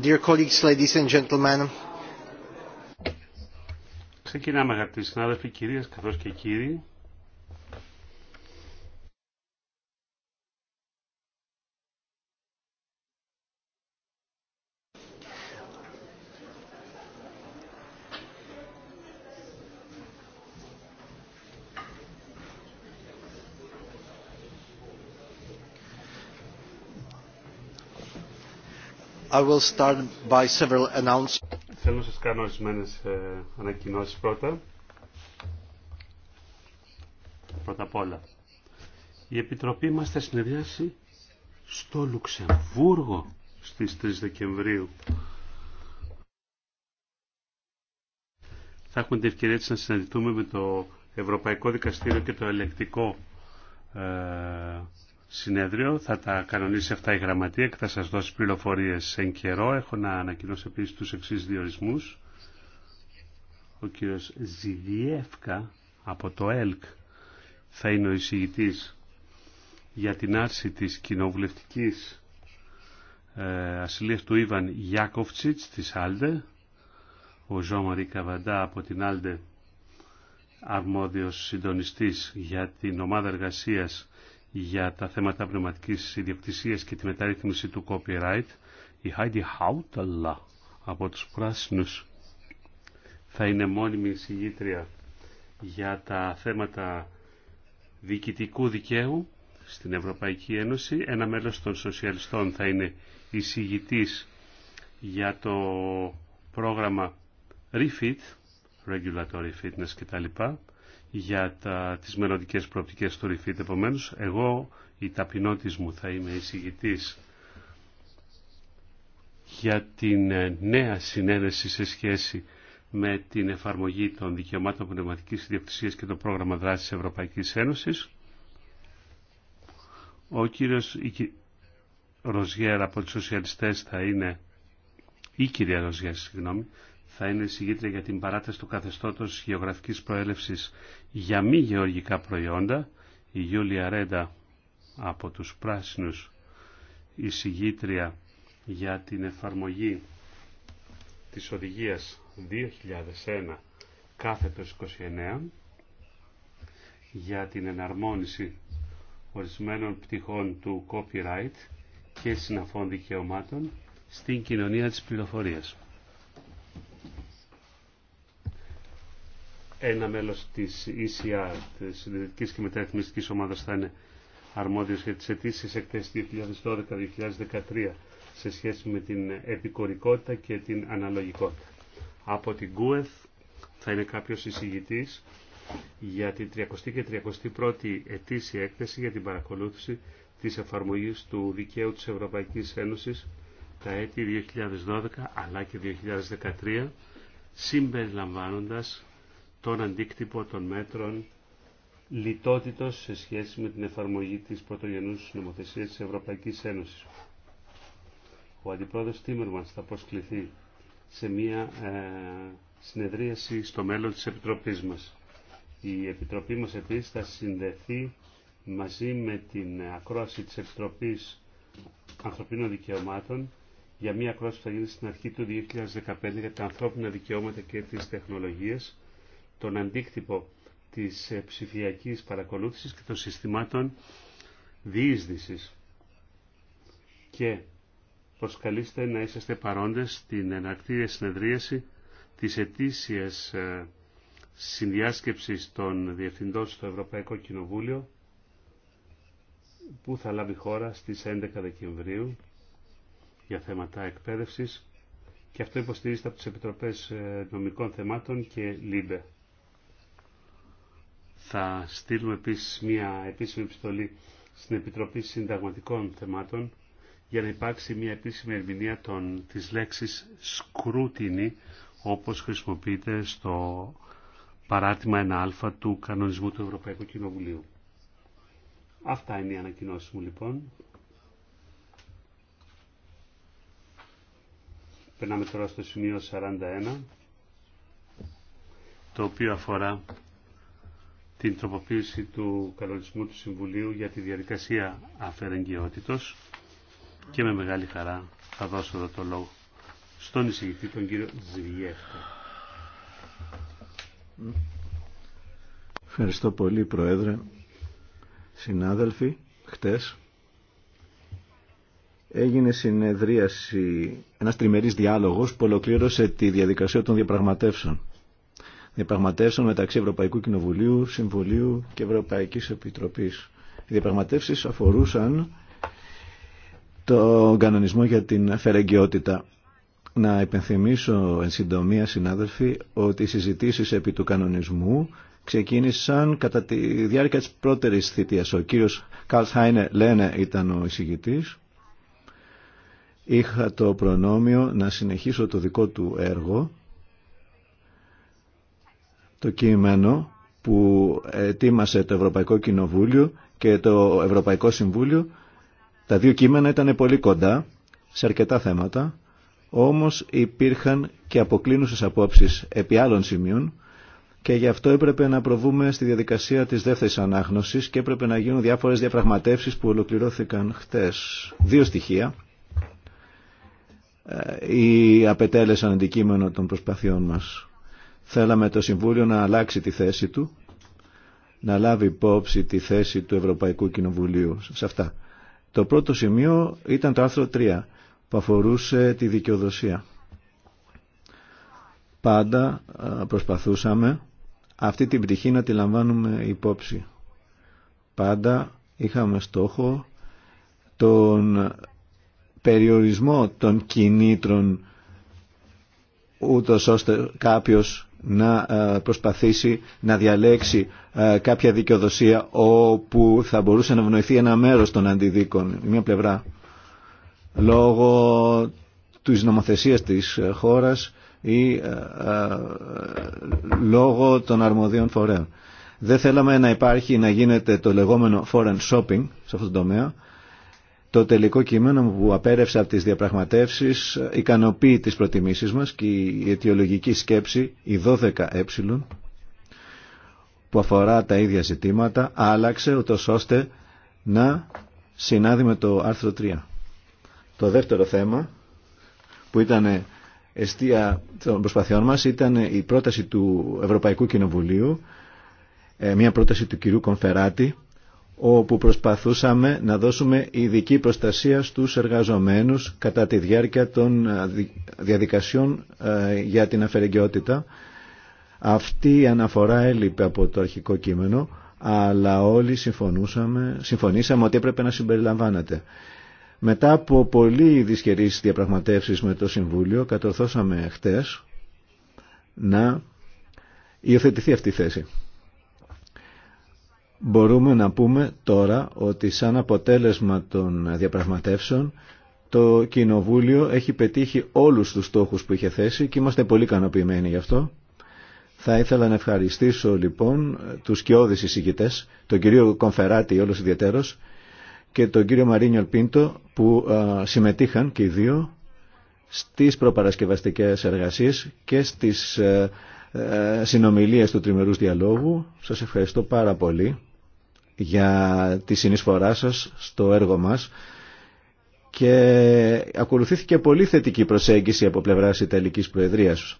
Dear colleagues, ladies and gentlemen. Ξεκινάμε αγαπητοί συνάδελφοι, κυρίες καθώς και κύριοι. I will start Θέλω να σας κάνω ορισμένε ε, ανακοινώσεις πρώτα. Πρώτα απ' όλα. Η Επιτροπή μας θα συνεδριάσει στο Λουξεμβούργο στις 3 Δεκεμβρίου. Θα έχουμε την ευκαιρία να συναντηθούμε με το Ευρωπαϊκό Δικαστήριο και το Ελεκτικό ε, συνέδριο. Θα τα κανονίσει αυτά η γραμματεία και θα σας δώσει πληροφορίες εν καιρό. Έχω να ανακοινώσω επίσης τους εξή διορισμούς. Ο κύριος Ζιδιεύκα από το ΕΛΚ θα είναι ο εισηγητής για την άρση της κοινοβουλευτικής ε, ασυλίας του Ιβαν Γιάκοφτσιτς της Αλδε, Ο Ζω Καβαντά από την Αλδε αρμόδιος συντονιστής για την ομάδα εργασίας για τα θέματα πνευματικής ιδιοκτησίας και τη μεταρρύθμιση του copyright, η Heidi Hautala από τους Πράσινους θα είναι μόνιμη συγγήτρια για τα θέματα διοικητικού δικαίου στην Ευρωπαϊκή Ένωση. Ένα μέλος των σοσιαλιστών θα είναι εισηγητής για το πρόγραμμα REFIT, Regulatory Fitness κτλ για τα, τις μελλοντικές προοπτικές του Ριφίτ. Επομένως, εγώ η ταπεινότης μου θα είμαι εισηγητής για την ε, νέα συνένεση σε σχέση με την εφαρμογή των δικαιωμάτων πνευματικής ιδιοκτησίας και το πρόγραμμα δράσης Ευρωπαϊκής Ένωσης. Ο κύριος Ροζιέρα από τους σοσιαλιστές θα είναι η κυρία Ροζιέρα, συγγνώμη, θα είναι εισηγήτρια για την παράταση του καθεστώτος γεωγραφικής προέλευσης για μη γεωργικά προϊόντα. Η Γιούλια Ρέντα από τους Πράσινους εισηγήτρια για την εφαρμογή της οδηγίας 2001 κάθετος 29 για την εναρμόνιση ορισμένων πτυχών του copyright και συναφών δικαιωμάτων στην κοινωνία της πληροφορίας. Ένα μέλος της ECR, της Συνδετική και Μεταρρυθμιστικής Ομάδας, θα είναι αρμόδιος για τις αιτήσει εκθέσεις 2012-2013 σε σχέση με την επικορικότητα και την αναλογικότητα. Από την ΚΟΕΘ θα είναι κάποιος εισηγητής για την 30η και 31η ετήσια έκθεση για την παρακολούθηση της εφαρμογής του δικαίου της Ευρωπαϊκής Ένωσης τα έτη 2012 αλλά και 2013 συμπεριλαμβάνοντας τον αντίκτυπο των μέτρων λιτότητος σε σχέση με την εφαρμογή της πρωτογενούς νομοθεσίας της Ευρωπαϊκής Ένωσης. Ο Αντιπρόεδρος Τίμερμανς θα προσκληθεί σε μια ε, συνεδρίαση στο μέλλον της Επιτροπής μας. Η Επιτροπή μας επίσης θα συνδεθεί μαζί με την ακρόαση της Επιτροπής Ανθρωπίνων Δικαιωμάτων για μια ακρόαση που θα γίνει στην αρχή του 2015 για τα ανθρώπινα δικαιώματα και τις τεχνολογίες τον αντίκτυπο της ε, ψηφιακής παρακολούθησης και των συστημάτων διείσδησης. Και προσκαλείστε να είσαστε παρόντες στην εναρκτήρια συνεδρίαση της ετήσιας ε, συνδιάσκεψης των διευθυντών στο Ευρωπαϊκό Κοινοβούλιο που θα λάβει χώρα στις 11 Δεκεμβρίου για θέματα εκπαίδευσης και αυτό υποστηρίζεται από τις Επιτροπές ε, Νομικών Θεμάτων και ΛΥΜΠΕ. Θα στείλουμε επίσης μια επίσημη επιστολή στην Επιτροπή Συνταγματικών Θεμάτων για να υπάρξει μια επίσημη ερμηνεία των, της λέξης σκρούτινη όπως χρησιμοποιείται στο παράτημα 1α του κανονισμού του Ευρωπαϊκού Κοινοβουλίου. Αυτά είναι οι ανακοινώσεις μου λοιπόν. Περνάμε τώρα στο σημείο 41 το οποίο αφορά την τροποποίηση του κανονισμού του Συμβουλίου για τη διαδικασία αφαιρεγγιότητος και με μεγάλη χαρά θα δώσω εδώ το λόγο στον εισηγητή τον κύριο Ζηλιέφκα. Ευχαριστώ πολύ Πρόεδρε. Συνάδελφοι, χτες έγινε συνεδρίαση, ένας τριμερής διάλογος που ολοκλήρωσε τη διαδικασία των διαπραγματεύσεων διαπραγματεύσεων μεταξύ Ευρωπαϊκού Κοινοβουλίου, Συμβουλίου και Ευρωπαϊκής Επιτροπής. Οι διαπραγματεύσεις αφορούσαν τον κανονισμό για την φερεγγιότητα. Να υπενθυμίσω εν συντομία συνάδελφοι ότι οι συζητήσεις επί του κανονισμού ξεκίνησαν κατά τη διάρκεια της πρώτερης θητείας. Ο κύριος Καλ Χάινε Λένε ήταν ο εισηγητής. Είχα το προνόμιο να συνεχίσω το δικό του έργο το κείμενο που ετοίμασε το Ευρωπαϊκό Κοινοβούλιο και το Ευρωπαϊκό Συμβούλιο. Τα δύο κείμενα ήταν πολύ κοντά σε αρκετά θέματα, όμως υπήρχαν και αποκλίνουσες απόψεις επί άλλων σημείων και γι' αυτό έπρεπε να προβούμε στη διαδικασία της δεύτερης ανάγνωσης και έπρεπε να γίνουν διάφορες διαπραγματεύσεις που ολοκληρώθηκαν χτες. Δύο στοιχεία ή ε, απετέλεσαν αντικείμενο των προσπαθειών μας. Θέλαμε το Συμβούλιο να αλλάξει τη θέση του, να λάβει υπόψη τη θέση του Ευρωπαϊκού Κοινοβουλίου σε αυτά. Το πρώτο σημείο ήταν το άρθρο 3 που αφορούσε τη δικαιοδοσία. Πάντα προσπαθούσαμε αυτή την πτυχή να τη λαμβάνουμε υπόψη. Πάντα είχαμε στόχο τον περιορισμό των κινήτρων ούτως ώστε κάποιος να ε, προσπαθήσει να διαλέξει ε, κάποια δικαιοδοσία όπου θα μπορούσε να ευνοηθεί ένα μέρος των αντιδίκων, μια πλευρά. Λόγω της νομοθεσίας της ε, χώρας ή λόγω των αρμοδίων φορέων. Δεν θέλαμε να υπάρχει, να γίνεται το λεγόμενο foreign shopping σε αυτό το τομέα, το τελικό κείμενο που απέρευσε από τις διαπραγματεύσεις ικανοποιεί τις προτιμήσεις μας και η αιτιολογική σκέψη, η 12 ε, που αφορά τα ίδια ζητήματα, άλλαξε ούτω ώστε να συνάδει με το άρθρο 3. Το δεύτερο θέμα που ήταν εστία των προσπαθειών μας ήταν η πρόταση του Ευρωπαϊκού Κοινοβουλίου, ε, μια πρόταση του κυρίου Κονφεράτη, όπου προσπαθούσαμε να δώσουμε ειδική προστασία στους εργαζομένους κατά τη διάρκεια των ε, διαδικασιών ε, για την αφαιρεγκαιότητα. Αυτή η αναφορά έλειπε από το αρχικό κείμενο, αλλά όλοι συμφωνούσαμε, συμφωνήσαμε ότι έπρεπε να συμπεριλαμβάνεται. Μετά από πολύ δυσχερείς διαπραγματεύσεις με το Συμβούλιο, κατορθώσαμε χτες να υιοθετηθεί αυτή η θέση μπορούμε να πούμε τώρα ότι σαν αποτέλεσμα των διαπραγματεύσεων το Κοινοβούλιο έχει πετύχει όλους τους στόχους που είχε θέσει και είμαστε πολύ ικανοποιημένοι γι' αυτό. Θα ήθελα να ευχαριστήσω λοιπόν τους κοιόδης εισηγητές, τον κύριο Κομφεράτη όλος ιδιαίτερος και τον κύριο Μαρίνιο Πίντο που συμμετείχαν και οι δύο στις προπαρασκευαστικές εργασίες και στις ε, ε, συνομιλίες του τριμερούς διαλόγου. Σας ευχαριστώ πάρα πολύ για τη συνεισφορά σας στο έργο μας και ακολουθήθηκε πολύ θετική προσέγγιση από πλευράς Ιταλικής Προεδρίας.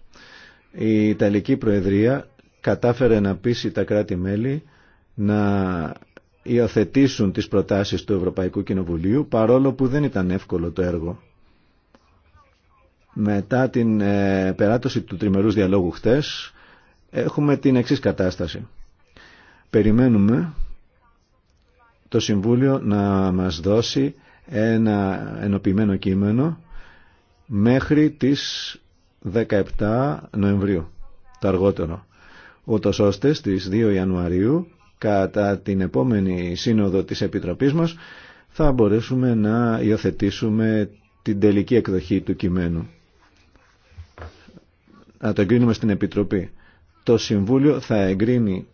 Η Ιταλική Προεδρία κατάφερε να πείσει τα κράτη-μέλη να υιοθετήσουν τις προτάσεις του Ευρωπαϊκού Κοινοβουλίου παρόλο που δεν ήταν εύκολο το έργο. Μετά την ε, περάτωση του τριμερούς διαλόγου χτες έχουμε την εξής κατάσταση. Περιμένουμε το Συμβούλιο να μας δώσει ένα ενοποιημένο κείμενο μέχρι τις 17 Νοεμβρίου, το αργότερο. Ούτως ώστε στις 2 Ιανουαρίου, κατά την επόμενη σύνοδο της Επιτροπής μας, θα μπορέσουμε να υιοθετήσουμε την τελική εκδοχή του κειμένου. Να το εγκρίνουμε στην Επιτροπή. Το Συμβούλιο θα εγκρίνει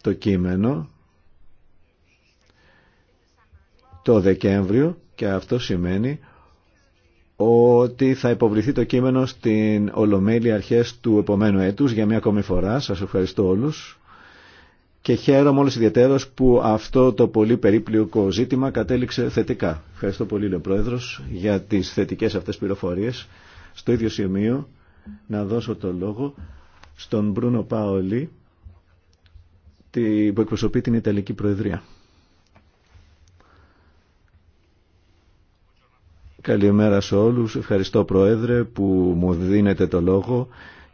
το κείμενο το Δεκέμβριο και αυτό σημαίνει ότι θα υποβληθεί το κείμενο στην Ολομέλη αρχές του επομένου έτους για μια ακόμη φορά. Σας ευχαριστώ όλους και χαίρομαι όλους ιδιαιτέρως που αυτό το πολύ περίπλοκο ζήτημα κατέληξε θετικά. Ευχαριστώ πολύ, λέει ο Πρόεδρος, για τις θετικές αυτές πληροφορίες. Στο ίδιο σημείο να δώσω το λόγο στον Μπρούνο Πάολη που εκπροσωπεί την Ιταλική Προεδρία. Καλημέρα σε όλους. Ευχαριστώ Πρόεδρε που μου δίνετε το λόγο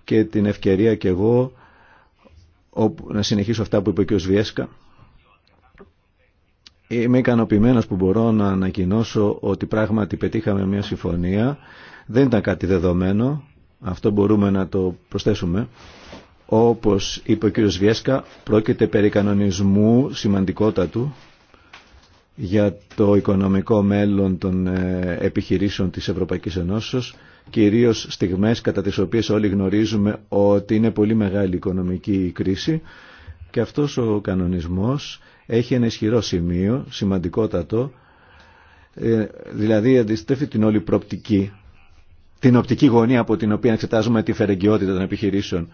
και την ευκαιρία και εγώ να συνεχίσω αυτά που είπε και ο Σβιέσκα. Είμαι ικανοποιημένος που μπορώ να ανακοινώσω ότι πράγματι πετύχαμε μια συμφωνία. Δεν ήταν κάτι δεδομένο, αυτό μπορούμε να το προσθέσουμε. Όπως είπε ο κ. Βιέσκα, πρόκειται περί κανονισμού σημαντικότατου για το οικονομικό μέλλον των ε, επιχειρήσεων της Ευρωπαϊκής Ενώσεως, κυρίως στιγμές κατά τις οποίες όλοι γνωρίζουμε ότι είναι πολύ μεγάλη οικονομική κρίση και αυτός ο κανονισμός έχει ένα ισχυρό σημείο, σημαντικότατο, ε, δηλαδή αντιστρέφει την όλη προπτική την οπτική γωνία από την οποία εξετάζουμε τη φερεγγιότητα των επιχειρήσεων.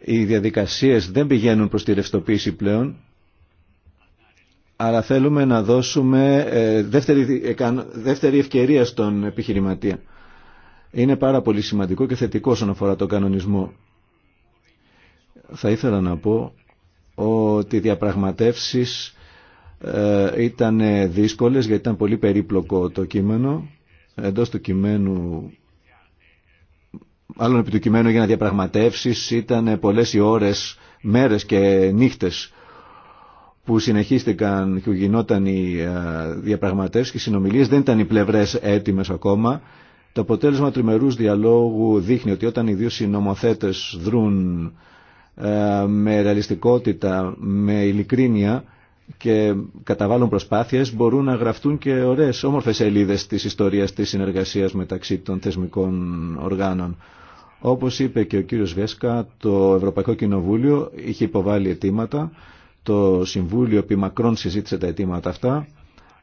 Οι διαδικασίες δεν πηγαίνουν προς τη ρευστοποίηση πλέον, αλλά θέλουμε να δώσουμε ε, δεύτερη, δεύτερη ευκαιρία στον επιχειρηματία. Είναι πάρα πολύ σημαντικό και θετικό όσον αφορά τον κανονισμό. Θα ήθελα να πω ότι οι διαπραγματεύσεις ε, ήταν δύσκολες γιατί ήταν πολύ περίπλοκο το κείμενο. Εντός του κειμένου, άλλων επί του κειμένου έγιναν διαπραγματεύσεις, ήταν πολλές οι ώρες, μέρες και νύχτες που συνεχίστηκαν και που γινόταν οι ε, διαπραγματεύσεις και οι συνομιλίες δεν ήταν οι πλευρές έτοιμες ακόμα. Το αποτέλεσμα τριμερούς διαλόγου δείχνει ότι όταν οι δύο συνομοθέτες δρούν ε, με ρεαλιστικότητα, με ειλικρίνεια και καταβάλουν προσπάθειες μπορούν να γραφτούν και ωραίες όμορφες σελίδες της ιστορίας της συνεργασίας μεταξύ των θεσμικών οργάνων. Όπως είπε και ο κύριος Βέσκα, το Ευρωπαϊκό Κοινοβούλιο είχε υποβάλει αιτήματα το Συμβούλιο επί μακρόν συζήτησε τα αιτήματα αυτά.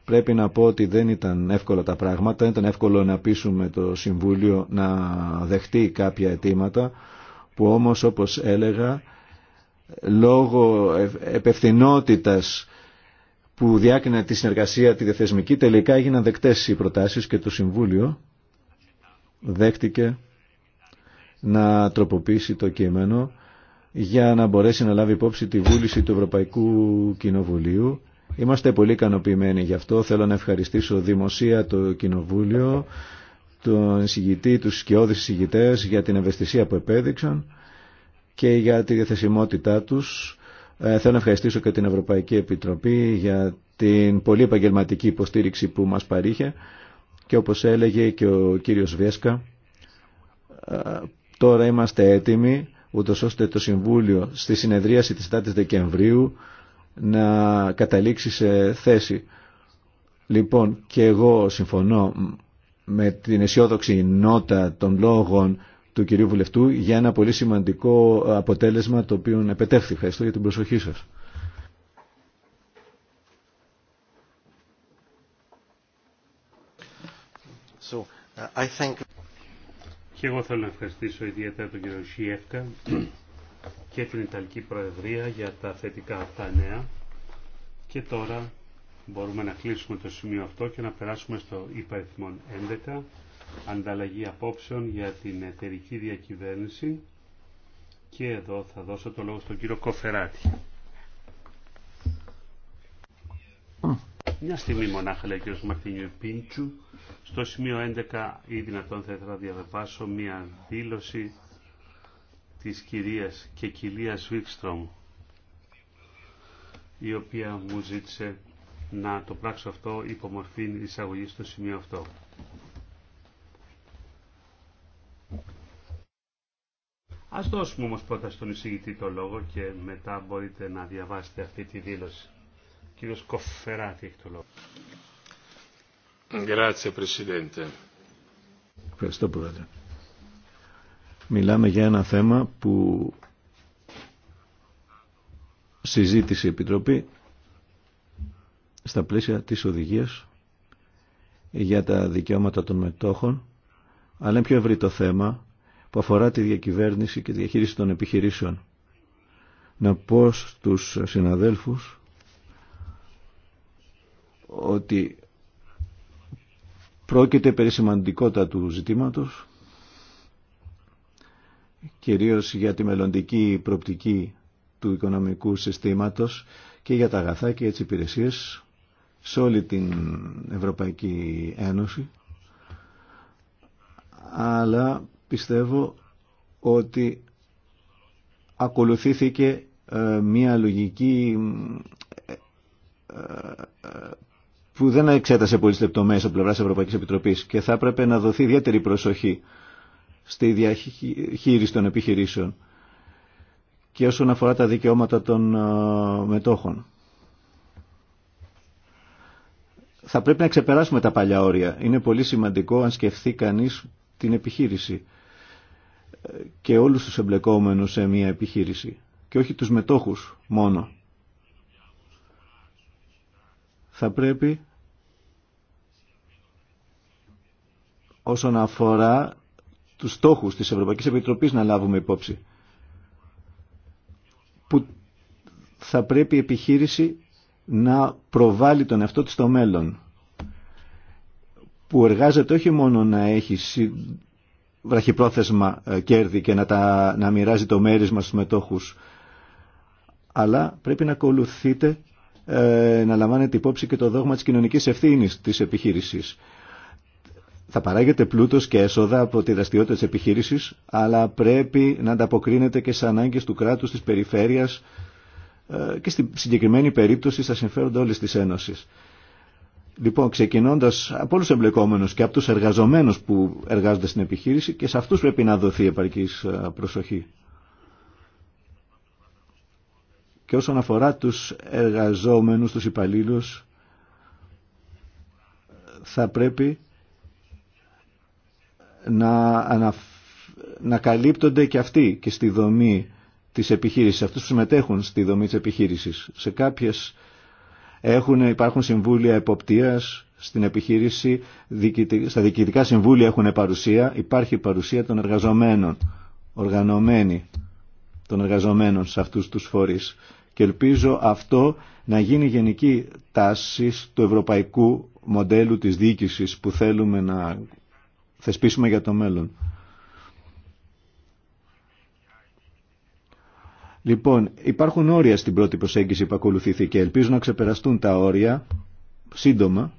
Πρέπει να πω ότι δεν ήταν εύκολα τα πράγματα. Δεν ήταν εύκολο να πείσουμε το Συμβούλιο να δεχτεί κάποια αιτήματα που όμως όπως έλεγα λόγω επευθυνότητας που διάκρινε τη συνεργασία τη διαθεσμική τελικά έγιναν δεκτές οι προτάσεις και το Συμβούλιο δέχτηκε να τροποποιήσει το κείμενο για να μπορέσει να λάβει υπόψη τη βούληση του Ευρωπαϊκού Κοινοβουλίου. Είμαστε πολύ ικανοποιημένοι γι' αυτό. Θέλω να ευχαριστήσω δημοσία το Κοινοβούλιο, τον συγητή, τους σκιώδεις συγητές για την ευαισθησία που επέδειξαν και για τη διαθεσιμότητά τους. Ε, θέλω να ευχαριστήσω και την Ευρωπαϊκή Επιτροπή για την πολύ επαγγελματική υποστήριξη που μας παρήχε και όπως έλεγε και ο κύριος Βέσκα, ε, τώρα είμαστε έτοιμοι ούτως ώστε το Συμβούλιο στη συνεδρίαση της 4 Δεκεμβρίου να καταλήξει σε θέση. Λοιπόν, και εγώ συμφωνώ με την αισιόδοξη νότα των λόγων του κυρίου Βουλευτού για ένα πολύ σημαντικό αποτέλεσμα το οποίο επετεύχθη. Ευχαριστώ για την προσοχή σας. I think... Και εγώ θέλω να ευχαριστήσω ιδιαίτερα τον κύριο Σιέφκα και την Ιταλική Προεδρία για τα θετικά αυτά νέα. Και τώρα μπορούμε να κλείσουμε το σημείο αυτό και να περάσουμε στο υπαριθμό 11, ανταλλαγή απόψεων για την εταιρική διακυβέρνηση. Και εδώ θα δώσω το λόγο στον κύριο Κοφεράτη. Μια στιγμή μονάχα λέει ο κ. Μαρτίνιου Πίντσου. Στο σημείο 11 ή δυνατόν θα ήθελα να διαβάσω μια δήλωση της κυρίας και κυρίας Βίξτρομ η δυνατον θα ηθελα να διαβασω μια δηλωση της κυριας και κυρία βιξτρομ η οποια μου ζήτησε να το πράξω αυτό υπό μορφή εισαγωγή στο σημείο αυτό. Ας δώσουμε όμως πρώτα στον εισηγητή το λόγο και μετά μπορείτε να διαβάσετε αυτή τη δήλωση κύριος Κοφεράτη έχει το λόγο. Ευχαριστώ πρόεδρε. Μιλάμε για ένα θέμα που συζήτησε η Επιτροπή στα πλαίσια της οδηγίας για τα δικαιώματα των μετόχων, αλλά είναι πιο ευρύ το θέμα που αφορά τη διακυβέρνηση και τη διαχείριση των επιχειρήσεων. Να πω στους συναδέλφους ότι πρόκειται περί του ζητήματος κυρίως για τη μελλοντική προπτική του οικονομικού συστήματος και για τα αγαθά και έτσι υπηρεσίες σε όλη την Ευρωπαϊκή Ένωση αλλά πιστεύω ότι ακολουθήθηκε ε, μία λογική ε, ε, που δεν εξέτασε πολύ λεπτομέρειε από πλευρά Ευρωπαϊκή Επιτροπή και θα έπρεπε να δοθεί ιδιαίτερη προσοχή στη διαχείριση των επιχειρήσεων και όσον αφορά τα δικαιώματα των ε, μετόχων. Θα πρέπει να ξεπεράσουμε τα παλιά όρια. Είναι πολύ σημαντικό αν σκεφτεί κανείς την επιχείρηση ε, και όλους τους εμπλεκόμενους σε μια επιχείρηση και όχι τους μετόχους μόνο θα πρέπει όσον αφορά τους στόχους της Ευρωπαϊκής Επιτροπής να λάβουμε υπόψη. Που θα πρέπει η επιχείρηση να προβάλλει τον εαυτό της στο μέλλον. Που εργάζεται όχι μόνο να έχει βραχυπρόθεσμα ε, κέρδη και να, τα, να μοιράζει το μέρισμα στους μετόχους, αλλά πρέπει να ακολουθείτε ε, να λαμβάνεται υπόψη και το δόγμα της κοινωνικής ευθύνης της επιχείρησης. Θα παράγεται πλούτος και έσοδα από τη δραστηριότητα της επιχείρησης, αλλά πρέπει να ανταποκρίνεται και στις ανάγκες του κράτους, της περιφέρειας ε, και στη συγκεκριμένη περίπτωση στα συμφέροντα όλης της Ένωσης. Λοιπόν, ξεκινώντα από όλου του εμπλεκόμενου και από του εργαζομένου που εργάζονται στην επιχείρηση και σε αυτού πρέπει να δοθεί επαρκή ε, προσοχή. Και όσον αφορά τους εργαζόμενους, τους υπαλλήλου, θα πρέπει να, καλύπτονται και αυτοί και στη δομή της επιχείρησης, αυτούς που συμμετέχουν στη δομή της επιχείρησης. Σε κάποιες έχουν, υπάρχουν συμβούλια εποπτείας στην επιχείρηση, στα διοικητικά συμβούλια έχουν παρουσία, υπάρχει παρουσία των εργαζομένων, οργανωμένη των εργαζομένων σε αυτούς τους φορείς και ελπίζω αυτό να γίνει γενική τάση του ευρωπαϊκού μοντέλου της διοίκησης που θέλουμε να θεσπίσουμε για το μέλλον. Λοιπόν, υπάρχουν όρια στην πρώτη προσέγγιση που ακολουθήθηκε. Ελπίζω να ξεπεραστούν τα όρια σύντομα,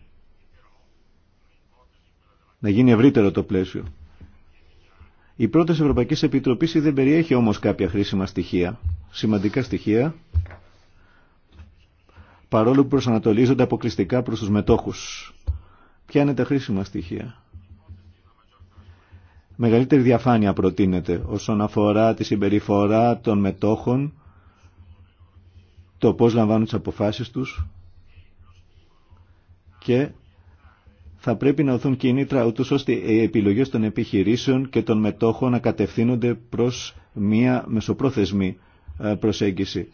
να γίνει ευρύτερο το πλαίσιο. Η πρόταση Ευρωπαϊκής επιτροπή δεν περιέχει όμως κάποια χρήσιμα στοιχεία, σημαντικά στοιχεία, παρόλο που προσανατολίζονται αποκλειστικά προς τους μετόχους. Ποια είναι τα χρήσιμα στοιχεία. Μεγαλύτερη διαφάνεια προτείνεται όσον αφορά τη συμπεριφορά των μετόχων, το πώς λαμβάνουν τις αποφάσεις τους και θα πρέπει να οθούν κίνητρα ούτως ώστε οι επιλογές των επιχειρήσεων και των μετόχων να κατευθύνονται προς μία μεσοπρόθεσμη ε, προσέγγιση.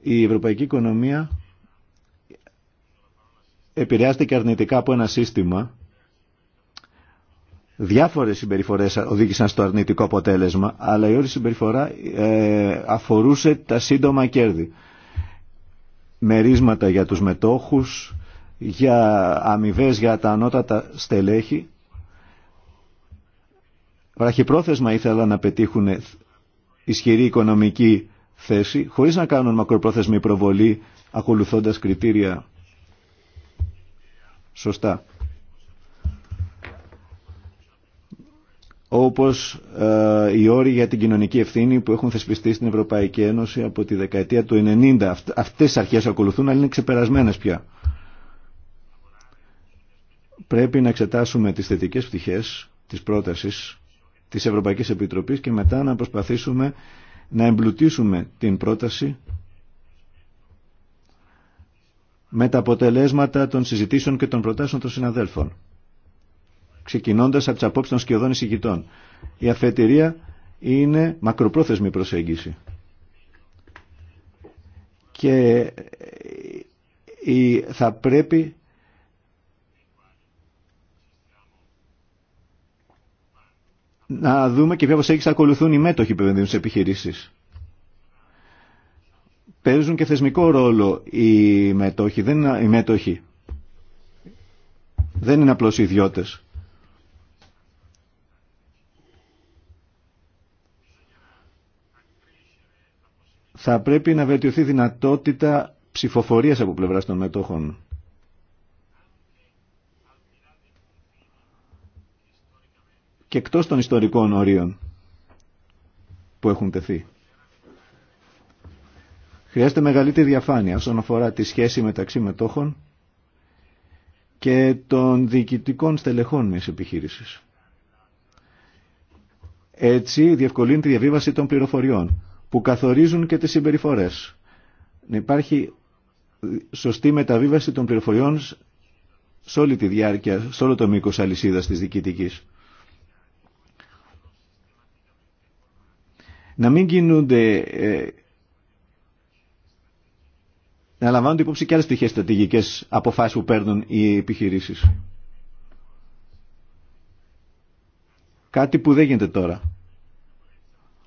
Η ευρωπαϊκή οικονομία επηρεάζεται και αρνητικά από ένα σύστημα. Διάφορες συμπεριφορές οδήγησαν στο αρνητικό αποτέλεσμα, αλλά η όλη συμπεριφορά ε, αφορούσε τα σύντομα κέρδη. Μερίσματα για τους μετόχους, για αμοιβέ για τα ανώτατα στελέχη. Βραχυπρόθεσμα ήθελα να πετύχουν ισχυρή οικονομική θέση, χωρίς να κάνουν μακροπρόθεσμη προβολή, ακολουθώντας κριτήρια σωστά. Όπως ε, οι όροι για την κοινωνική ευθύνη που έχουν θεσπιστεί στην Ευρωπαϊκή Ένωση από τη δεκαετία του 90. Αυτές οι αρχές ακολουθούν, αλλά είναι ξεπερασμένες πια πρέπει να εξετάσουμε τις θετικές πτυχές της πρότασης της Ευρωπαϊκής Επιτροπής και μετά να προσπαθήσουμε να εμπλουτίσουμε την πρόταση με τα αποτελέσματα των συζητήσεων και των προτάσεων των συναδέλφων. Ξεκινώντας από τι απόψεις των σκιωδών εισηγητών. Η αφετηρία είναι μακροπρόθεσμη προσέγγιση. Και θα πρέπει να δούμε και ποια προσέγγιση ακολουθούν οι μέτοχοι που επενδύουν επιχειρήσεις. Παίζουν και θεσμικό ρόλο οι μέτοχοι. Δεν είναι, οι μέτοχοι. Δεν είναι απλώς ιδιώτες. Θα πρέπει να βελτιωθεί δυνατότητα ψηφοφορίας από πλευράς των μετόχων. και εκτός των ιστορικών ορίων που έχουν τεθεί. Χρειάζεται μεγαλύτερη διαφάνεια όσον αφορά τη σχέση μεταξύ μετόχων και των διοικητικών στελεχών μιας επιχείρησης. Έτσι διευκολύνει τη διαβίβαση των πληροφοριών που καθορίζουν και τις συμπεριφορές. Να υπάρχει σωστή μεταβίβαση των πληροφοριών σε όλη τη διάρκεια, σε όλο το μήκος αλυσίδας της διοικητικής. να μην κινούνται, ε, να λαμβάνονται υπόψη και άλλες τυχές στρατηγικές αποφάσεις που παίρνουν οι επιχειρήσεις. Κάτι που δεν γίνεται τώρα.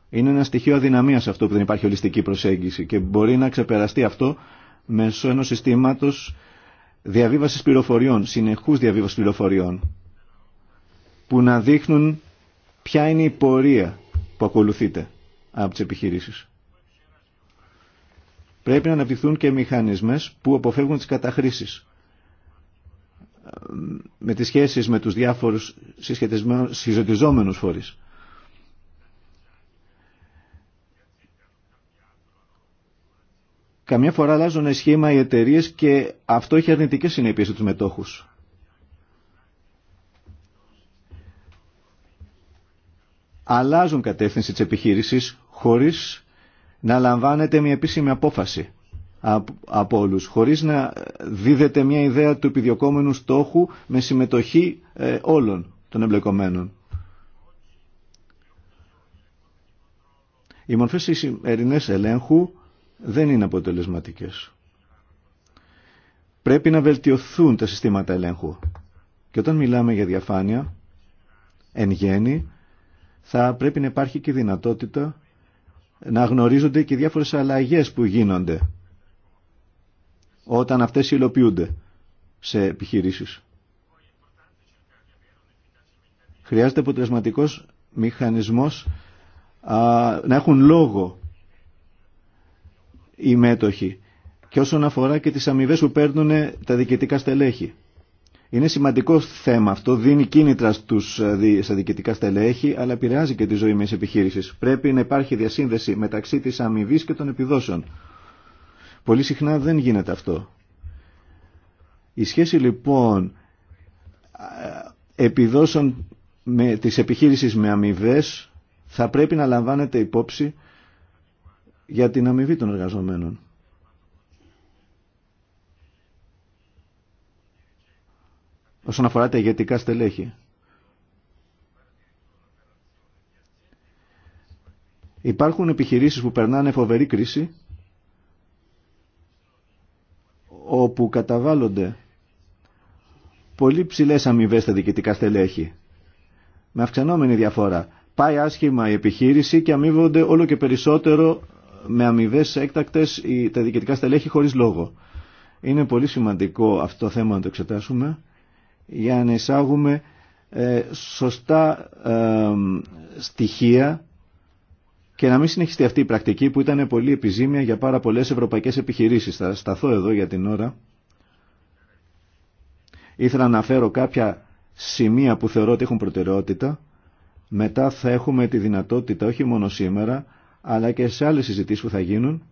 Είναι ένα στοιχείο αδυναμίας αυτό που δεν υπάρχει ολιστική προσέγγιση και μπορεί να ξεπεραστεί αυτό μέσω ενός συστήματος διαβίβασης πληροφοριών, συνεχούς διαβίβασης πληροφοριών που να δείχνουν ποια είναι η πορεία που ακολουθείται από τις επιχειρήσεις. Πρέπει να αναπτυχθούν και μηχανισμές που αποφεύγουν τις καταχρήσεις ε, με τις σχέσεις με τους διάφορους συσχετιζόμενους φορείς. Καμιά φορά αλλάζουν σχήμα οι εταιρείε και αυτό έχει αρνητικές συνέπειες στους μετόχους. αλλάζουν κατεύθυνση της επιχείρησης χωρίς να λαμβάνεται μια επίσημη απόφαση από όλους, χωρίς να δίδεται μια ιδέα του επιδιωκόμενου στόχου με συμμετοχή ε, όλων των εμπλεκομένων. Οι μορφές ερινές ελέγχου δεν είναι αποτελεσματικές. Πρέπει να βελτιωθούν τα συστήματα ελέγχου. Και όταν μιλάμε για διαφάνεια, εν γέννη, θα πρέπει να υπάρχει και δυνατότητα να γνωρίζονται και διάφορες αλλαγές που γίνονται όταν αυτές υλοποιούνται σε επιχειρήσεις. Χρειάζεται αποτελεσματικό μηχανισμός α, να έχουν λόγο οι μέτοχοι και όσον αφορά και τις αμοιβέ που παίρνουν τα διοικητικά στελέχη. Είναι σημαντικό θέμα αυτό, δίνει κίνητρα στους, ε, στα διοικητικά στελέχη, αλλά επηρεάζει και τη ζωή μιας επιχείρησης. Πρέπει να υπάρχει διασύνδεση μεταξύ της αμοιβή και των επιδόσεων. Πολύ συχνά δεν γίνεται αυτό. Η σχέση λοιπόν ε, επιδόσεων με, της επιχείρησης με αμοιβέ θα πρέπει να λαμβάνεται υπόψη για την αμοιβή των εργαζομένων. όσον αφορά τα ηγετικά στελέχη. Υπάρχουν επιχειρήσεις που περνάνε φοβερή κρίση όπου καταβάλλονται πολύ ψηλές αμοιβέ στα διοικητικά στελέχη με αυξανόμενη διαφορά. Πάει άσχημα η επιχείρηση και αμείβονται όλο και περισσότερο με αμοιβέ έκτακτε τα διοικητικά στελέχη χωρίς λόγο. Είναι πολύ σημαντικό αυτό το θέμα να το εξετάσουμε για να εισάγουμε ε, σωστά ε, στοιχεία και να μην συνεχιστεί αυτή η πρακτική που ήταν πολύ επιζήμια για πάρα πολλές ευρωπαϊκές επιχειρήσεις. Θα σταθώ εδώ για την ώρα. Ήθελα να φέρω κάποια σημεία που θεωρώ ότι έχουν προτεραιότητα. Μετά θα έχουμε τη δυνατότητα όχι μόνο σήμερα, αλλά και σε άλλες συζητήσεις που θα γίνουν,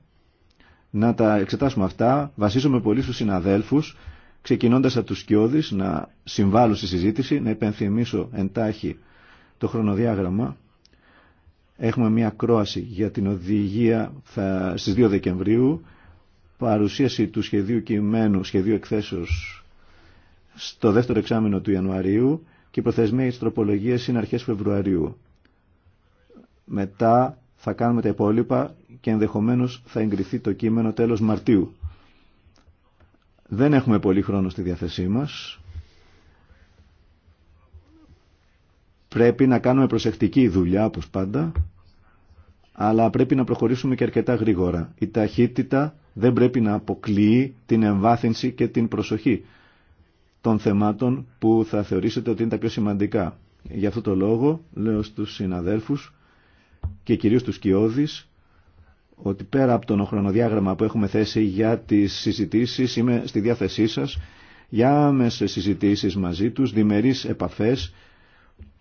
να τα εξετάσουμε αυτά. Βασίζομαι πολύ στους συναδέλφους ξεκινώντας από τους Σκιώδης να συμβάλλω στη συζήτηση, να υπενθυμίσω εντάχει το χρονοδιάγραμμα. Έχουμε μια κρόαση για την οδηγία θα, στις 2 Δεκεμβρίου, παρουσίαση του σχεδίου κειμένου, σχεδίου εκθέσεως στο δεύτερο εξάμεινο του Ιανουαρίου και η προθεσμία της τροπολογίας είναι αρχές Φεβρουαρίου. Μετά θα κάνουμε τα υπόλοιπα και ενδεχομένως θα εγκριθεί το κείμενο τέλος Μαρτίου. Δεν έχουμε πολύ χρόνο στη διάθεσή μας. Πρέπει να κάνουμε προσεκτική δουλειά, όπως πάντα, αλλά πρέπει να προχωρήσουμε και αρκετά γρήγορα. Η ταχύτητα δεν πρέπει να αποκλείει την εμβάθυνση και την προσοχή των θεμάτων που θα θεωρήσετε ότι είναι τα πιο σημαντικά. Γι' αυτό το λόγο λέω στους συναδέλφους και κυρίως τους κοιόδης ότι πέρα από τον χρονοδιάγραμμα που έχουμε θέσει για τις συζητήσεις είμαι στη διάθεσή σας για άμεσες συζητήσεις μαζί τους, διμερείς επαφές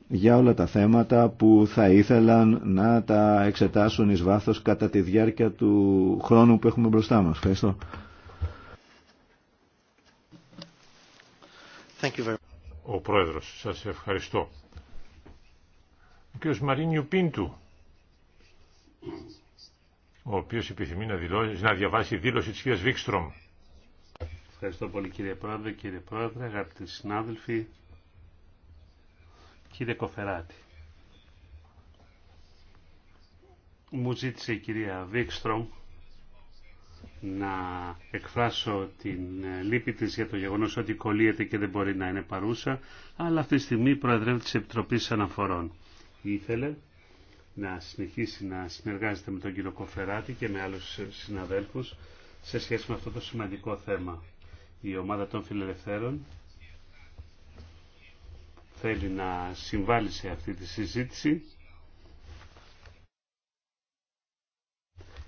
για όλα τα θέματα που θα ήθελαν να τα εξετάσουν εις βάθος κατά τη διάρκεια του χρόνου που έχουμε μπροστά μας. Ευχαριστώ. Ο Πρόεδρος, σας ευχαριστώ. Ο κ. Μαρίνιου Πίντου ο οποίο επιθυμεί να, δηλώσει, να διαβάσει δήλωση της κυρία Βίξτρομ. Ευχαριστώ πολύ κύριε Πρόεδρε, κύριε Πρόεδρε, αγαπητοί συνάδελφοι, κύριε Κοφεράτη. Μου ζήτησε η κυρία Βίξτρομ να εκφράσω την ε, λύπη της για το γεγονός ότι κολλείεται και δεν μπορεί να είναι παρούσα, αλλά αυτή τη στιγμή προεδρεύει της Επιτροπής Αναφορών. Ήθελε να συνεχίσει να συνεργάζεται με τον κύριο Κοφεράτη και με άλλους συναδέλφους σε σχέση με αυτό το σημαντικό θέμα. Η ομάδα των φιλελευθέρων θέλει να συμβάλλει σε αυτή τη συζήτηση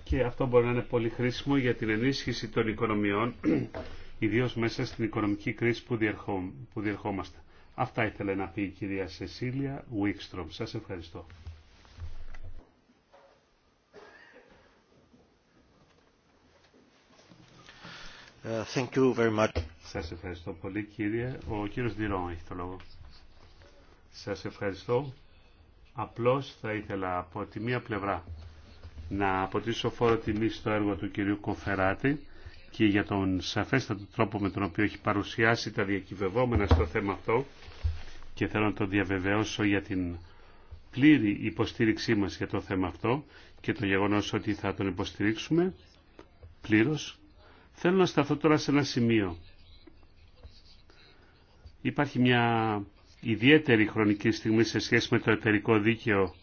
και αυτό μπορεί να είναι πολύ χρήσιμο για την ενίσχυση των οικονομιών ιδίως μέσα στην οικονομική κρίση που, διερχόμαστε. Αυτά ήθελε να πει η κυρία Σεσίλια Βίξτρομ. Σας ευχαριστώ. Uh, thank Σας ευχαριστώ πολύ κύριε. Ο κύριος έχει το λόγο. Σας ευχαριστώ. Απλώς θα ήθελα από τη μία πλευρά να αποτίσω φόρο τιμή στο έργο του κυρίου Κοφεράτη και για τον σαφέστατο τρόπο με τον οποίο έχει παρουσιάσει τα διακυβευόμενα στο θέμα αυτό και θέλω να το διαβεβαιώσω για την πλήρη υποστήριξή μας για το θέμα αυτό και το γεγονός ότι θα τον υποστηρίξουμε πλήρως Θέλω να σταθώ τώρα σε ένα σημείο. Υπάρχει μια ιδιαίτερη χρονική στιγμή σε σχέση με το εταιρικό δίκαιο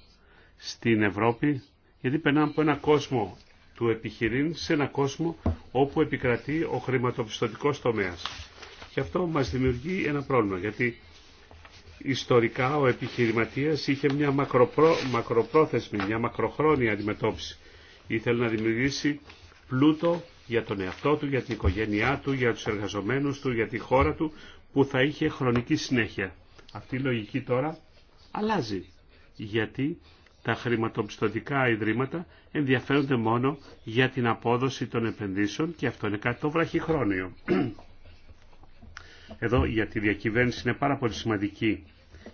στην Ευρώπη, γιατί περνάμε από ένα κόσμο του επιχειρήν σε ένα κόσμο όπου επικρατεί ο χρηματοπιστωτικός τομέας. Και αυτό μας δημιουργεί ένα πρόβλημα, γιατί ιστορικά ο επιχειρηματίας είχε μια μακροπρόθεσμη, μια μακροχρόνια αντιμετώπιση. Ήθελε να δημιουργήσει πλούτο για τον εαυτό του, για την οικογένειά του, για τους εργαζομένους του, για τη χώρα του, που θα είχε χρονική συνέχεια. Αυτή η λογική τώρα αλλάζει, γιατί τα χρηματοπιστωτικά ιδρύματα ενδιαφέρονται μόνο για την απόδοση των επενδύσεων και αυτό είναι κάτι το βραχυχρόνιο. Εδώ για τη διακυβέρνηση είναι πάρα πολύ σημαντική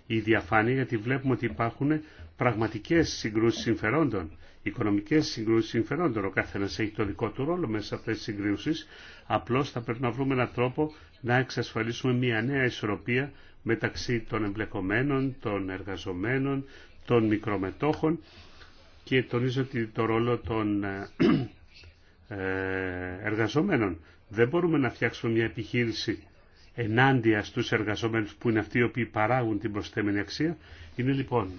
η διαφάνεια γιατί βλέπουμε ότι υπάρχουν πραγματικές συγκρούσεις συμφερόντων οικονομικέ συγκρούσει συμφερόντων. Ο καθένα έχει το δικό του ρόλο μέσα σε αυτέ τι συγκρούσει. Απλώ θα πρέπει να βρούμε έναν τρόπο να εξασφαλίσουμε μια νέα ισορροπία μεταξύ των εμπλεκομένων, των εργαζομένων, των μικρομετόχων και τονίζω ότι το ρόλο των ε, ε, εργαζομένων. Δεν μπορούμε να φτιάξουμε μια επιχείρηση ενάντια στους εργαζομένους που είναι αυτοί οι οποίοι παράγουν την προσθέμενη αξία. Είναι λοιπόν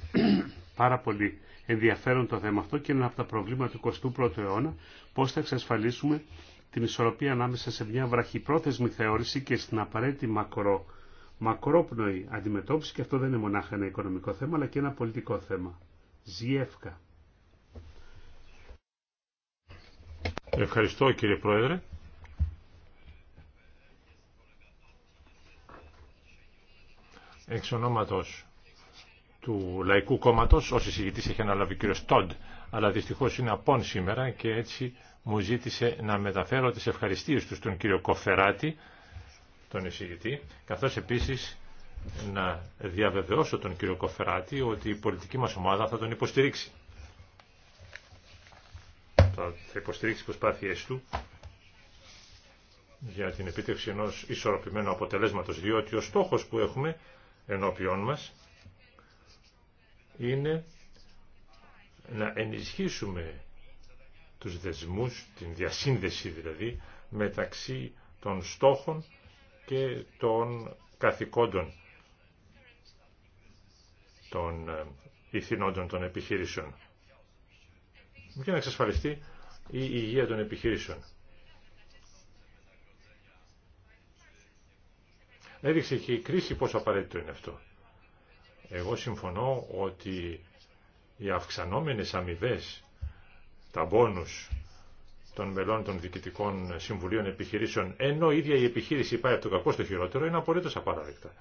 πάρα πολύ ενδιαφέρον το θέμα αυτό και είναι από τα προβλήματα του 21ου αιώνα πώς θα εξασφαλίσουμε την ισορροπία ανάμεσα σε μια βραχυπρόθεσμη θεώρηση και στην απαραίτητη μακρό, μακρόπνοη αντιμετώπιση και αυτό δεν είναι μονάχα ένα οικονομικό θέμα αλλά και ένα πολιτικό θέμα. Ζιεύκα. Ευχαριστώ κύριε Πρόεδρε. Εξ ονόματος του Λαϊκού κόμματο, ως εισηγητής έχει αναλάβει ο κύριος Τόντ, αλλά δυστυχώς είναι απόν σήμερα και έτσι μου ζήτησε να μεταφέρω τις ευχαριστίες του στον κύριο Κοφεράτη, τον εισηγητή, καθώς επίσης να διαβεβαιώσω τον κύριο Κοφεράτη ότι η πολιτική μας ομάδα θα τον υποστηρίξει. Θα υποστηρίξει τι προσπάθειές του για την επίτευξη ενός ισορροπημένου αποτελέσματος, διότι ο στόχος που έχουμε ενώπιόν μας είναι να ενισχύσουμε τους δεσμούς, την διασύνδεση δηλαδή, μεταξύ των στόχων και των καθηκόντων των ε, ηθινόντων των επιχειρήσεων για να εξασφαλιστεί η υγεία των επιχειρήσεων. Έδειξε και η κρίση πόσο απαραίτητο είναι αυτό. Εγώ συμφωνώ ότι οι αυξανόμενες αμοιβέ, τα μπόνους των μελών των διοικητικών συμβουλίων επιχειρήσεων, ενώ η ίδια η επιχείρηση πάει από το κακό στο χειρότερο, είναι απολύτως απαράδεκτα.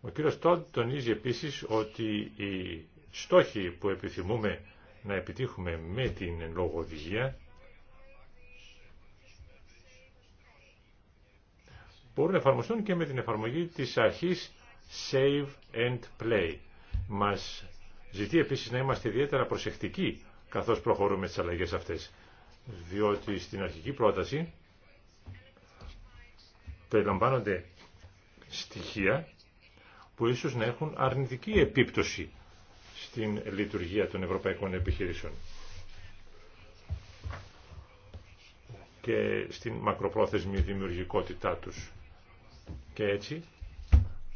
Ο κύριος Τόντ τονίζει επίσης ότι οι στόχοι που επιθυμούμε να επιτύχουμε με την λογοδηγία... μπορούν να εφαρμοστούν και με την εφαρμογή της αρχής Save and Play. Μας ζητεί επίσης να είμαστε ιδιαίτερα προσεκτικοί καθώς προχωρούμε στις αλλαγές αυτές, διότι στην αρχική πρόταση περιλαμβάνονται στοιχεία που ίσως να έχουν αρνητική επίπτωση στην λειτουργία των ευρωπαϊκών επιχειρήσεων. και στην μακροπρόθεσμη δημιουργικότητά τους και έτσι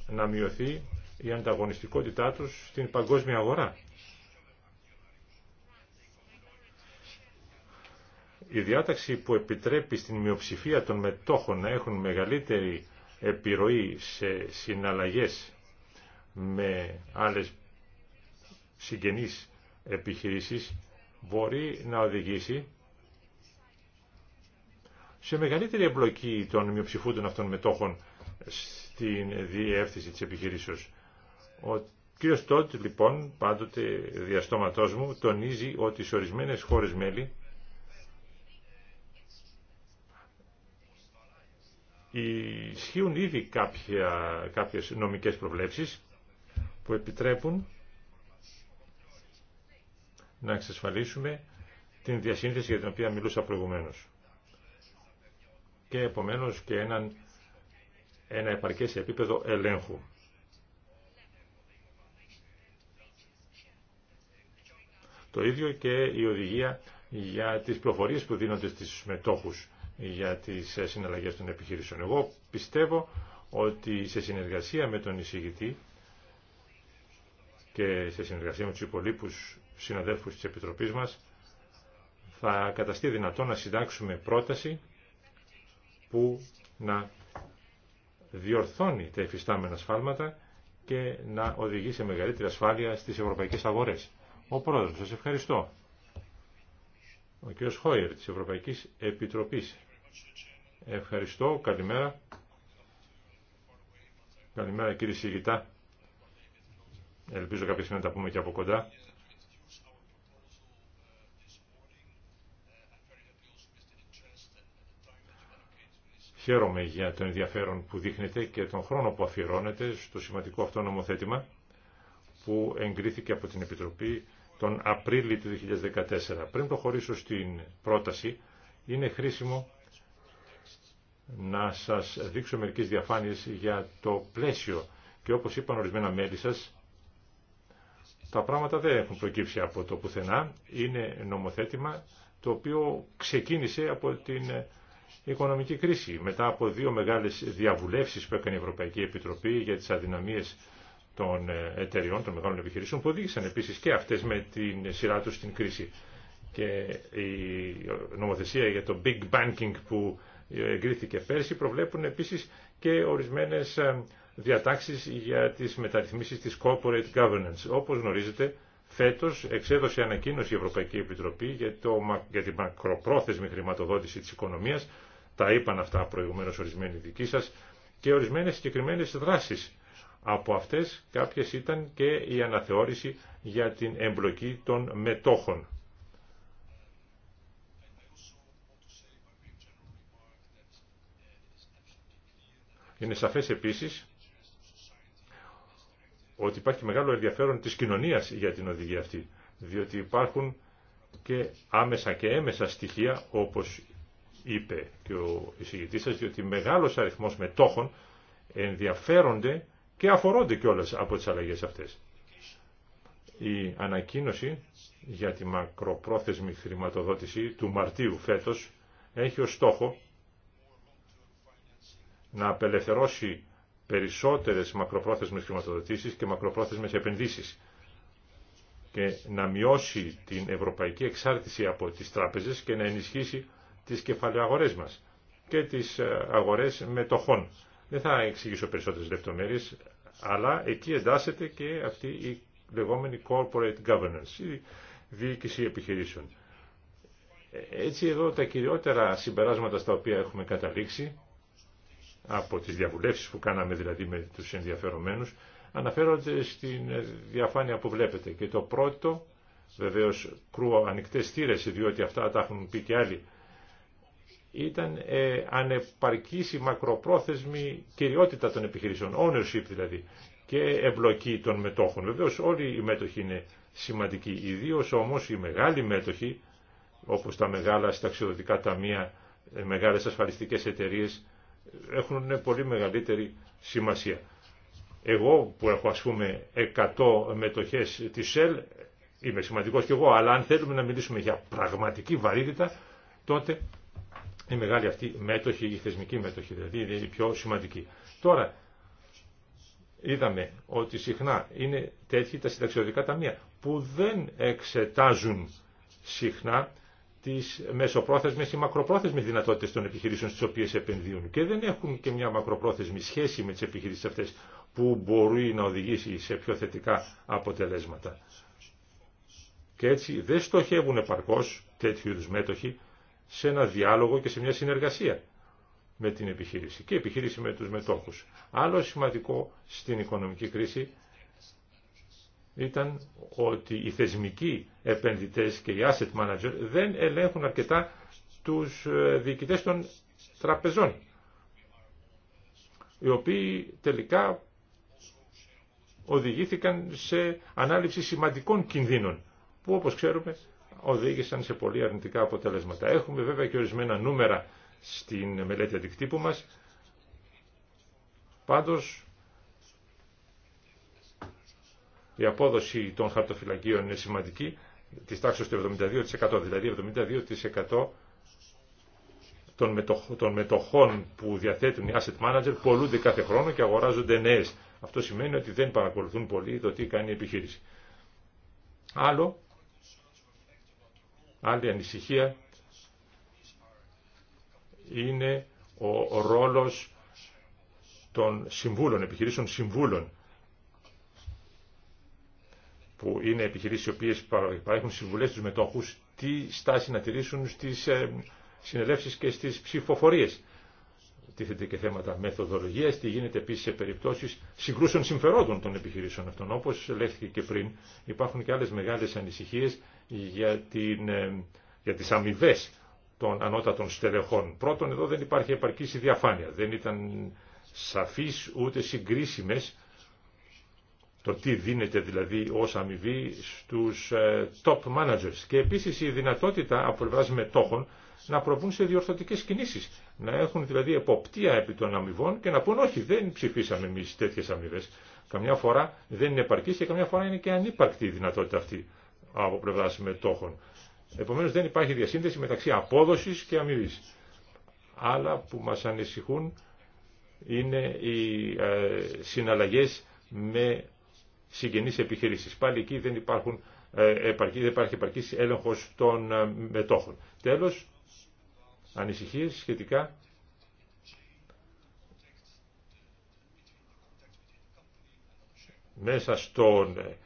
να μειωθεί η ανταγωνιστικότητά τους στην παγκόσμια αγορά. Η διάταξη που επιτρέπει στην μειοψηφία των μετόχων να έχουν μεγαλύτερη επιρροή σε συναλλαγές με άλλες συγγενείς επιχειρήσεις μπορεί να οδηγήσει σε μεγαλύτερη εμπλοκή των μειοψηφούντων αυτών μετόχων στην διεύθυνση της επιχειρήσεως. Ο κύριος Τότ, λοιπόν, πάντοτε διαστόματός μου, τονίζει ότι σε ορισμένες χώρες μέλη ισχύουν ήδη κάποια, κάποιες νομικές προβλέψεις που επιτρέπουν να εξασφαλίσουμε την διασύνδεση για την οποία μιλούσα προηγουμένως. Και επομένως και έναν ένα επαρκές επίπεδο ελέγχου. Το ίδιο και η οδηγία για τις προφορίες που δίνονται στις μετόχους για τις συναλλαγές των επιχειρήσεων. Εγώ πιστεύω ότι σε συνεργασία με τον εισηγητή και σε συνεργασία με τους υπολείπους συναδέλφους της Επιτροπής μας θα καταστεί δυνατό να συντάξουμε πρόταση που να διορθώνει τα εφιστάμενα σφάλματα και να οδηγεί σε μεγαλύτερη ασφάλεια στις ευρωπαϊκές αγορές. Ο πρόεδρος, σας ευχαριστώ. Ο κ. Χόιερ της Ευρωπαϊκής Επιτροπής. Ευχαριστώ, καλημέρα. Καλημέρα κύριε Σιγητά. Ελπίζω κάποια στιγμή να τα πούμε και από κοντά. Χαίρομαι για το ενδιαφέρον που δείχνετε και τον χρόνο που αφιερώνετε στο σημαντικό αυτό νομοθέτημα που εγκρίθηκε από την Επιτροπή τον Απρίλιο του 2014. Πριν προχωρήσω στην πρόταση, είναι χρήσιμο να σας δείξω μερικές διαφάνειες για το πλαίσιο. Και όπως είπαν ορισμένα μέλη σας, τα πράγματα δεν έχουν προκύψει από το πουθενά. Είναι νομοθέτημα το οποίο ξεκίνησε από την οικονομική κρίση. Μετά από δύο μεγάλες διαβουλεύσεις που έκανε η Ευρωπαϊκή Επιτροπή για τις αδυναμίες των ε, εταιριών, των μεγάλων επιχειρήσεων, που οδήγησαν επίσης και αυτές με την σειρά τους στην κρίση. Και η νομοθεσία για το big banking που εγκρίθηκε πέρσι προβλέπουν επίσης και ορισμένες ε, διατάξεις για τις μεταρρυθμίσεις της corporate governance. Όπως γνωρίζετε, φέτος εξέδωσε ανακοίνωση η Ευρωπαϊκή Επιτροπή για, το, για την μακροπρόθεσμη χρηματοδότηση τη οικονομία τα είπαν αυτά προηγουμένω ορισμένοι δικοί σας, και ορισμένες συγκεκριμένες δράσει Από αυτές κάποιες ήταν και η αναθεώρηση για την εμπλοκή των μετόχων. Είναι σαφές επίσης ότι υπάρχει μεγάλο ενδιαφέρον της κοινωνίας για την οδηγία αυτή, διότι υπάρχουν και άμεσα και έμεσα στοιχεία όπως είπε και ο εισηγητής σας, διότι μεγάλος αριθμός μετόχων ενδιαφέρονται και αφορώνται κιόλας από τις αλλαγές αυτές. Η ανακοίνωση για τη μακροπρόθεσμη χρηματοδότηση του Μαρτίου φέτος έχει ως στόχο να απελευθερώσει περισσότερες μακροπρόθεσμες χρηματοδοτήσεις και μακροπρόθεσμες επενδύσεις και να μειώσει την ευρωπαϊκή εξάρτηση από τις τράπεζες και να ενισχύσει τις κεφαλαιοαγορές μας και τις ε, αγορές μετοχών. Δεν θα εξηγήσω περισσότερες λεπτομέρειες, αλλά εκεί εντάσσεται και αυτή η λεγόμενη corporate governance, η διοίκηση επιχειρήσεων. Έτσι εδώ τα κυριότερα συμπεράσματα στα οποία έχουμε καταλήξει, από τις διαβουλεύσεις που κάναμε δηλαδή με τους ενδιαφερομένους, αναφέρονται στην διαφάνεια που βλέπετε. Και το πρώτο, βεβαίως κρούω ανοιχτές θύρες, διότι αυτά τα έχουν πει και άλλοι, ήταν ε, ανεπαρκής η μακροπρόθεσμη κυριότητα των επιχειρήσεων, ownership δηλαδή, και εμπλοκή των μετόχων. Βεβαίως όλοι οι μέτοχοι είναι σημαντικοί, ιδίως όμως οι μεγάλοι μέτοχοι, όπως τα μεγάλα συνταξιοδοτικά ταμεία, ε, μεγάλες ασφαλιστικές εταιρείες, έχουν πολύ μεγαλύτερη σημασία. Εγώ που έχω ας πούμε 100 μετοχές της ΣΕΛ, είμαι σημαντικός κι εγώ, αλλά αν θέλουμε να μιλήσουμε για πραγματική βαρύτητα, τότε η μεγάλη αυτή μέτοχη θεσμική μέτοχη, δηλαδή, είναι πιο σημαντική. Τώρα, είδαμε ότι συχνά είναι τέτοιοι τα συνταξιωτικά ταμεία που δεν εξετάζουν συχνά τις μεσοπρόθεσμες ή μακροπρόθεσμες δυνατότητες των επιχειρήσεων στις οποίες επενδύουν και δεν έχουν και μια μακροπρόθεσμη σχέση με τις επιχειρήσεις αυτές που μπορεί να οδηγήσει σε πιο θετικά αποτελέσματα. Και έτσι δεν στοχεύουν επαρκώς τέτοιου είδους μέτοχοι σε ένα διάλογο και σε μια συνεργασία με την επιχείρηση και επιχείρηση με τους μετόχους. Άλλο σημαντικό στην οικονομική κρίση ήταν ότι οι θεσμικοί επενδυτές και οι asset manager δεν ελέγχουν αρκετά τους ε, διοικητές των τραπεζών, οι οποίοι τελικά οδηγήθηκαν σε ανάληψη σημαντικών κινδύνων, που όπως ξέρουμε οδήγησαν σε πολύ αρνητικά αποτελέσματα. Έχουμε βέβαια και ορισμένα νούμερα στην μελέτη αντικτύπου μας. Πάντως, η απόδοση των χαρτοφυλακίων είναι σημαντική, της τάξης του 72%, δηλαδή 72% των μετοχών που διαθέτουν οι asset manager πολλούνται κάθε χρόνο και αγοράζονται νέες. Αυτό σημαίνει ότι δεν παρακολουθούν πολύ το τι κάνει η επιχείρηση. Άλλο Άλλη ανησυχία είναι ο ρόλος των συμβούλων, επιχειρήσεων συμβούλων που είναι επιχειρήσεις οι οποίες παρέχουν συμβουλές στους μετόχους τι στάση να τηρήσουν στις ε, συνελεύσεις και στις ψηφοφορίες. Τίθεται και θέματα μεθοδολογίας, τι γίνεται επίσης σε περιπτώσεις συγκρούσεων συμφερόντων των επιχειρήσεων αυτών. Όπως λέχθηκε και πριν, υπάρχουν και άλλες μεγάλες ανησυχίες για, την, ε, για τις αμοιβέ των ανώτατων στελεχών. Πρώτον, εδώ δεν υπάρχει επαρκή διαφάνεια. Δεν ήταν σαφείς ούτε συγκρίσιμες το τι δίνεται δηλαδή ως αμοιβή στους ε, top managers. Και επίσης η δυνατότητα από πλευρά μετόχων να προβούν σε διορθωτικές κινήσεις. Να έχουν δηλαδή εποπτεία επί των αμοιβών και να πούν όχι δεν ψηφίσαμε εμείς τέτοιες αμοιβέ. Καμιά φορά δεν είναι επαρκής και καμιά φορά είναι και ανύπαρκτη η δυνατότητα αυτή από πλευρά μετόχων. Επομένως δεν υπάρχει διασύνδεση μεταξύ απόδοσης και αμοιβή. Άλλα που μας ανησυχούν είναι οι ε, συναλλαγές με συγγενεί επιχειρήσεις. Πάλι εκεί δεν, υπάρχουν, ε, επαρκή, δεν υπάρχει επαρκής έλεγχος των ε, μετόχων. Τέλος, ανησυχίε σχετικά μέσα στον ε,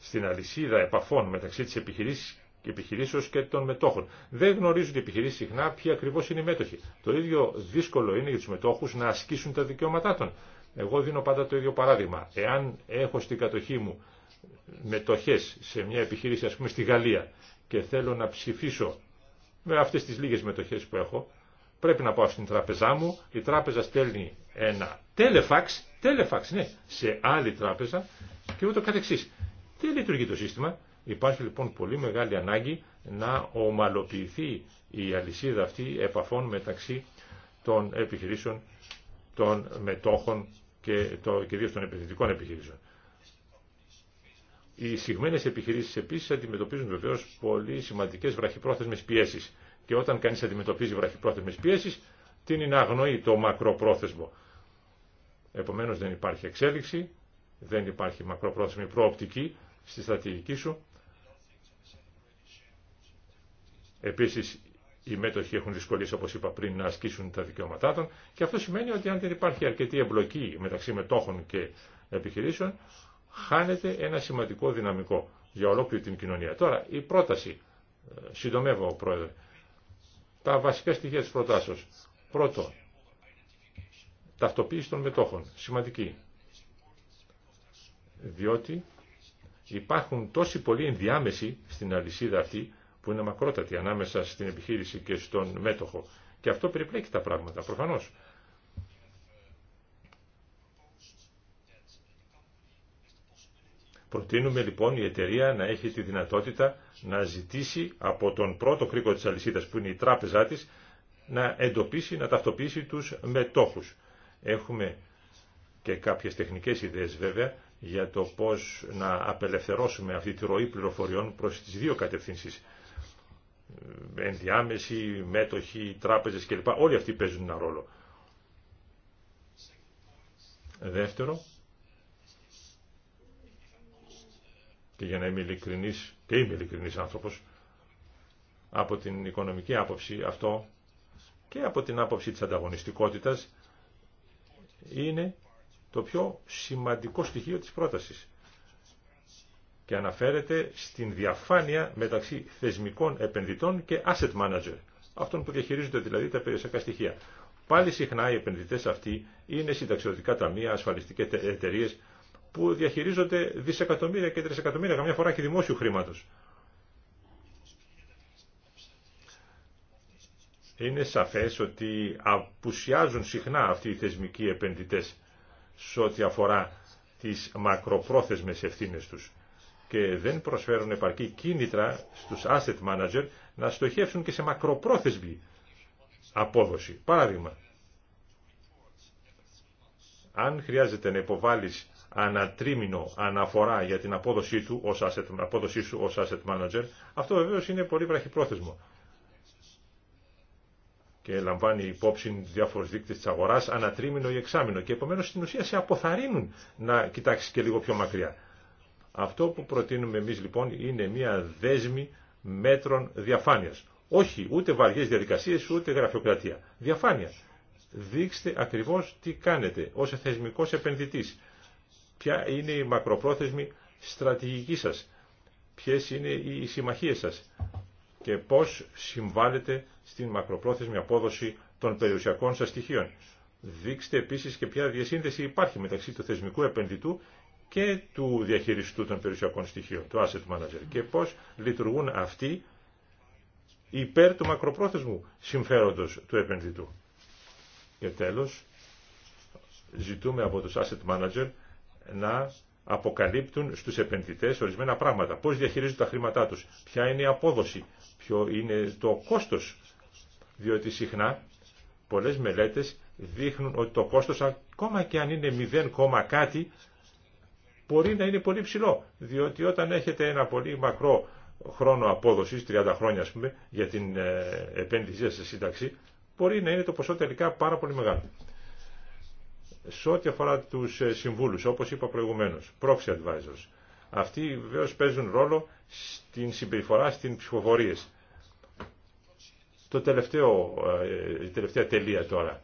στην αλυσίδα επαφών μεταξύ και επιχειρήσεως και των μετόχων. Δεν γνωρίζουν οι επιχειρήσεις συχνά ποιοι ακριβώς είναι οι μέτοχοι. Το ίδιο δύσκολο είναι για τους μετόχους να ασκήσουν τα δικαιώματά των. Εγώ δίνω πάντα το ίδιο παράδειγμα. Εάν έχω στην κατοχή μου μετοχές σε μια επιχείρηση, ας πούμε στη Γαλλία, και θέλω να ψηφίσω με αυτές τις λίγες μετοχές που έχω, πρέπει να πάω στην τράπεζά μου, η τράπεζα στέλνει ένα τέλεφαξ, τέλεφαξ ναι, σε άλλη τράπεζα και ούτω καθεξής. Δεν λειτουργεί το σύστημα. Υπάρχει λοιπόν πολύ μεγάλη ανάγκη να ομαλοποιηθεί η αλυσίδα αυτή επαφών μεταξύ των επιχειρήσεων, των μετόχων και, το, των επενδυτικών επιχειρήσεων. Οι συγμένε επιχειρήσει επίση αντιμετωπίζουν βεβαίω πολύ σημαντικέ βραχυπρόθεσμε πιέσει. και όταν κανεί αντιμετωπίζει βραχυπρόθεσμε πιέσει, την είναι αγνοεί το μακροπρόθεσμο. Επομένω δεν υπάρχει εξέλιξη, δεν υπάρχει μακροπρόθεσμη προοπτική, στη στρατηγική σου. Επίσης, οι μέτοχοι έχουν δυσκολίες, όπως είπα πριν, να ασκήσουν τα δικαιώματά των και αυτό σημαίνει ότι αν δεν υπάρχει αρκετή εμπλοκή μεταξύ μετόχων και επιχειρήσεων, χάνεται ένα σημαντικό δυναμικό για ολόκληρη την κοινωνία. Τώρα, η πρόταση, ε, συντομεύω, Πρόεδρε, τα βασικά στοιχεία της προτάσεως. Πρώτο, ταυτοποίηση των μετόχων. Σημαντική. Διότι Υπάρχουν τόσοι πολλοί ενδιάμεσοι στην αλυσίδα αυτή που είναι μακρότατη ανάμεσα στην επιχείρηση και στον μέτοχο. Και αυτό περιπλέκει τα πράγματα, προφανώς. Προτείνουμε λοιπόν η εταιρεία να έχει τη δυνατότητα να ζητήσει από τον πρώτο κρίκο της αλυσίδας που είναι η τράπεζά της να εντοπίσει, να ταυτοποιήσει τους μετόχους. Έχουμε και κάποιες τεχνικές ιδέες βέβαια για το πώς να απελευθερώσουμε αυτή τη ροή πληροφοριών προς τις δύο κατευθύνσεις. Ενδιάμεση, μέτοχοι, τράπεζες κλπ. Όλοι αυτοί παίζουν ένα ρόλο. Δεύτερο, και για να είμαι ειλικρινής, και είμαι ειλικρινής άνθρωπος, από την οικονομική άποψη αυτό και από την άποψη της ανταγωνιστικότητας είναι το πιο σημαντικό στοιχείο της πρότασης και αναφέρεται στην διαφάνεια μεταξύ θεσμικών επενδυτών και asset manager, αυτών που διαχειρίζονται δηλαδή τα περιουσιακά στοιχεία. Πάλι συχνά οι επενδυτές αυτοί είναι συνταξιωτικά ταμεία, ασφαλιστικές εταιρείε που διαχειρίζονται δισεκατομμύρια και τρισεκατομμύρια, καμιά φορά και δημόσιου χρήματος. Είναι σαφές ότι απουσιάζουν συχνά αυτοί οι θεσμικοί επενδυτές σε ό,τι αφορά τις μακροπρόθεσμες ευθύνες τους και δεν προσφέρουν επαρκή κίνητρα στους asset manager να στοχεύσουν και σε μακροπρόθεσμη απόδοση. Παράδειγμα, αν χρειάζεται να υποβάλεις ανατρίμηνο αναφορά για την απόδοσή του ως asset, απόδοσή σου ως asset manager, αυτό βεβαίως είναι πολύ βραχυπρόθεσμο και λαμβάνει υπόψη διάφορου δείκτε τη αγορά ανατρίμηνο ή εξάμηνο και επομένω στην ουσία σε αποθαρρύνουν να κοιτάξει και λίγο πιο μακριά. Αυτό που προτείνουμε εμεί λοιπόν είναι μια δέσμη μέτρων διαφάνεια. Όχι ούτε βαριέ διαδικασίε ούτε γραφειοκρατία. Διαφάνεια. Δείξτε ακριβώ τι κάνετε ω θεσμικό επενδυτή. Ποια είναι η μακροπρόθεσμη στρατηγική σα. Ποιε είναι οι συμμαχίε σα και πώς συμβάλλεται στην μακροπρόθεσμη απόδοση των περιουσιακών σας στοιχείων. Δείξτε επίσης και ποια διασύνδεση υπάρχει μεταξύ του θεσμικού επενδυτού και του διαχειριστού των περιουσιακών στοιχείων, του asset manager, και πώς λειτουργούν αυτοί υπέρ του μακροπρόθεσμου συμφέροντος του επενδυτού. Και τέλος, ζητούμε από τους asset manager να αποκαλύπτουν στους επενδυτές ορισμένα πράγματα. Πώς διαχειρίζουν τα χρήματά τους, ποια είναι η απόδοση, ποιο είναι το κόστος. Διότι συχνά πολλές μελέτες δείχνουν ότι το κόστος ακόμα και αν είναι 0, κάτι μπορεί να είναι πολύ ψηλό. Διότι όταν έχετε ένα πολύ μακρό χρόνο απόδοσης, 30 χρόνια ας πούμε, για την ε, επένδυσή σε σύνταξη, μπορεί να είναι το ποσό τελικά πάρα πολύ μεγάλο. Σε ό,τι αφορά του ε, συμβούλου, όπω είπα προηγουμένως, proxy advisors, αυτοί βεβαίω παίζουν ρόλο στην συμπεριφορά, στην ψηφοφορία. Το τελευταίο, ε, η τελευταία τελεία τώρα.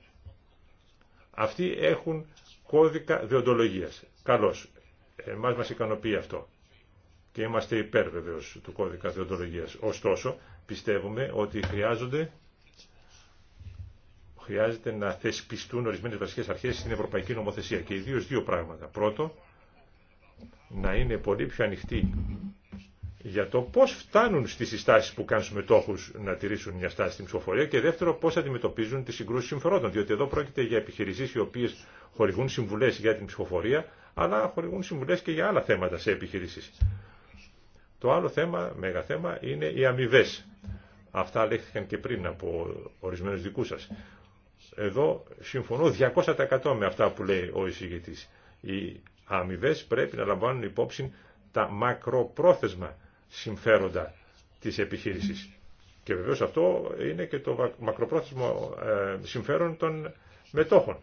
Αυτοί έχουν κώδικα διοντολογία. Καλώ. Εμά μας ικανοποιεί αυτό. Και είμαστε υπέρ βεβαίω του κώδικα διοντολογία. Ωστόσο, πιστεύουμε ότι χρειάζονται χρειάζεται να θεσπιστούν ορισμένε βασικέ αρχέ στην Ευρωπαϊκή Νομοθεσία και ιδίω δύο πράγματα. Πρώτο, να είναι πολύ πιο ανοιχτή για το πώ φτάνουν στι συστάσει που κάνουν μετόχου να τηρήσουν μια στάση στην ψηφοφορία και δεύτερο πώ αντιμετωπίζουν τι συγκρούσει συμφερόντων, διότι εδώ πρόκειται για επιχειρήσει, οι οποίε χορηγούν συμβουλέ για την ψηφοφορία, αλλά χορηγούν συμβουλέ και για άλλα θέματα σε επιχειρήσει. Το άλλο θέμα, μέγα θέμα, είναι οι αμοιβέ. Αυτά λέχθηκαν και πριν από ορισμένους δικού σας. Εδώ συμφωνώ 200% με αυτά που λέει ο εισηγητής. Οι αμοιβέ πρέπει να λαμβάνουν υπόψη τα μακροπρόθεσμα συμφέροντα της επιχείρησης. Και βεβαίως αυτό είναι και το μακροπρόθεσμο ε, συμφέρον των μετόχων.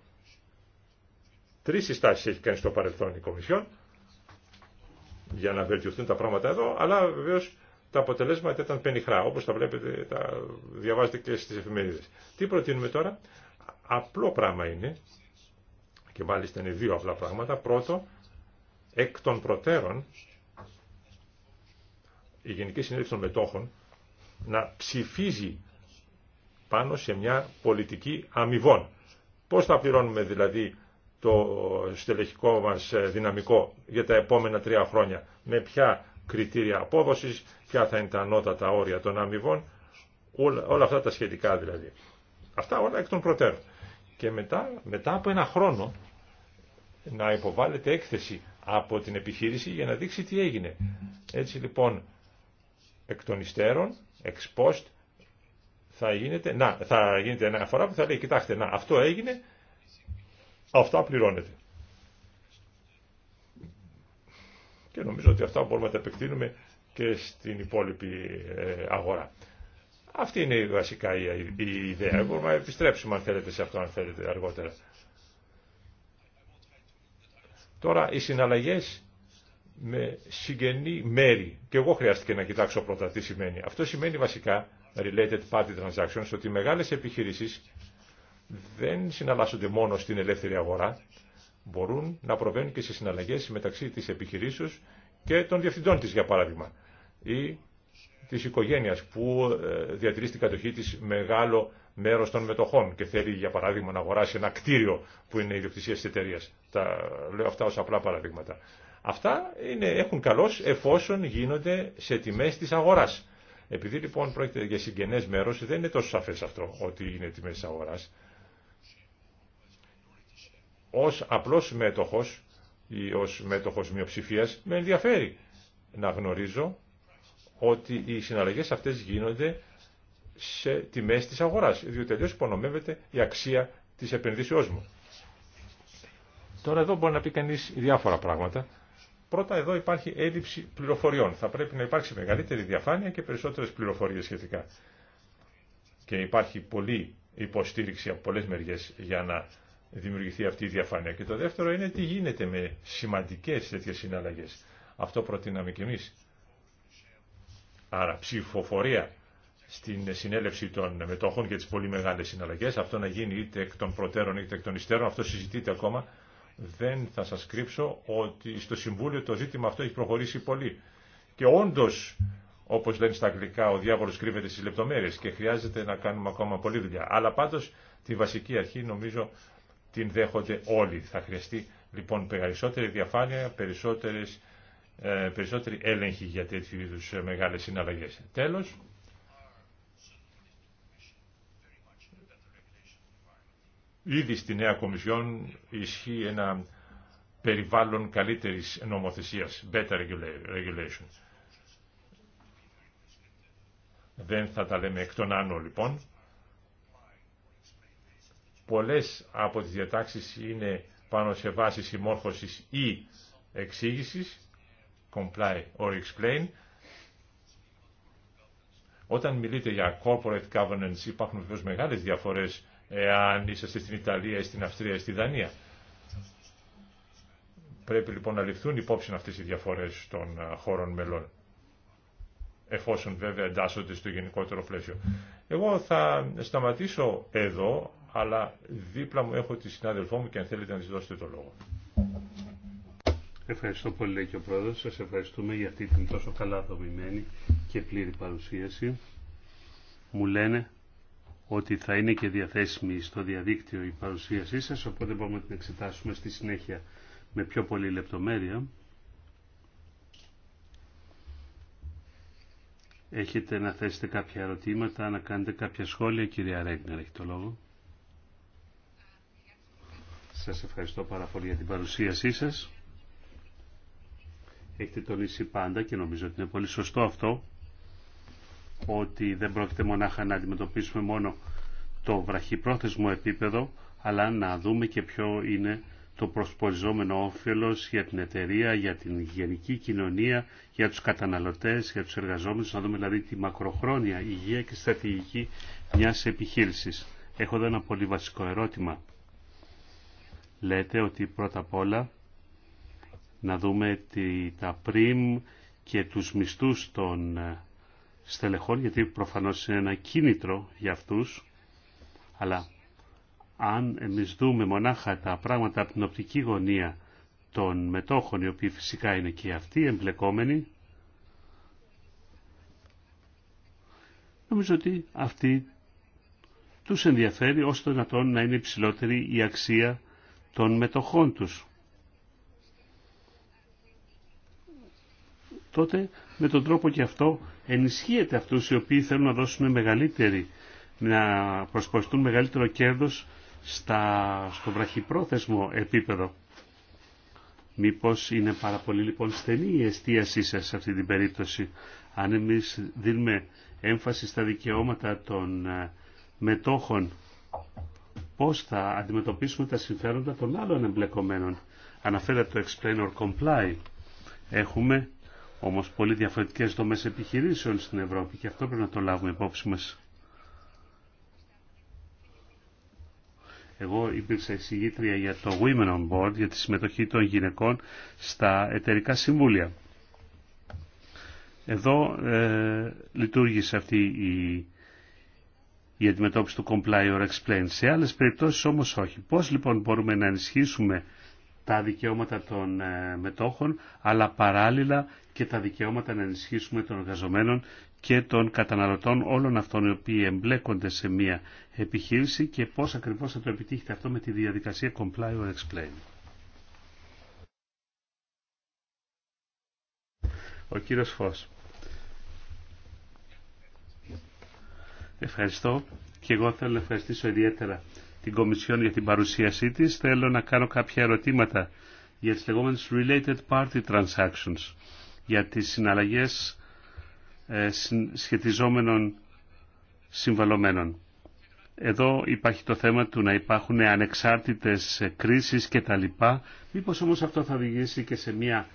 Τρεις συστάσεις έχει κάνει στο παρελθόν η Κομισιόν για να βελτιωθούν τα πράγματα εδώ, αλλά βεβαίως τα αποτελέσματα ήταν πενιχρά, όπως τα βλέπετε, τα διαβάζετε και στις εφημερίδες. Τι προτείνουμε τώρα, απλό πράγμα είναι, και μάλιστα είναι δύο απλά πράγματα. Πρώτο, εκ των προτέρων, η Γενική Συνέλευση των Μετόχων να ψηφίζει πάνω σε μια πολιτική αμοιβών. Πώς θα πληρώνουμε δηλαδή το στελεχικό μας δυναμικό για τα επόμενα τρία χρόνια, με ποια κριτήρια απόδοσης, ποια θα είναι τα ανώτατα όρια των αμοιβών, όλα, όλα αυτά τα σχετικά δηλαδή. Αυτά όλα εκ των προτέρων και μετά, μετά από ένα χρόνο να υποβάλλεται έκθεση από την επιχείρηση για να δείξει τι έγινε. Έτσι λοιπόν, εκ των υστέρων, θα γίνεται, να, θα γίνεται ένα αφορά που θα λέει, κοιτάξτε, να, αυτό έγινε, αυτά πληρώνεται. Και νομίζω ότι αυτά μπορούμε να τα επεκτείνουμε και στην υπόλοιπη ε, αγορά. Αυτή είναι βασικά η, ιδέα. Μπορούμε να επιστρέψουμε αν θέλετε σε αυτό, αν θέλετε αργότερα. Τώρα οι συναλλαγέ με συγγενή μέρη. Και εγώ χρειάστηκε να κοιτάξω πρώτα τι σημαίνει. Αυτό σημαίνει βασικά related party transactions ότι οι μεγάλες επιχειρήσεις δεν συναλλάσσονται μόνο στην ελεύθερη αγορά. Μπορούν να προβαίνουν και σε συναλλαγές μεταξύ της επιχειρήσεως και των διευθυντών της για παράδειγμα. Ή της οικογένειας που ε, διατηρεί στην κατοχή τη μεγάλο μέρος των μετοχών και θέλει για παράδειγμα να αγοράσει ένα κτίριο που είναι ιδιοκτησία τη εταιρεία. Τα λέω αυτά ως απλά παραδείγματα. Αυτά είναι, έχουν καλώς εφόσον γίνονται σε τιμές της αγοράς. Επειδή λοιπόν πρόκειται για συγγενές μέρος δεν είναι τόσο σαφέ αυτό ότι είναι τιμέ τη αγορά. Ω απλό μέτοχος ή ω μέτοχος μειοψηφία με ενδιαφέρει να γνωρίζω ότι οι συναλλαγές αυτές γίνονται σε τιμές της αγοράς, διότι τελείως υπονομεύεται η αξία της επενδύσεώς μου. Τώρα εδώ μπορεί να πει κανείς διάφορα πράγματα. Πρώτα εδώ υπάρχει έλλειψη πληροφοριών. Θα πρέπει να υπάρξει μεγαλύτερη διαφάνεια και περισσότερες πληροφορίες σχετικά. Και υπάρχει πολλή υποστήριξη από πολλές μεριές για να δημιουργηθεί αυτή η διαφάνεια. Και το δεύτερο είναι τι γίνεται με σημαντικές τέτοιες συναλλαγές. Αυτό προτείναμε και εμείς. Άρα ψηφοφορία στην συνέλευση των μετόχων για τις πολύ μεγάλες συναλλαγές. Αυτό να γίνει είτε εκ των προτέρων είτε εκ των υστέρων. Αυτό συζητείται ακόμα. Δεν θα σας κρύψω ότι στο Συμβούλιο το ζήτημα αυτό έχει προχωρήσει πολύ. Και όντως, όπως λένε στα αγγλικά, ο διάβολος κρύβεται στις λεπτομέρειες και χρειάζεται να κάνουμε ακόμα πολλή δουλειά. Αλλά πάντως τη βασική αρχή νομίζω την δέχονται όλοι. Θα χρειαστεί λοιπόν περισσότερη διαφάνεια, περισσότερες ε, περισσότερη έλεγχη για τέτοιου είδους ε, μεγάλες συναλλαγές. Τέλος, ήδη στη νέα Κομισιόν ισχύει ένα περιβάλλον καλύτερης νομοθεσίας, better regulation. Δεν θα τα λέμε εκ των άνω λοιπόν. Πολλές από τις διατάξεις είναι πάνω σε βάση συμμόρφωσης ή εξήγησης comply or explain. Όταν μιλείτε για corporate governance υπάρχουν βεβαίω μεγάλες διαφορές εάν είσαστε στην Ιταλία, στην Αυστρία, στη Δανία. Πρέπει λοιπόν να ληφθούν υπόψη αυτές οι διαφορές των ε, χώρων μελών, εφόσον βέβαια εντάσσονται στο γενικότερο πλαίσιο. Εγώ θα σταματήσω εδώ, αλλά δίπλα μου έχω τη συνάδελφό μου και αν θέλετε να της δώσετε το λόγο. Ευχαριστώ πολύ, και ο Πρόεδρος. Σας ευχαριστούμε για αυτή την τόσο καλά δομημένη και πλήρη παρουσίαση. Μου λένε ότι θα είναι και διαθέσιμη στο διαδίκτυο η παρουσίασή σας, οπότε μπορούμε να την εξετάσουμε στη συνέχεια με πιο πολλή λεπτομέρεια. Έχετε να θέσετε κάποια ερωτήματα, να κάνετε κάποια σχόλια. Κυρία Ρέγκνερ, έχει το λόγο. Σας ευχαριστώ πάρα πολύ για την παρουσίασή σας έχετε τονίσει πάντα και νομίζω ότι είναι πολύ σωστό αυτό ότι δεν πρόκειται μονάχα να αντιμετωπίσουμε μόνο το βραχυπρόθεσμο επίπεδο αλλά να δούμε και ποιο είναι το προσποριζόμενο όφελος για την εταιρεία, για την γενική κοινωνία, για τους καταναλωτές, για τους εργαζόμενους, να δούμε δηλαδή τη μακροχρόνια υγεία και στρατηγική μιας επιχείρησης. Έχω εδώ ένα πολύ βασικό ερώτημα. Λέτε ότι πρώτα απ' όλα να δούμε τη, τα πριμ και τους μισθούς των ε, στελεχών, γιατί προφανώς είναι ένα κίνητρο για αυτούς, αλλά αν εμείς δούμε μονάχα τα πράγματα από την οπτική γωνία των μετόχων, οι οποίοι φυσικά είναι και αυτοί εμπλεκόμενοι, νομίζω ότι αυτοί τους ενδιαφέρει ώστε να να είναι υψηλότερη η αξία των μετοχών τους. τότε με τον τρόπο και αυτό ενισχύεται αυτούς οι οποίοι θέλουν να δώσουν μεγαλύτερη, να προσπαθούν μεγαλύτερο κέρδος στα, στο βραχυπρόθεσμο επίπεδο. Μήπως είναι πάρα πολύ λοιπόν στενή η εστίασή σας σε αυτή την περίπτωση. Αν εμείς δίνουμε έμφαση στα δικαιώματα των ε, μετόχων, πώς θα αντιμετωπίσουμε τα συμφέροντα των άλλων εμπλεκομένων. Αναφέρατε το explain or comply. Έχουμε όμως πολύ διαφορετικές δομές επιχειρήσεων στην Ευρώπη και αυτό πρέπει να το λάβουμε υπόψη μας. Εγώ υπήρξα εισηγήτρια για το Women on Board, για τη συμμετοχή των γυναικών στα εταιρικά συμβούλια. Εδώ ε, λειτουργήσε αυτή η, η αντιμετώπιση του comply or explain. Σε άλλες περιπτώσεις όμως όχι. Πώς λοιπόν μπορούμε να ενισχύσουμε τα δικαιώματα των ε, μετόχων, αλλά παράλληλα και τα δικαιώματα να ενισχύσουμε των εργαζομένων και των καταναλωτών όλων αυτών οι οποίοι εμπλέκονται σε μια επιχείρηση και πώς ακριβώς θα το επιτύχετε αυτό με τη διαδικασία comply or explain. Ο κύριος Φως. Ευχαριστώ και εγώ θέλω να ευχαριστήσω ιδιαίτερα την Κομισιόν για την παρουσίασή της. Θέλω να κάνω κάποια ερωτήματα για τις λεγόμενες related party transactions, για τις συναλλαγές ε, σχετιζόμενων συμβαλωμένων. Εδώ υπάρχει το θέμα του να υπάρχουν ανεξάρτητες κρίσεις και τα λοιπά. Μήπως όμως αυτό θα οδηγήσει και σε μια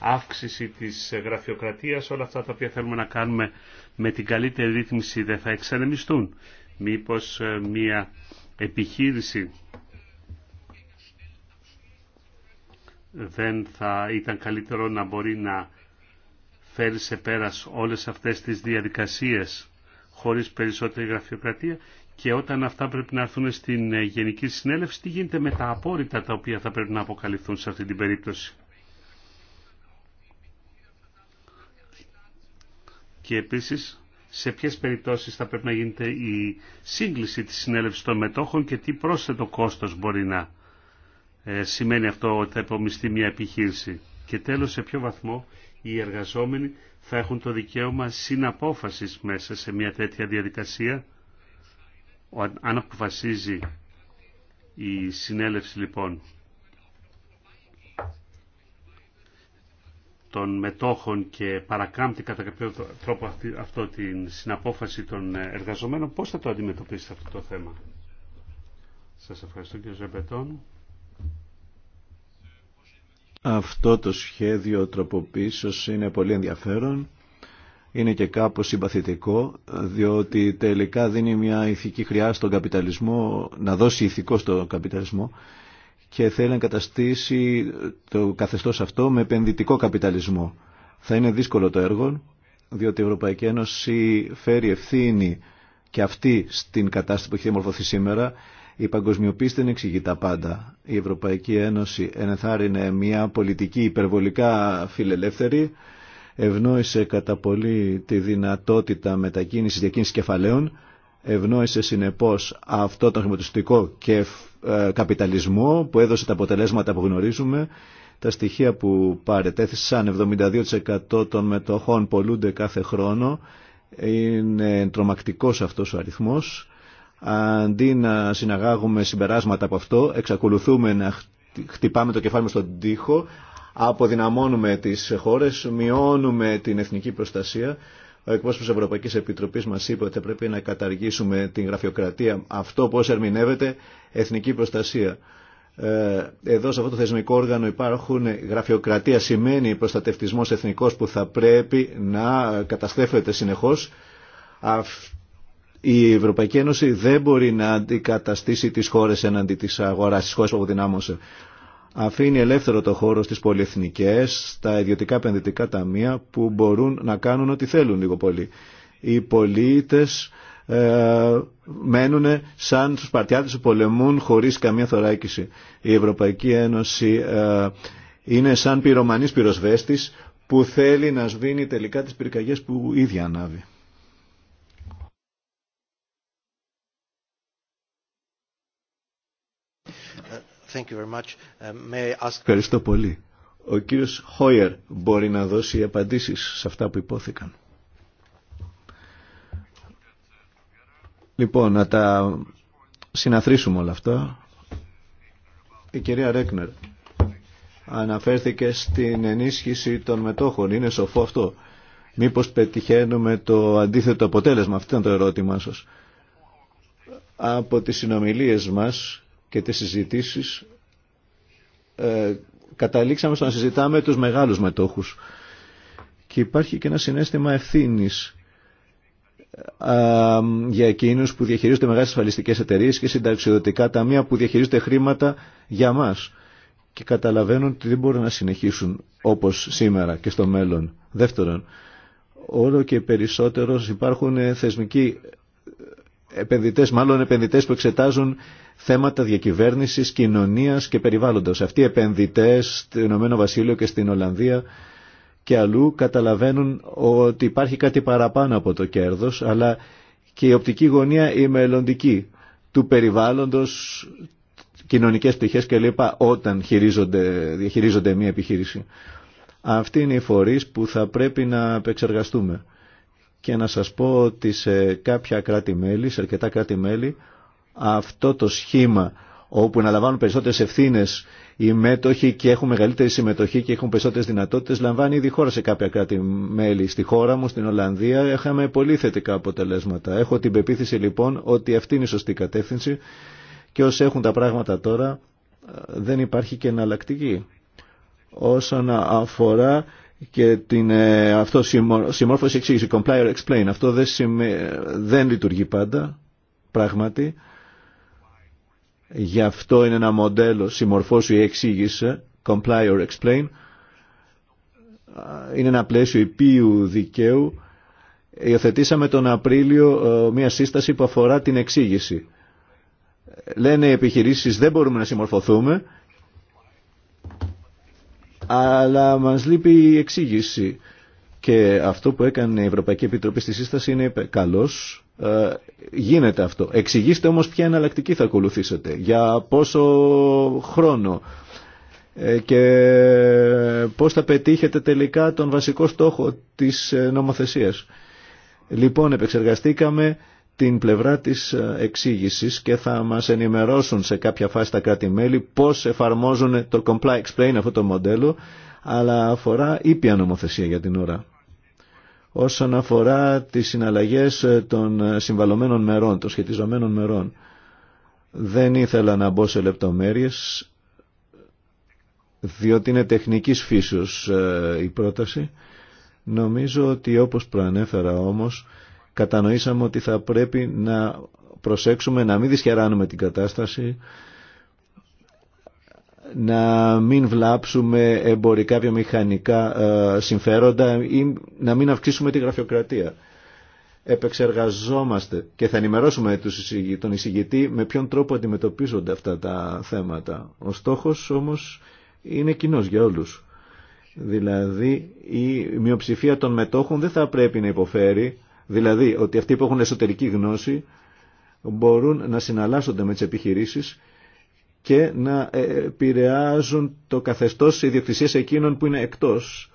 αύξηση της γραφειοκρατίας, όλα αυτά τα οποία θέλουμε να κάνουμε με την καλύτερη ρύθμιση δεν θα εξανεμιστούν. Μήπως ε, μια επιχείρηση δεν θα ήταν καλύτερο να μπορεί να φέρει σε πέρας όλες αυτές τις διαδικασίες χωρίς περισσότερη γραφειοκρατία και όταν αυτά πρέπει να έρθουν στην ε, Γενική Συνέλευση, τι γίνεται με τα απόρριτα τα οποία θα πρέπει να αποκαλυφθούν σε αυτή την περίπτωση. Και επίσης σε ποιες περιπτώσεις θα πρέπει να γίνεται η σύγκληση της συνέλευσης των μετόχων και τι πρόσθετο κόστος μπορεί να ε, σημαίνει αυτό ότι θα υπομειστεί μια επιχείρηση. Και τέλος, σε ποιο βαθμό οι εργαζόμενοι θα έχουν το δικαίωμα συναπόφασης μέσα σε μια τέτοια διαδικασία. Αν αποφασίζει η συνέλευση λοιπόν των μετόχων και παρακάμπτει κατά κάποιο τρόπο αυτό την συναπόφαση των εργαζομένων, πώς θα το αντιμετωπίσετε αυτό το θέμα. Σας ευχαριστώ κύριε Ζεμπετών. Αυτό το σχέδιο τροποποίησης είναι πολύ ενδιαφέρον. Είναι και κάπως συμπαθητικό, διότι τελικά δίνει μια ηθική χρειά στον καπιταλισμό, να δώσει ηθικό στον καπιταλισμό και θέλει να καταστήσει το καθεστώς αυτό με επενδυτικό καπιταλισμό. Θα είναι δύσκολο το έργο, διότι η Ευρωπαϊκή Ένωση φέρει ευθύνη και αυτή στην κατάσταση που έχει διαμορφωθεί σήμερα. Η παγκοσμιοποίηση δεν εξηγεί τα πάντα. Η Ευρωπαϊκή Ένωση ενεθάρρυνε μια πολιτική υπερβολικά φιλελεύθερη, ευνόησε κατά πολύ τη δυνατότητα μετακίνησης διακίνησης κεφαλαίων, ευνόησε συνεπώς αυτό το χρηματιστικό και ε, καπιταλισμό που έδωσε τα αποτελέσματα που γνωρίζουμε. Τα στοιχεία που παρετέθησαν 72% των μετοχών πολλούνται κάθε χρόνο. Είναι τρομακτικός αυτός ο αριθμός. Αντί να συναγάγουμε συμπεράσματα από αυτό, εξακολουθούμε να χτυπάμε το κεφάλι μας στον τοίχο, αποδυναμώνουμε τις χώρες, μειώνουμε την εθνική προστασία, ο εκπρόσωπο Ευρωπαϊκή Επιτροπή μα είπε ότι πρέπει να καταργήσουμε την γραφειοκρατία. Αυτό πώ ερμηνεύεται εθνική προστασία. Ε, εδώ σε αυτό το θεσμικό όργανο υπάρχουν γραφειοκρατία, σημαίνει προστατευτισμό εθνικό που θα πρέπει να καταστρέφεται συνεχώ. Η Ευρωπαϊκή Ένωση δεν μπορεί να αντικαταστήσει τι χώρε εναντί τη αγορά, τι χώρε που αποδυνάμωσε αφήνει ελεύθερο το χώρο στις πολυεθνικές, στα ιδιωτικά επενδυτικά ταμεία που μπορούν να κάνουν ό,τι θέλουν λίγο πολύ. Οι πολίτες ε, μένουν σαν τους παρτιάτες που πολεμούν χωρίς καμία θωράκιση. Η Ευρωπαϊκή Ένωση ε, είναι σαν πυρομανής πυροσβέστης που θέλει να σβήνει τελικά τις πυρκαγιές που ήδη ανάβει. Uh, Ευχαριστώ πολύ. Ο κύριος Χόιερ μπορεί να δώσει απαντήσεις σε αυτά που υπόθηκαν. Λοιπόν, να τα συναθρήσουμε όλα αυτά. Η κυρία Ρέκνερ αναφέρθηκε στην ενίσχυση των μετόχων. Είναι σοφό αυτό. Μήπως πετυχαίνουμε το αντίθετο αποτέλεσμα. Αυτό ήταν το ερώτημά σας. Από τις συνομιλίες μας και τις συζητήσεις ε, καταλήξαμε στο να συζητάμε τους μεγάλους μετόχους. Και υπάρχει και ένα συνέστημα ευθύνης ε, για εκείνους που διαχειρίζονται μεγάλες ασφαλιστικές εταιρείες και συνταξιδοτικά ταμεία που διαχειρίζονται χρήματα για μας και καταλαβαίνουν ότι δεν μπορούν να συνεχίσουν όπως σήμερα και στο μέλλον. Δεύτερον, όλο και περισσότερο υπάρχουν θεσμικοί επενδυτές, μάλλον επενδυτές που εξετάζουν θέματα διακυβέρνησης, κοινωνίας και περιβάλλοντος. Αυτοί οι επενδυτές στο Ηνωμένο Βασίλειο και στην Ολλανδία και αλλού καταλαβαίνουν ότι υπάρχει κάτι παραπάνω από το κέρδος, αλλά και η οπτική γωνία η μελλοντική του περιβάλλοντος, κοινωνικές πτυχές κλπ. όταν χειρίζονται, διαχειρίζονται μια επιχείρηση. Αυτή είναι οι φορείς που θα πρέπει να επεξεργαστούμε και να σας πω ότι σε κάποια κράτη-μέλη, σε αρκετά κράτη-μέλη, αυτό το σχήμα όπου αναλαμβάνουν περισσότερες ευθύνες οι μέτοχοι και έχουν μεγαλύτερη συμμετοχή και έχουν περισσότερες δυνατότητες, λαμβάνει ήδη χώρα σε κάποια κράτη-μέλη. Στη χώρα μου, στην Ολλανδία, είχαμε πολύ θετικά αποτελέσματα. Έχω την πεποίθηση λοιπόν ότι αυτή είναι η σωστή κατεύθυνση και όσοι έχουν τα πράγματα τώρα ε, δεν υπάρχει και εναλλακτική όσον αφορά και την ε, αυτό συμμόρφωση εξήγηση, comply or explain. Αυτό δεν, δεν λειτουργεί πάντα, πράγματι. Γι' αυτό είναι ένα μοντέλο συμμορφώσου ή εξήγησε, comply or explain. Ε, είναι ένα πλαίσιο υπείου δικαίου. Υιοθετήσαμε τον Απρίλιο ε, μια σύσταση που αφορά την εξήγηση. Λένε οι επιχειρήσεις δεν μπορούμε να συμμορφωθούμε αλλά μας λείπει η εξήγηση. Και αυτό που έκανε η Ευρωπαϊκή Επιτροπή στη σύσταση είναι καλός, ε, γίνεται αυτό. Εξηγήστε όμως ποια εναλλακτική θα ακολουθήσετε, για πόσο χρόνο ε, και πώς θα πετύχετε τελικά τον βασικό στόχο της ε, νομοθεσίας. Λοιπόν, επεξεργαστήκαμε την πλευρά της ε, εξήγησης και θα μας ενημερώσουν σε κάποια φάση τα κράτη-μέλη πώς εφαρμόζουν το Comply Explain αυτό το μοντέλο, αλλά αφορά ήπια νομοθεσία για την ώρα. Όσον αφορά τις συναλλαγές ε, των ε, συμβαλωμένων μερών, των σχετιζομένων μερών, δεν ήθελα να μπω σε λεπτομέρειες, διότι είναι τεχνικής φύσεως η πρόταση. Νομίζω ότι όπως προανέφερα όμως, κατανοήσαμε ότι θα πρέπει να προσέξουμε να μην δυσχεράνουμε την κατάσταση, να μην βλάψουμε εμπορικά βιομηχανικά ε, συμφέροντα ή να μην αυξήσουμε τη γραφειοκρατία. Επεξεργαζόμαστε και θα ενημερώσουμε τον εισηγητή με ποιον τρόπο αντιμετωπίζονται αυτά τα θέματα. Ο στόχος όμως είναι κοινό για όλους. Δηλαδή η μειοψηφία των μετόχων δεν θα πρέπει να υποφέρει Δηλαδή ότι αυτοί που έχουν εσωτερική γνώση μπορούν να συναλλάσσονται με τις επιχειρήσεις και να ε, επηρεάζουν το καθεστώς ιδιοκτησία εκείνων που είναι εκτός.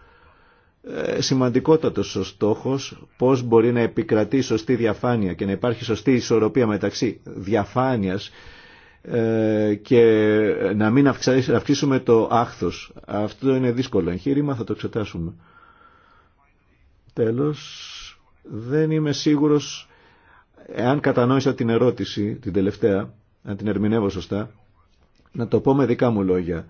Ε, σημαντικότατος ο στόχος πώς μπορεί να επικρατεί σωστή διαφάνεια και να υπάρχει σωστή ισορροπία μεταξύ διαφάνειας ε, και να μην αυξήσουμε το άχθος. Αυτό είναι δύσκολο εγχείρημα, θα το εξετάσουμε. Τέλος δεν είμαι σίγουρος εάν κατανόησα την ερώτηση, την τελευταία, αν την ερμηνεύω σωστά, να το πω με δικά μου λόγια.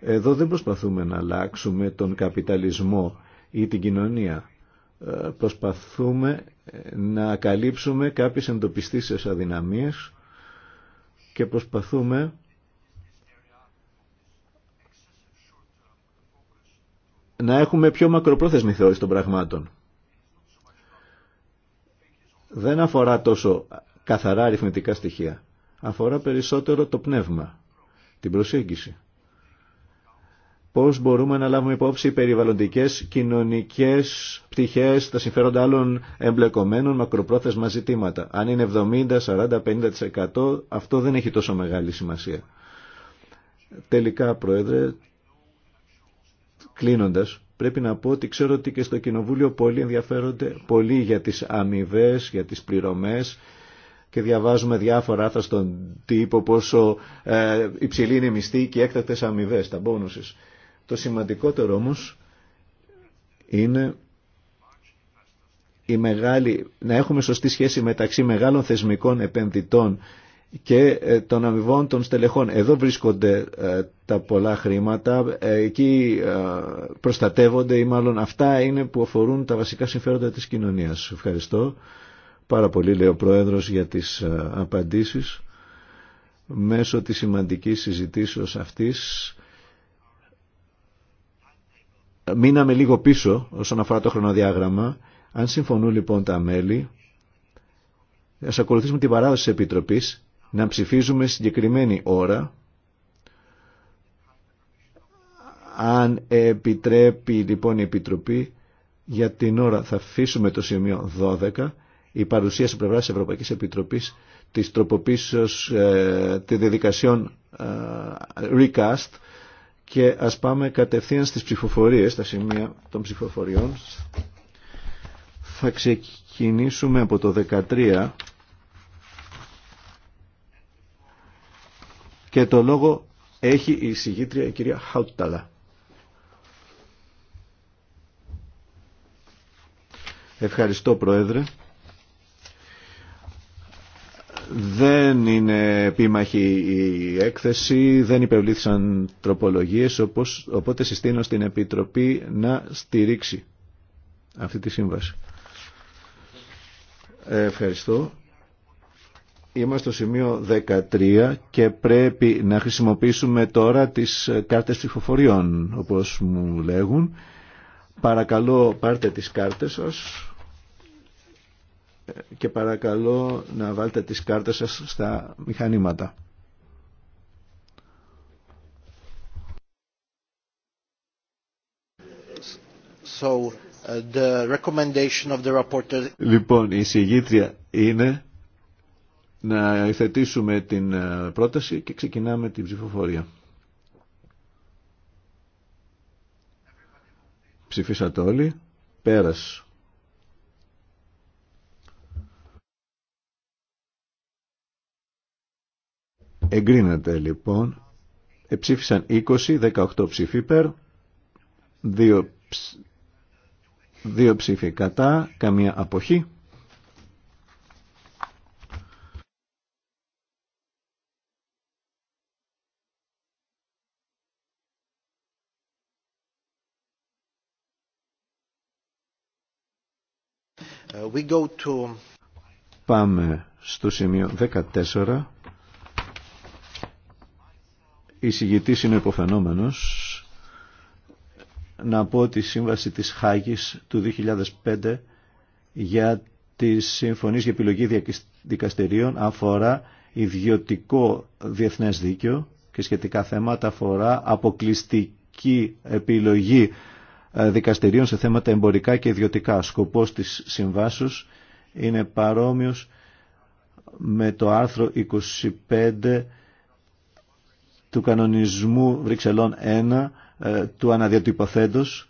Εδώ δεν προσπαθούμε να αλλάξουμε τον καπιταλισμό ή την κοινωνία. Ε, προσπαθούμε ε, να καλύψουμε κάποιες εντοπιστήσεις αδυναμίες και προσπαθούμε να έχουμε πιο μακροπρόθεσμη θεώρηση των πραγμάτων δεν αφορά τόσο καθαρά αριθμητικά στοιχεία. Αφορά περισσότερο το πνεύμα, την προσέγγιση. Πώς μπορούμε να λάβουμε υπόψη περιβαλλοντικές, κοινωνικές πτυχές, τα συμφέροντα άλλων εμπλεκομένων μακροπρόθεσμα ζητήματα. Αν είναι 70, 40, 50% αυτό δεν έχει τόσο μεγάλη σημασία. Τελικά, Πρόεδρε, κλείνοντας, Πρέπει να πω ότι ξέρω ότι και στο Κοινοβούλιο πολλοί ενδιαφέρονται πολύ για τις αμοιβέ, για τις πληρωμές και διαβάζουμε διάφορα άρθρα στον τύπο πόσο ε, υψηλή είναι η μισθή και οι έκτακτες αμοιβέ, τα μπόνουσες. Το σημαντικότερο όμως είναι η μεγάλη, να έχουμε σωστή σχέση μεταξύ μεγάλων θεσμικών επενδυτών και ε, των αμοιβών των στελεχών. Εδώ βρίσκονται ε, τα πολλά χρήματα, ε, εκεί προστατεύονται ή μάλλον αυτά είναι που αφορούν τα βασικά συμφέροντα της κοινωνίας. Ευχαριστώ πάρα πολύ λέει ο Πρόεδρος για τις απαντήσεις. Μέσω της σημαντικής συζητήσεως αυτής μείναμε λίγο πίσω όσον αφορά το χρονοδιάγραμμα. Αν συμφωνούν λοιπόν τα μέλη, ας ακολουθήσουμε την παράδοση της Επιτροπής να ψηφίζουμε συγκεκριμένη ώρα αν επιτρέπει λοιπόν η Επιτροπή για την ώρα θα αφήσουμε το σημείο 12 η παρουσία σε πλευρά της Ευρωπαϊκής Επιτροπής της τροποποίησης ε, της διαδικασιών ε, recast και ας πάμε κατευθείαν στις ψηφοφορίες, στα σημεία των ψηφοφοριών. Θα ξεκινήσουμε από το 13 Και το λόγο έχει η συγγήτρια η κυρία Χαουτταλά. Ευχαριστώ Πρόεδρε. Δεν είναι επίμαχη η έκθεση, δεν υπευλήθησαν τροπολογίες, όπως, οπότε συστήνω στην Επιτροπή να στηρίξει αυτή τη σύμβαση. Ε, ευχαριστώ. Είμαστε στο σημείο 13 και πρέπει να χρησιμοποιήσουμε τώρα τις κάρτες ψηφοφοριών, όπως μου λέγουν. Παρακαλώ πάρτε τις κάρτες σας και παρακαλώ να βάλτε τις κάρτες σας στα μηχανήματα. So, uh, the Λοιπόν, η συγγήτρια είναι να υθετήσουμε την ε, πρόταση και ξεκινάμε την ψηφοφορία. Ψηφίσατε όλοι. Πέρας. Εγκρίνεται λοιπόν. Εψήφισαν 20, 18 ψήφοι υπέρ, 2, 2 ψήφοι κατά, καμία αποχή. Πάμε στο σημείο 14. Η συγητή είναι υποφαινόμενο. Να πω τη σύμβαση της Χάγης του 2005 για τις συμφωνίες για επιλογή δικαστηρίων αφορά ιδιωτικό διεθνές δίκαιο και σχετικά θέματα αφορά αποκλειστική επιλογή ε, δικαστηρίων σε θέματα εμπορικά και ιδιωτικά. Σκοπός της συμβάσεως είναι παρόμοιος με το άρθρο 25 του κανονισμού Βρυξελών 1 ε, του αναδιατυπωθέντος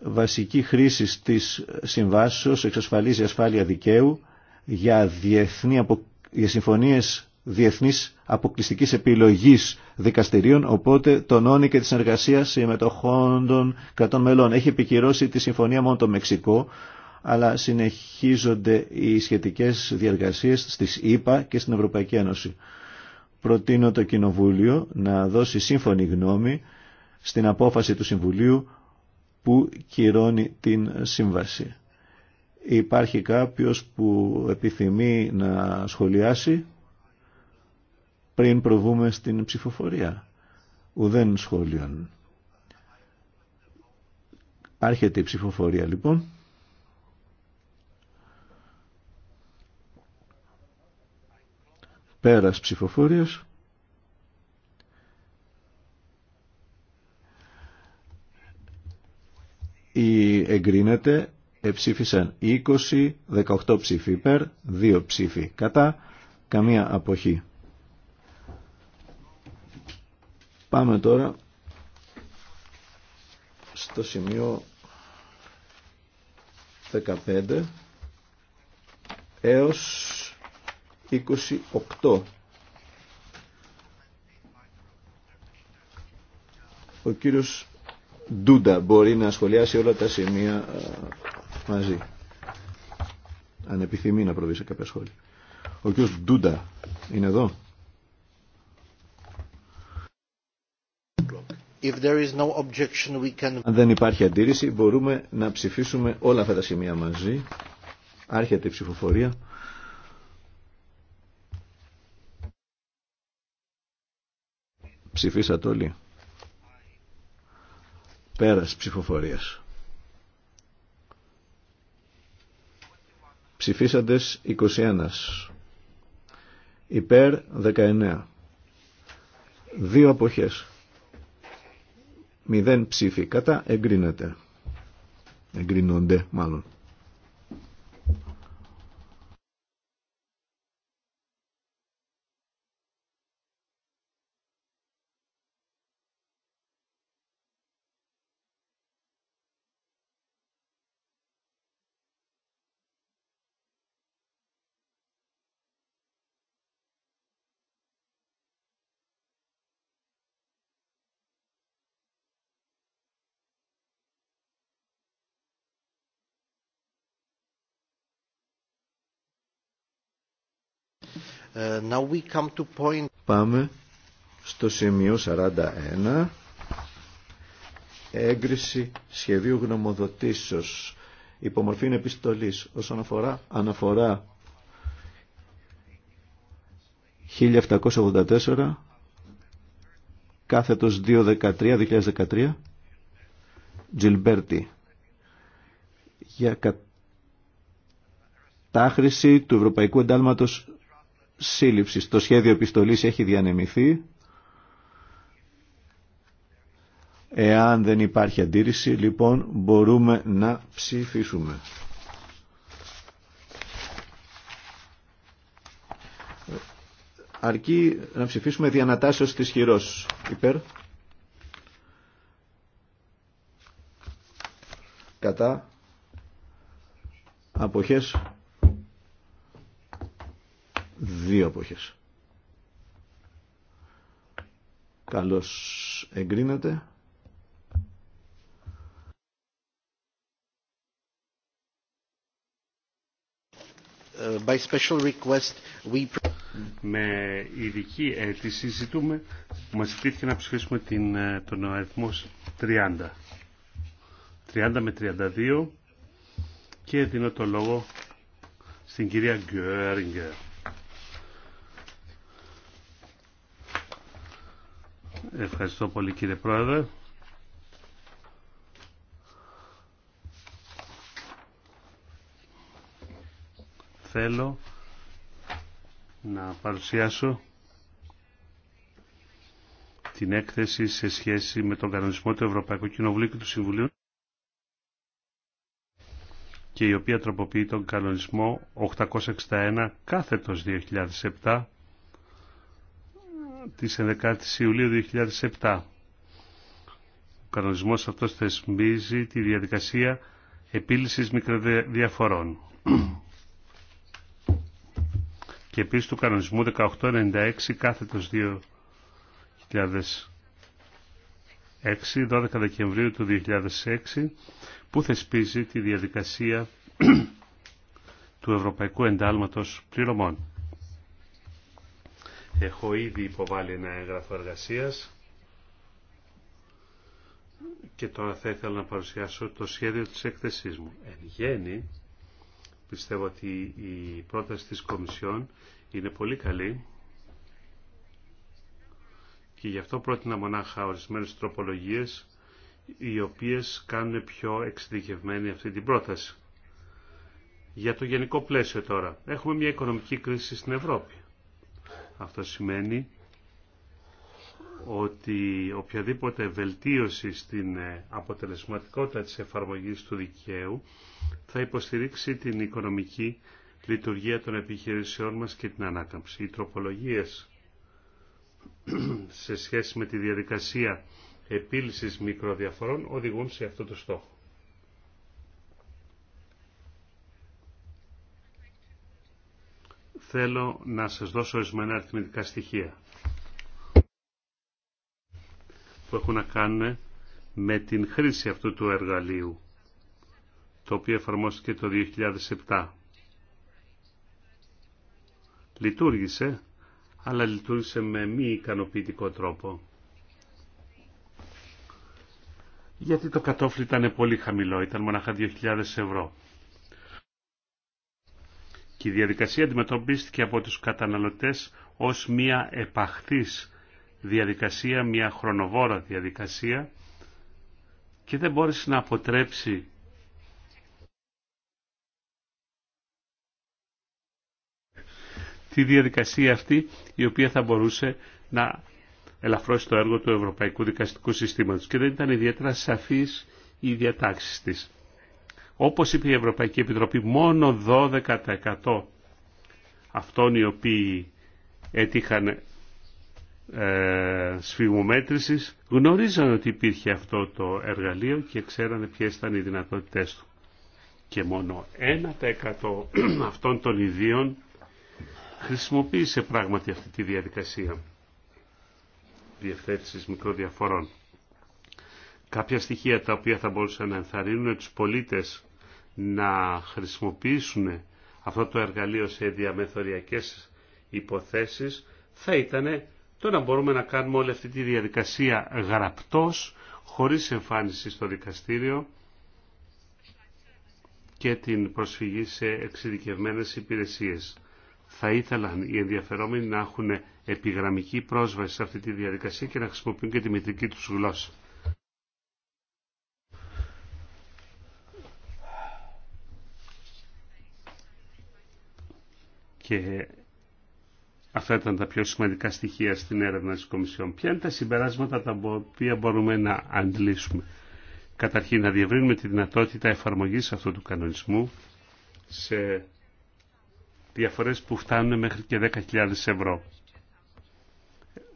βασική χρήση της συμβάσεως εξασφαλίζει ασφάλεια δικαίου για διεθνή απο... για συμφωνίες διεθνής αποκλειστικής επιλογής δικαστηρίων, οπότε τονώνει και τη συνεργασία συμμετοχών των κρατών μελών. Έχει επικυρώσει τη συμφωνία μόνο το Μεξικό, αλλά συνεχίζονται οι σχετικές διαργασίες στις ΗΠΑ και στην Ευρωπαϊκή Ένωση. Προτείνω το Κοινοβούλιο να δώσει σύμφωνη γνώμη στην απόφαση του Συμβουλίου που κυρώνει την σύμβαση. Υπάρχει κάποιος που επιθυμεί να σχολιάσει πριν προβούμε στην ψηφοφορία. Ουδέν σχόλιον. Άρχεται η ψηφοφορία λοιπόν. Πέρας ψηφοφορίας. Η εγκρίνεται, εψήφισαν 20, 18 ψήφοι υπέρ, 2 ψήφοι κατά, καμία αποχή. Πάμε τώρα στο σημείο 15 έως 28. Ο κύριος Ντούντα μπορεί να σχολιάσει όλα τα σημεία μαζί. Αν επιθυμεί να προβεί σε κάποια σχόλια. Ο κύριος Ντούντα είναι εδώ. Αν δεν υπάρχει αντίρρηση μπορούμε να ψηφίσουμε όλα αυτά τα σημεία μαζί. Άρχεται η ψηφοφορία. Ψηφίσατε όλοι. Πέρας ψηφοφορίας. Ψηφίσαντες 21. Υπέρ 19. Δύο αποχές μηδέν ψήφοι κατά εγκρίνεται. Εγκρίνονται μάλλον. Ε, Πάμε στο σημείο 41 έγκριση σχεδίου γνωμοδοτήσεως υπομορφή επιστολής όσον αφορά αναφορά 1784 κάθετος 213-2013 Τζιλμπέρτι για κατάχρηση του Ευρωπαϊκού Εντάλματος σύλληψης. Το σχέδιο επιστολής έχει διανεμηθεί. Εάν δεν υπάρχει αντίρρηση, λοιπόν, μπορούμε να ψηφίσουμε. Αρκεί να ψηφίσουμε διανατάσεως της χειρός. Υπέρ. Κατά. Αποχές Δύο εποχές. Καλώς εγκρίνεται. Ε, by special request we... Με ειδική αίτηση ζητούμε, μας ζητήθηκε να ψηφίσουμε την, ε, τον αριθμό 30. 30 με 32 και δίνω το λόγο στην κυρία Γκέρνγκερ. Ευχαριστώ πολύ κύριε Πρόεδρε. Θέλω να παρουσιάσω την έκθεση σε σχέση με τον κανονισμό του Ευρωπαϊκού Κοινοβουλίου και του Συμβουλίου και η οποία τροποποιεί τον κανονισμό 861 κάθετος 2007 της 11ης Ιουλίου 2007. Ο κανονισμός αυτός θεσμίζει τη διαδικασία επίλυσης μικροδιαφορών. και επίσης του κανονισμού 1896 κάθετος 2006 12 Δεκεμβρίου του 2006 που θεσπίζει τη διαδικασία του Ευρωπαϊκού Εντάλματος Πληρωμών. Έχω ήδη υποβάλει ένα έγγραφο εργασίας και τώρα θα ήθελα να παρουσιάσω το σχέδιο της έκθεσής μου. Εν γέννη, πιστεύω ότι η πρόταση της Κομισιόν είναι πολύ καλή και γι' αυτό πρότεινα μονάχα ορισμένε τροπολογίες οι οποίες κάνουν πιο εξειδικευμένη αυτή την πρόταση. Για το γενικό πλαίσιο τώρα. Έχουμε μια οικονομική κρίση στην Ευρώπη. Αυτό σημαίνει ότι οποιαδήποτε βελτίωση στην ε, αποτελεσματικότητα της εφαρμογής του δικαίου θα υποστηρίξει την οικονομική λειτουργία των επιχειρήσεών μας και την ανάκαμψη. Οι τροπολογίες σε σχέση με τη διαδικασία επίλυσης μικροδιαφορών οδηγούν σε αυτό το στόχο. θέλω να σας δώσω ορισμένα αριθμητικά στοιχεία που έχουν να κάνουν με την χρήση αυτού του εργαλείου το οποίο εφαρμόστηκε το 2007. Λειτουργήσε, αλλά λειτουργήσε με μη ικανοποιητικό τρόπο. Γιατί το κατόφλι ήταν πολύ χαμηλό, ήταν μονάχα 2.000 ευρώ. Και η διαδικασία αντιμετωπίστηκε από τους καταναλωτές ως μια επαχθής διαδικασία, μια χρονοβόρα διαδικασία και δεν μπόρεσε να αποτρέψει τη διαδικασία αυτή η οποία θα μπορούσε να ελαφρώσει το έργο του Ευρωπαϊκού Δικαστικού Συστήματος και δεν ήταν ιδιαίτερα σαφής η διατάξεις της. Όπως είπε η Ευρωπαϊκή Επιτροπή, μόνο 12% αυτών οι οποίοι έτυχαν ε, σφιγμομέτρησης γνωρίζαν ότι υπήρχε αυτό το εργαλείο και ξέρανε ποιες ήταν οι δυνατότητές του. Και μόνο 1% αυτών των ιδίων χρησιμοποίησε πράγματι αυτή τη διαδικασία διευθέτησης μικροδιαφορών. Κάποια στοιχεία τα οποία θα μπορούσαν να ενθαρρύνουν τους πολίτες να χρησιμοποιήσουν αυτό το εργαλείο σε διαμεθοριακές υποθέσεις θα ήταν το να μπορούμε να κάνουμε όλη αυτή τη διαδικασία γραπτός, χωρίς εμφάνιση στο δικαστήριο και την προσφυγή σε εξειδικευμένες υπηρεσίες. Θα ήθελαν οι ενδιαφερόμενοι να έχουν επιγραμμική πρόσβαση σε αυτή τη διαδικασία και να χρησιμοποιούν και τη μητρική τους γλώσσα. Και αυτά ήταν τα πιο σημαντικά στοιχεία στην έρευνα της Κομισιόν. Ποια είναι τα συμπεράσματα τα οποία μπορούμε να αντλήσουμε. Καταρχήν να διευρύνουμε τη δυνατότητα εφαρμογής αυτού του κανονισμού σε διαφορές που φτάνουν μέχρι και 10.000 ευρώ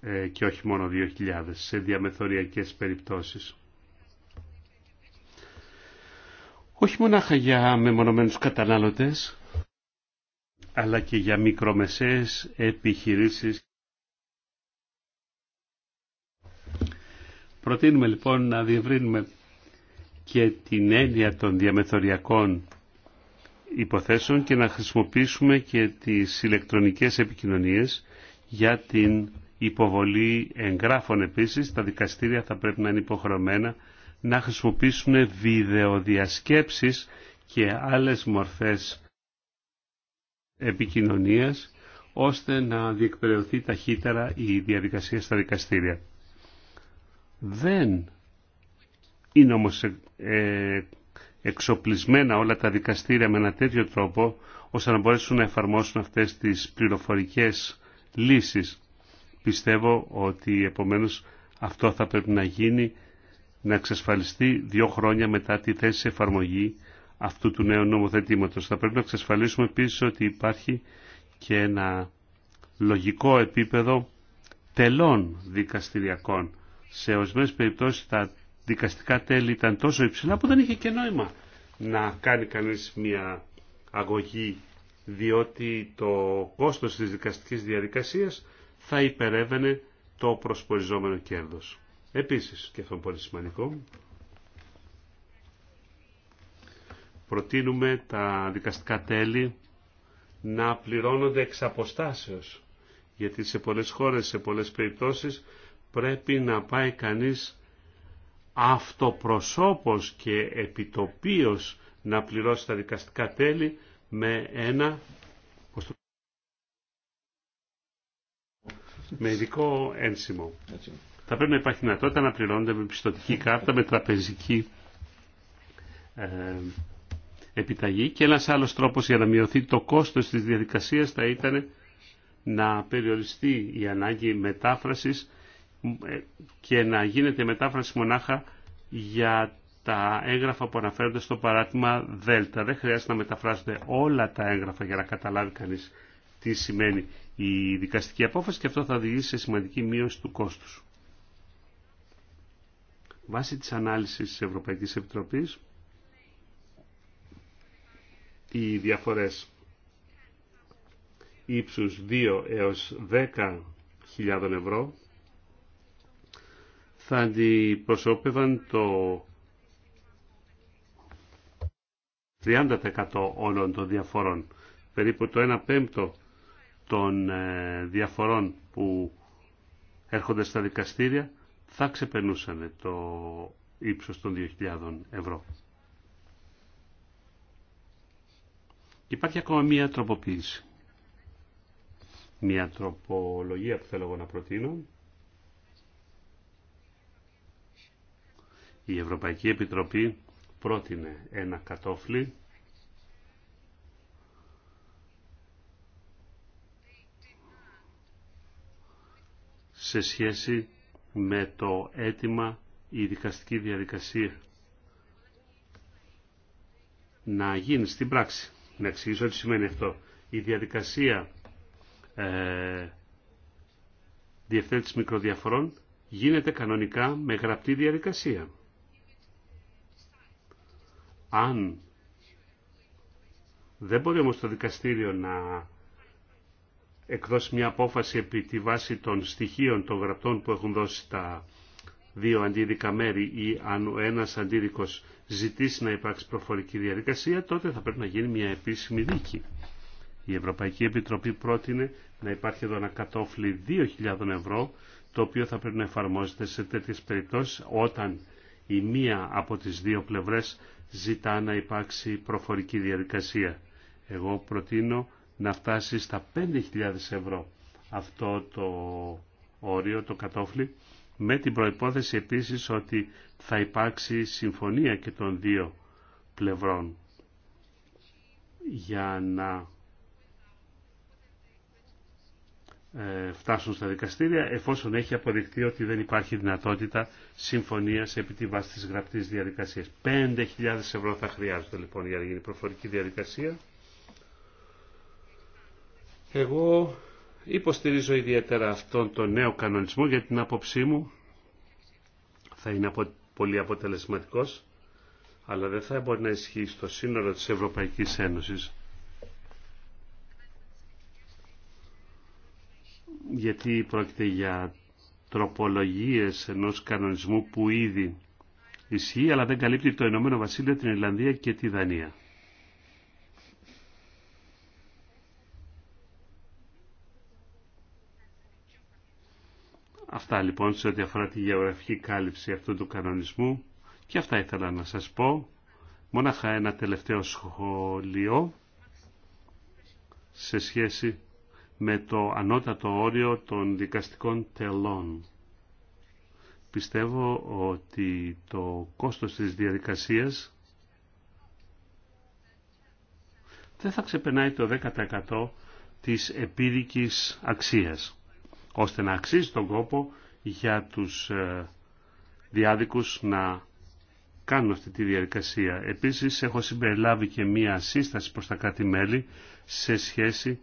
ε, και όχι μόνο 2.000 σε διαμεθοριακές περιπτώσεις. Όχι μονάχα για μεμονωμένους κατανάλωτες, αλλά και για μικρομεσαίες επιχειρήσεις. Προτείνουμε λοιπόν να διευρύνουμε και την έννοια των διαμεθοριακών υποθέσεων και να χρησιμοποιήσουμε και τις ηλεκτρονικές επικοινωνίες για την υποβολή εγγράφων επίσης. Τα δικαστήρια θα πρέπει να είναι υποχρεωμένα να χρησιμοποιήσουν βιδεοδιασκέψεις και άλλες μορφές επικοινωνίας ώστε να διεκπαιρεωθεί ταχύτερα η διαδικασία στα δικαστήρια. Δεν είναι όμως ε, ε, εξοπλισμένα όλα τα δικαστήρια με ένα τέτοιο τρόπο ώστε να μπορέσουν να εφαρμόσουν αυτές τις πληροφορικές λύσεις. Πιστεύω ότι επομένως αυτό θα πρέπει να γίνει να εξασφαλιστεί δύο χρόνια μετά τη θέση εφαρμογή αυτού του νέου νομοθετήματος. Θα πρέπει να εξασφαλίσουμε επίσης ότι υπάρχει και ένα λογικό επίπεδο τελών δικαστηριακών. Σε ορισμένε περιπτώσεις τα δικαστικά τέλη ήταν τόσο υψηλά που δεν είχε και νόημα να κάνει κανείς μια αγωγή διότι το κόστος της δικαστικής διαδικασίας θα υπερεύαινε το προσποριζόμενο κέρδος. Επίσης, και αυτό είναι πολύ σημαντικό, προτείνουμε τα δικαστικά τέλη να πληρώνονται εξ αποστάσεως. Γιατί σε πολλές χώρες, σε πολλές περιπτώσεις πρέπει να πάει κανείς αυτοπροσώπος και επιτοπίως να πληρώσει τα δικαστικά τέλη με ένα με ειδικό ένσημο. Θα πρέπει να υπάρχει δυνατότητα να πληρώνονται με πιστοτική κάρτα, με τραπεζική ε, επιταγή και ένας άλλος τρόπος για να μειωθεί το κόστος της διαδικασίας θα ήταν να περιοριστεί η ανάγκη μετάφρασης ε, και να γίνεται μετάφραση μονάχα για τα έγγραφα που αναφέρονται στο παράδειγμα Δέλτα. Δεν χρειάζεται να μεταφράζονται όλα τα έγγραφα για να καταλάβει κανείς τι σημαίνει η δικαστική απόφαση και αυτό θα οδηγήσει σε σημαντική μείωση του κόστους. Βάσει της ανάλυσης της Ευρωπαϊκής Επιτροπής, οι διαφορές ύψους 2 έως 10.000 ευρώ θα αντιπροσώπευαν το 30% όλων των διαφορών. Περίπου το 1 πέμπτο των ε, διαφορών που έρχονται στα δικαστήρια θα ξεπερνούσαν το ύψος των 2.000 ευρώ. Υπάρχει ακόμα μία τροποποίηση. Μία τροπολογία που θέλω εγώ να προτείνω. Η Ευρωπαϊκή Επιτροπή πρότεινε ένα κατόφλι σε σχέση με το αίτημα η δικαστική διαδικασία να γίνει στην πράξη. Να εξηγήσω τι σημαίνει αυτό. Η διαδικασία ε, μικροδιαφορών γίνεται κανονικά με γραπτή διαδικασία. Αν δεν μπορεί όμως το δικαστήριο να εκδώσει μια απόφαση επί τη βάση των στοιχείων των γραπτών που έχουν δώσει τα δύο αντίδικα μέρη ή αν ένας αντίδικος ζητήσει να υπάρξει προφορική διαδικασία, τότε θα πρέπει να γίνει μια επίσημη δίκη. Η Ευρωπαϊκή Επιτροπή πρότεινε να υπάρχει εδώ ένα κατόφλι 2.000 ευρώ, το οποίο θα πρέπει να εφαρμόζεται σε τέτοιες περιπτώσεις όταν η μία από τις δύο πλευρές ζητά να υπάρξει προφορική διαδικασία. Εγώ προτείνω να φτάσει στα 5.000 ευρώ αυτό το όριο, το κατόφλι, με την προϋπόθεση επίσης ότι θα υπάρξει συμφωνία και των δύο πλευρών για να ε, φτάσουν στα δικαστήρια εφόσον έχει αποδειχθεί ότι δεν υπάρχει δυνατότητα συμφωνίας επί τη βάση της γραπτής διαδικασίας. 5.000 ευρώ θα χρειάζεται λοιπόν για να γίνει προφορική διαδικασία. Εγώ Υποστηρίζω ιδιαίτερα αυτόν τον νέο κανονισμό για την άποψή μου θα είναι πολύ αποτελεσματικός αλλά δεν θα μπορεί να ισχύει στο σύνολο της Ευρωπαϊκής Ένωσης γιατί πρόκειται για τροπολογίες ενός κανονισμού που ήδη ισχύει αλλά δεν καλύπτει το Ηνωμένο Βασίλειο, την Ιρλανδία και τη Δανία. Αυτά λοιπόν σε ό,τι αφορά τη γεωγραφική κάλυψη αυτού του κανονισμού και αυτά ήθελα να σας πω. Μόναχα ένα τελευταίο σχόλιο σε σχέση με το ανώτατο όριο των δικαστικών τελών. Πιστεύω ότι το κόστος της διαδικασίας δεν θα ξεπερνάει το 10% της επίδικης αξίας ώστε να αξίζει τον κόπο για τους ε, διάδικους να κάνουν αυτή τη διαδικασία. Επίσης έχω συμπεριλάβει και μία σύσταση προς τα κράτη-μέλη σε σχέση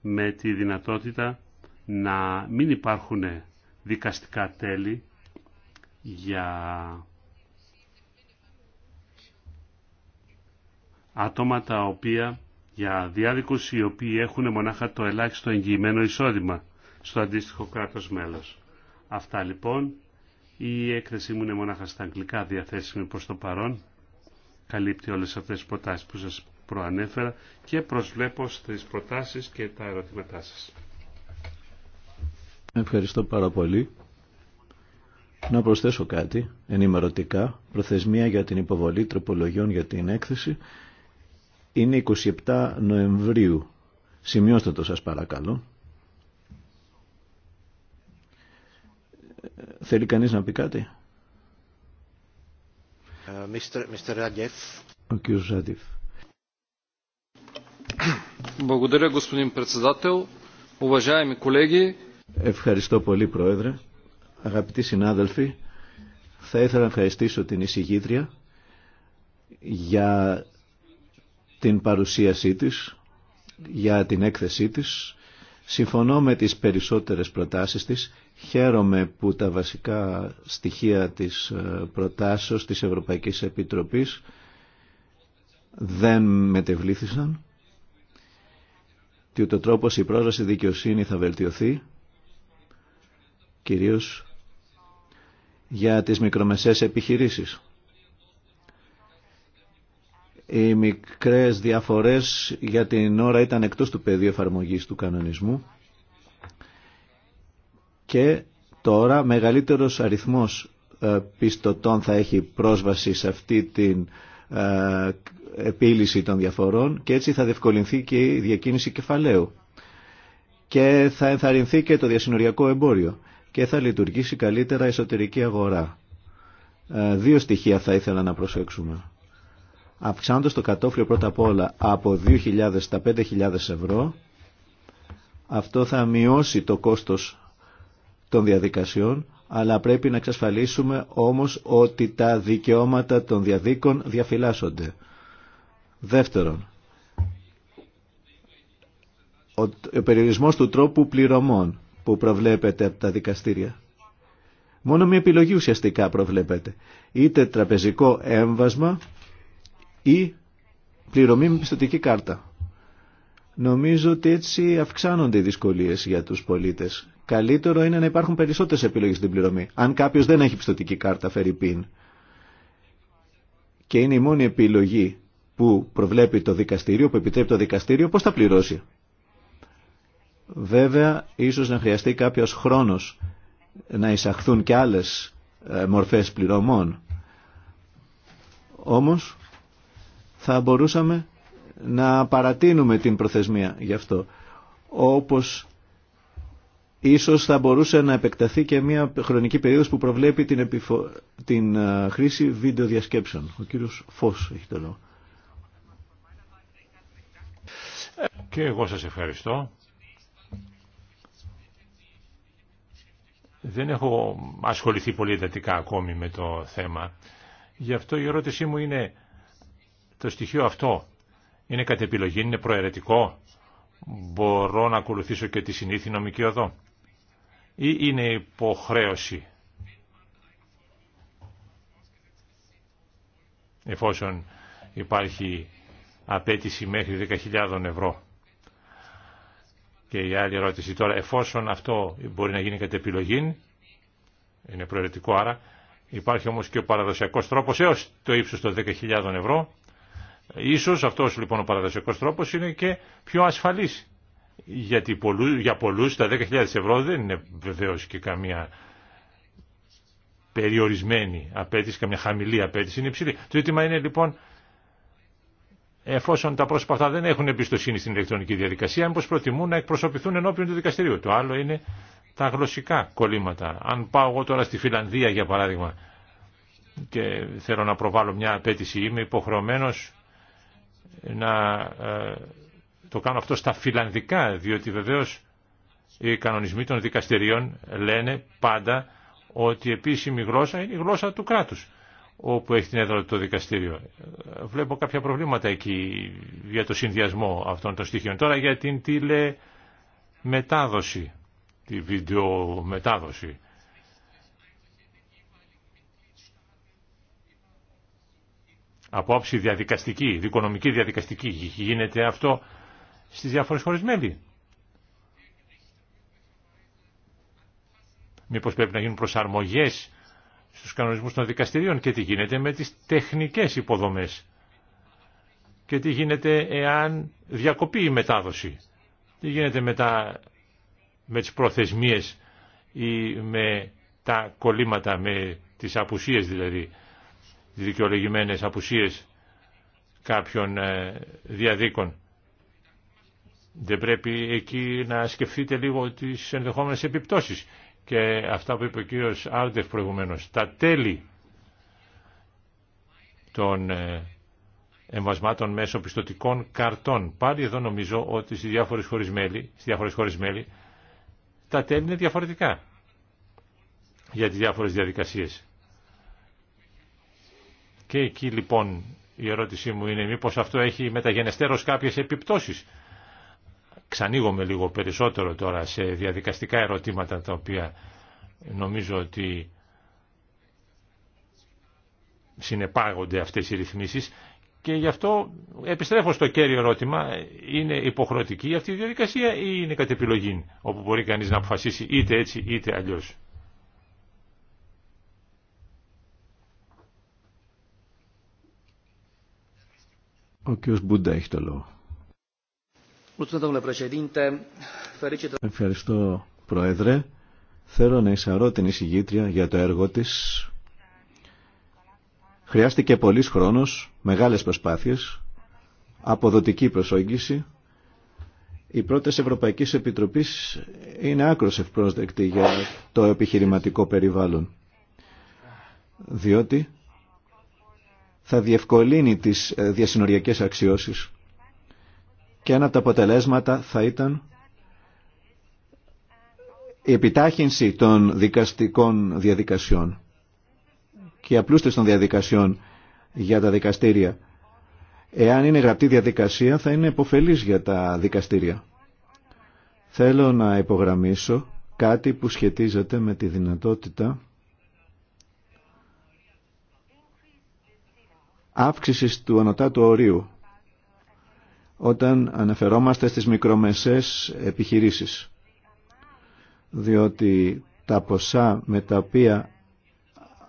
με τη δυνατότητα να μην υπάρχουν δικαστικά τέλη για άτομα τα οποία, για διάδικους οι οποίοι έχουν μονάχα το ελάχιστο εγγυημένο εισόδημα στο αντίστοιχο κράτος μέλος. Αυτά λοιπόν. Η έκθεσή μου είναι μονάχα στα αγγλικά διαθέσιμη προς το παρόν. Καλύπτει όλες αυτές τις προτάσεις που σας προανέφερα και προσβλέπω στις προτάσεις και τα ερωτήματά σας. Ευχαριστώ πάρα πολύ. Να προσθέσω κάτι ενημερωτικά. Προθεσμία για την υποβολή τροπολογιών για την έκθεση είναι 27 Νοεμβρίου. Σημειώστε το σας παρακαλώ. Θέλει κανείς να πει κάτι. Ε, Mr. Ο Ευχαριστώ πολύ, Πρόεδρε. Αγαπητοί συνάδελφοι, θα ήθελα να ευχαριστήσω την εισηγήτρια για την παρουσίασή της, για την έκθεσή της Συμφωνώ με τις περισσότερες προτάσεις της. Χαίρομαι που τα βασικά στοιχεία της ε, προτάσεως της Ευρωπαϊκής Επιτροπής δεν μετεβλήθησαν. Τι ο τρόπος η πρόσβαση δικαιοσύνη θα βελτιωθεί, κυρίως για τις μικρομεσαίες επιχειρήσεις. Οι μικρές διαφορές για την ώρα ήταν εκτός του πεδίου εφαρμογής του κανονισμού και τώρα μεγαλύτερος αριθμός ε, πιστωτών θα έχει πρόσβαση σε αυτή την ε, επίλυση των διαφορών και έτσι θα διευκολυνθεί και η διακίνηση κεφαλαίου και θα ενθαρρυνθεί και το διασυνοριακό εμπόριο και θα λειτουργήσει καλύτερα η εσωτερική αγορά. Ε, δύο στοιχεία θα ήθελα να προσέξουμε αυξάνοντας το κατόφλιο πρώτα απ' όλα από 2.000 στα 5.000 ευρώ, αυτό θα μειώσει το κόστος των διαδικασιών, αλλά πρέπει να εξασφαλίσουμε όμως ότι τα δικαιώματα των διαδίκων διαφυλάσσονται. Δεύτερον, ο περιορισμός του τρόπου πληρωμών που προβλέπεται από τα δικαστήρια. Μόνο μια επιλογή ουσιαστικά προβλέπεται. Είτε τραπεζικό έμβασμα ή πληρωμή με πιστοτική κάρτα. Νομίζω ότι έτσι αυξάνονται οι δυσκολίες για τους πολίτες. Καλύτερο είναι να υπάρχουν περισσότερες επιλογές στην πληρωμή. Αν κάποιος δεν έχει πιστοτική κάρτα, φέρει πίν, και είναι η μόνη επιλογή που προβλέπει το δικαστήριο, που επιτρέπει το δικαστήριο, πώς θα πληρώσει. Βέβαια, ίσως να χρειαστεί κάποιος χρόνος να εισαχθούν και άλλες ε, μορφές πληρωμών. Όμως, θα μπορούσαμε να παρατείνουμε την προθεσμία γι' αυτό. Όπως ίσως θα μπορούσε να επεκταθεί και μια χρονική περίοδος που προβλέπει την, την χρήση βίντεο διασκέψεων. Ο κύριος Φως έχει το λόγο. Και εγώ σας ευχαριστώ. Δεν έχω ασχοληθεί πολύ εντατικά ακόμη με το θέμα. Γι' αυτό η ερώτησή μου είναι το στοιχείο αυτό είναι κατ' επιλογή, είναι προαιρετικό. Μπορώ να ακολουθήσω και τη συνήθη νομική οδό. Ή είναι υποχρέωση. Εφόσον υπάρχει απέτηση μέχρι 10.000 ευρώ. Και η άλλη ερώτηση τώρα, εφόσον αυτό μπορεί να γίνει κατ' επιλογή, είναι προαιρετικό άρα, υπάρχει όμως και ο παραδοσιακός τρόπος έως το ύψος των 10.000 ευρώ, Ίσως αυτός λοιπόν ο παραδοσιακός τρόπος είναι και πιο ασφαλής. Γιατί για πολλούς τα 10.000 ευρώ δεν είναι βεβαίω και καμία περιορισμένη απέτηση, καμία χαμηλή απέτηση, είναι υψηλή. Το ζήτημα είναι λοιπόν, εφόσον τα πρόσωπα αυτά δεν έχουν εμπιστοσύνη στην ηλεκτρονική διαδικασία, μήπως προτιμούν να εκπροσωπηθούν ενώπιον του δικαστηρίου. Το άλλο είναι τα γλωσσικά κολλήματα. Αν πάω εγώ τώρα στη Φιλανδία για παράδειγμα και θέλω να προβάλλω μια απέτηση, είμαι υποχρεωμένος να ε, το κάνω αυτό στα φιλανδικά, διότι βεβαίως οι κανονισμοί των δικαστηριών λένε πάντα ότι η επίσημη γλώσσα είναι η γλώσσα του κράτους όπου έχει την έδρα το δικαστήριο. Βλέπω κάποια προβλήματα εκεί για το συνδυασμό αυτών των στοιχείων. Τώρα για την τηλεμετάδοση, τη βιντεομετάδοση. άψη διαδικαστική, δικονομική διαδικαστική. Γίνεται αυτό στις διάφορες χώρες μέλη. Μήπως πρέπει να γίνουν προσαρμογές στους κανονισμούς των δικαστηρίων και τι γίνεται με τις τεχνικές υποδομές και τι γίνεται εάν διακοπεί η μετάδοση. Τι γίνεται με, τα, με τις προθεσμίες ή με τα κολλήματα, με τις απουσίες δηλαδή δικαιολογημένες απουσίες κάποιων ε, διαδίκων. Δεν πρέπει εκεί να σκεφτείτε λίγο τις ενδεχόμενες επιπτώσεις και αυτά που είπε ο κύριος Άρντεφ προηγουμένως. Τα τέλη των ε, εμβασμάτων μέσω πιστοτικών καρτών. Πάλι εδώ νομίζω ότι στις διάφορες χώρες μέλη, στις διάφορες χώρες τα τέλη είναι διαφορετικά για τις διάφορες διαδικασίες. Και εκεί λοιπόν η ερώτησή μου είναι μήπως αυτό έχει μεταγενεστέρως κάποιες επιπτώσεις. Ξανοίγομαι λίγο περισσότερο τώρα σε διαδικαστικά ερωτήματα τα οποία νομίζω ότι συνεπάγονται αυτές οι ρυθμίσεις και γι' αυτό επιστρέφω στο κέριο ερώτημα, είναι υποχρεωτική αυτή η διαδικασία ή είναι κατ' επιλογή, όπου μπορεί κανείς να αποφασίσει είτε έτσι είτε αλλιώς. Ο κ. Μπούντα έχει το λόγο. Ευχαριστώ, Πρόεδρε. Θέλω να εισαρώ την εισηγήτρια για το έργο της. Χρειάστηκε πολλής χρόνος, μεγάλες προσπάθειες, αποδοτική προσόγγιση. Η πρόταση Ευρωπαϊκής Επιτροπής είναι άκρο ευπρόσδεκτη για το επιχειρηματικό περιβάλλον. Διότι θα διευκολύνει τις ε, διασυνοριακές αξιώσεις. Και ένα από τα αποτελέσματα θα ήταν η επιτάχυνση των δικαστικών διαδικασιών και η απλούστευση των διαδικασιών για τα δικαστήρια. Εάν είναι γραπτή διαδικασία θα είναι υποφελής για τα δικαστήρια. Θέλω να υπογραμμίσω κάτι που σχετίζεται με τη δυνατότητα αύξησης του ανωτάτου ορίου όταν αναφερόμαστε στις μικρομεσές επιχειρήσεις. Διότι τα ποσά με τα οποία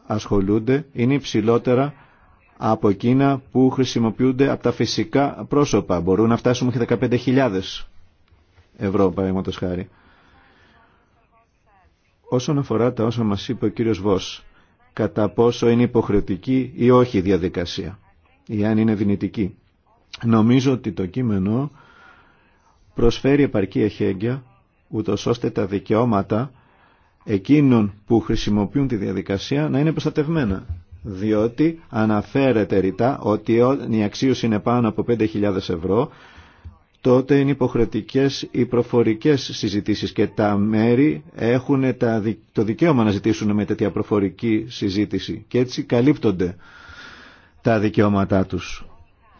ασχολούνται είναι υψηλότερα από εκείνα που χρησιμοποιούνται από τα φυσικά πρόσωπα. Μπορούν να φτάσουμε και 15.000 ευρώ, παραδείγματος χάρη. Όσον αφορά τα όσα μας είπε ο κύριος Βος, κατά πόσο είναι υποχρεωτική ή όχι η διαδικασία ή αν είναι δυνητική. Νομίζω ότι το κείμενο προσφέρει επαρκή εχέγγυα ούτω ώστε τα δικαιώματα εκείνων που χρησιμοποιούν τη διαδικασία να είναι προστατευμένα. Διότι αναφέρεται ρητά ότι η αξίωση είναι πάνω από 5.000 ευρώ τότε είναι υποχρεωτικές οι προφορικές συζητήσεις και τα μέρη έχουν τα, το δικαίωμα να ζητήσουν με τέτοια προφορική συζήτηση και έτσι καλύπτονται τα δικαιώματά τους.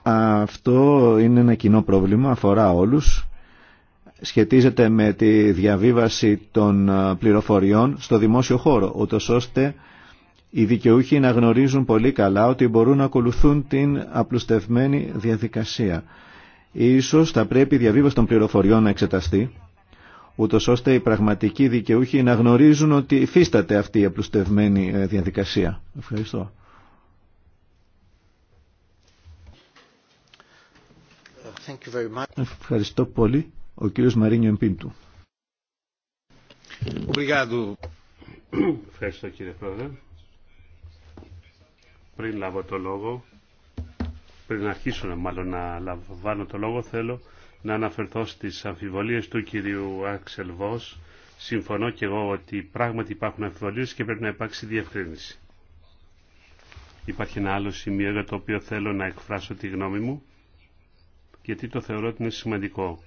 Αυτό είναι ένα κοινό πρόβλημα, αφορά όλους. Σχετίζεται με τη διαβίβαση των πληροφοριών στο δημόσιο χώρο, ούτως ώστε οι δικαιούχοι να γνωρίζουν πολύ καλά ότι μπορούν να ακολουθούν την απλουστευμένη διαδικασία. Ίσως θα πρέπει η διαβίβαση των πληροφοριών να εξεταστεί, ούτω ώστε οι πραγματικοί δικαιούχοι να γνωρίζουν ότι υφίσταται αυτή η απλουστευμένη ε, διαδικασία. Ευχαριστώ. Ευχαριστώ πολύ. Ο κύριος Μαρίνιο Εμπίντου. Ευχαριστώ κύριε Πρόεδρε. Πριν λάβω το λόγο, πριν αρχίσω μάλλον να λαμβάνω το λόγο θέλω να αναφερθώ στις αμφιβολίες του κυρίου Άξελ Βος. Συμφωνώ και εγώ ότι πράγματι υπάρχουν αμφιβολίες και πρέπει να υπάρξει διευκρίνηση. Υπάρχει ένα άλλο σημείο για το οποίο θέλω να εκφράσω τη γνώμη μου, γιατί το θεωρώ ότι είναι σημαντικό.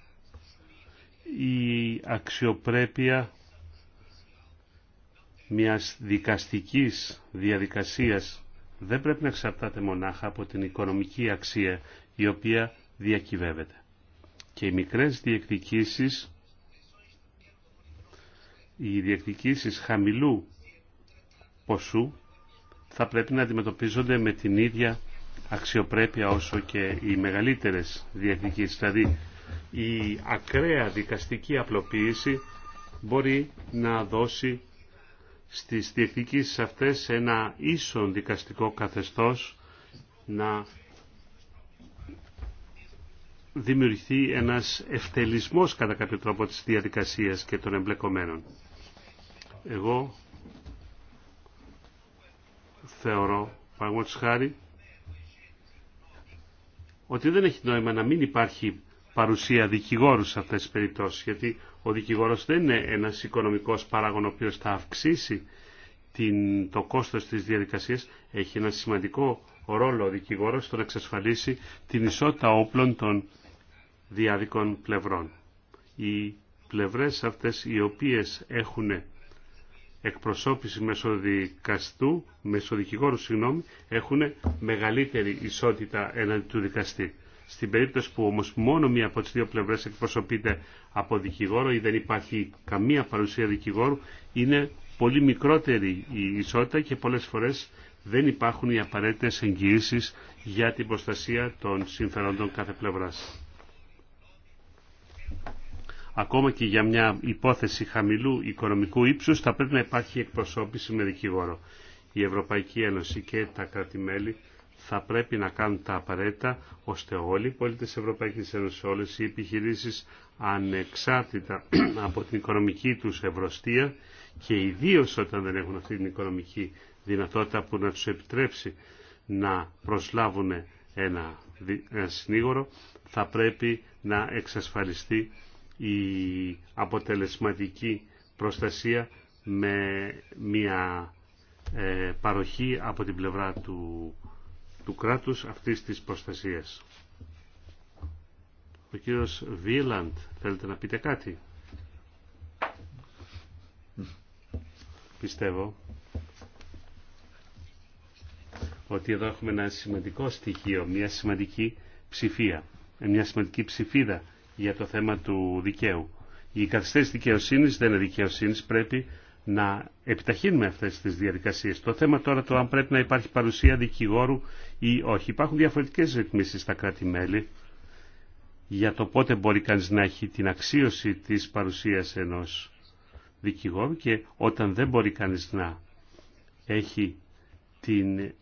Η αξιοπρέπεια μιας δικαστικής διαδικασίας δεν πρέπει να εξαρτάται μονάχα από την οικονομική αξία η οποία διακυβεύεται. Και οι μικρές διεκδικήσεις, οι διεκδικήσεις χαμηλού ποσού θα πρέπει να αντιμετωπίζονται με την ίδια αξιοπρέπεια όσο και οι μεγαλύτερες διεκδικήσεις. Δηλαδή η ακραία δικαστική απλοποίηση μπορεί να δώσει στις διεκδικήσεις αυτές ένα ίσον δικαστικό καθεστώς να δημιουργηθεί ένας ευτελισμός κατά κάποιο τρόπο της διαδικασίας και των εμπλεκομένων. Εγώ θεωρώ, τη χάρη, ότι δεν έχει νόημα να μην υπάρχει παρουσία δικηγόρου σε αυτές τις περιπτώσεις, γιατί ο δικηγόρος δεν είναι ένας οικονομικός παράγων ο οποίος θα αυξήσει την, το κόστος της διαδικασίας. Έχει ένα σημαντικό ρόλο ο δικηγόρος στο να εξασφαλίσει την ισότητα όπλων των διάδικων πλευρών. Οι πλευρές αυτές οι οποίες έχουν εκπροσώπηση μέσω δικηγόρου, συγγνώμη, έχουν μεγαλύτερη ισότητα έναντι του δικαστή. Στην περίπτωση που όμως μόνο μία από τις δύο πλευρές εκπροσωπείται από δικηγόρο ή δεν υπάρχει καμία παρουσία δικηγόρου, είναι πολύ μικρότερη η ισότητα και πολλές φορές δεν υπάρχουν οι απαραίτητες εγγυήσεις για την προστασία των συμφερόντων κάθε πλευράς. Ακόμα και για μια υπόθεση χαμηλού οικονομικού ύψους θα πρέπει να υπάρχει εκπροσώπηση με δικηγόρο. Η Ευρωπαϊκή Ένωση και τα κράτη-μέλη θα πρέπει να κάνουν τα απαραίτητα ώστε όλοι οι πολίτες της Ευρωπαϊκής Ένωσης, όλες οι επιχειρήσεις ανεξάρτητα από την οικονομική τους ευρωστία και ιδίως όταν δεν έχουν αυτή την οικονομική δυνατότητα που να τους επιτρέψει να προσλάβουν ένα, συνήγορο, θα πρέπει να εξασφαλιστεί η αποτελεσματική προστασία με μια ε, παροχή από την πλευρά του του κράτους αυτής της προστασίας. Ο κύριος Βίλαντ, θέλετε να πείτε κάτι. Πιστεύω ότι εδώ έχουμε ένα σημαντικό στοιχείο, μια σημαντική ψηφία, μια σημαντική ψηφίδα για το θέμα του δικαίου. Η καθυστέρηση δικαιοσύνης δεν είναι δικαιοσύνης, πρέπει να επιταχύνουμε αυτές τις διαδικασίες. Το θέμα τώρα το αν πρέπει να υπάρχει παρουσία δικηγόρου ή όχι. Υπάρχουν διαφορετικές ρυθμίσεις στα κράτη-μέλη για το πότε μπορεί κανείς να έχει την αξίωση της παρουσίας ενός δικηγόρου και όταν δεν μπορεί κανείς να έχει την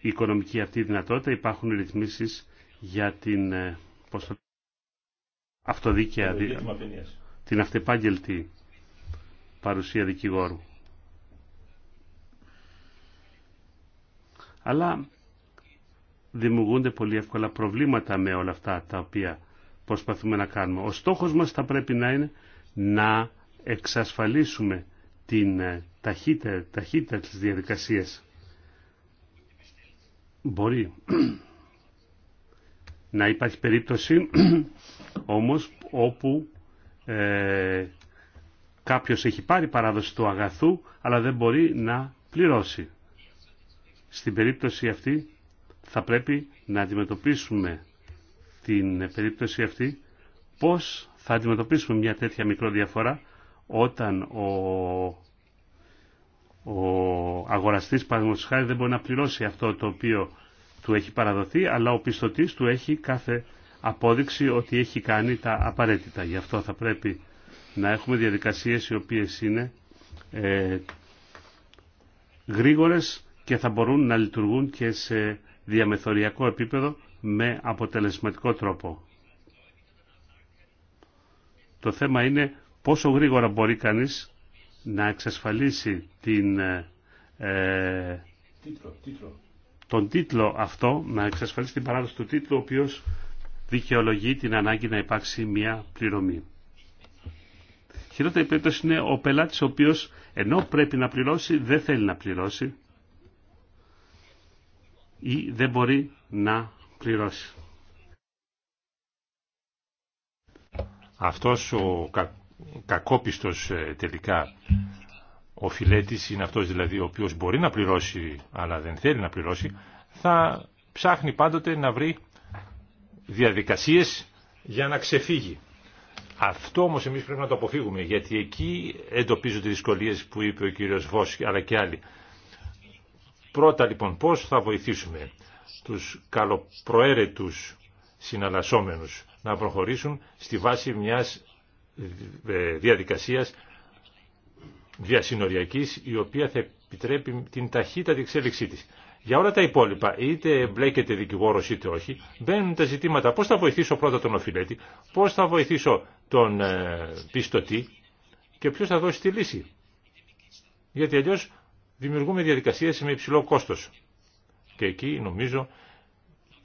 οικονομική αυτή δυνατότητα υπάρχουν ρυθμίσεις για την ε, πώς την αυτεπάγγελτη παρουσία δικηγόρου. Αλλά δημιουργούνται πολύ εύκολα προβλήματα με όλα αυτά τα οποία προσπαθούμε να κάνουμε. Ο στόχος μας θα πρέπει να είναι να εξασφαλίσουμε την ε, ταχύτητα, ταχύτητα της διαδικασίας. Μπορεί να υπάρχει περίπτωση όμως όπου ε, κάποιος έχει πάρει παράδοση του αγαθού, αλλά δεν μπορεί να πληρώσει. Στην περίπτωση αυτή θα πρέπει να αντιμετωπίσουμε την περίπτωση αυτή πώς θα αντιμετωπίσουμε μια τέτοια μικρό διαφορά όταν ο, ο αγοραστής παραδείγματος χάρη δεν μπορεί να πληρώσει αυτό το οποίο του έχει παραδοθεί αλλά ο πιστωτής του έχει κάθε απόδειξη ότι έχει κάνει τα απαραίτητα. Γι' αυτό θα πρέπει να έχουμε διαδικασίες οι οποίες είναι ε, γρήγορες και θα μπορούν να λειτουργούν και σε διαμεθοριακό επίπεδο με αποτελεσματικό τρόπο. Το θέμα είναι πόσο γρήγορα μπορεί κανείς να εξασφαλίσει την, ε, ε τίτλο, τον τίτλο αυτό, να εξασφαλίσει την παράδοση του τίτλου, ο οποίος δικαιολογεί την ανάγκη να υπάρξει μια πληρωμή. Χειρότερη περίπτωση είναι ο πελάτης ο οποίος ενώ πρέπει να πληρώσει δεν θέλει να πληρώσει ή δεν μπορεί να πληρώσει. Αυτός ο κακόπιστος ε, τελικά ο φιλέτης είναι αυτός δηλαδή ο οποίος μπορεί να πληρώσει αλλά δεν θέλει να πληρώσει θα ψάχνει πάντοτε να βρει διαδικασίες για να ξεφύγει. Αυτό όμως εμείς πρέπει να το αποφύγουμε, γιατί εκεί εντοπίζονται δυσκολίες που είπε ο κύριος Βόσ, αλλά και άλλοι. Πρώτα λοιπόν, πώς θα βοηθήσουμε τους καλοπροαίρετου συναλλασσόμενους να προχωρήσουν στη βάση μιας ε, διαδικασίας διασυνοριακής, η οποία θα επιτρέπει την ταχύτατη εξέλιξή της. Για όλα τα υπόλοιπα, είτε μπλέκεται δικηγόρο είτε όχι, μπαίνουν τα ζητήματα πώ θα βοηθήσω πρώτα τον οφειλέτη, πώ θα βοηθήσω τον ε, πιστωτή και ποιο θα δώσει τη λύση. Γιατί αλλιώ δημιουργούμε διαδικασίε με υψηλό κόστο. Και εκεί νομίζω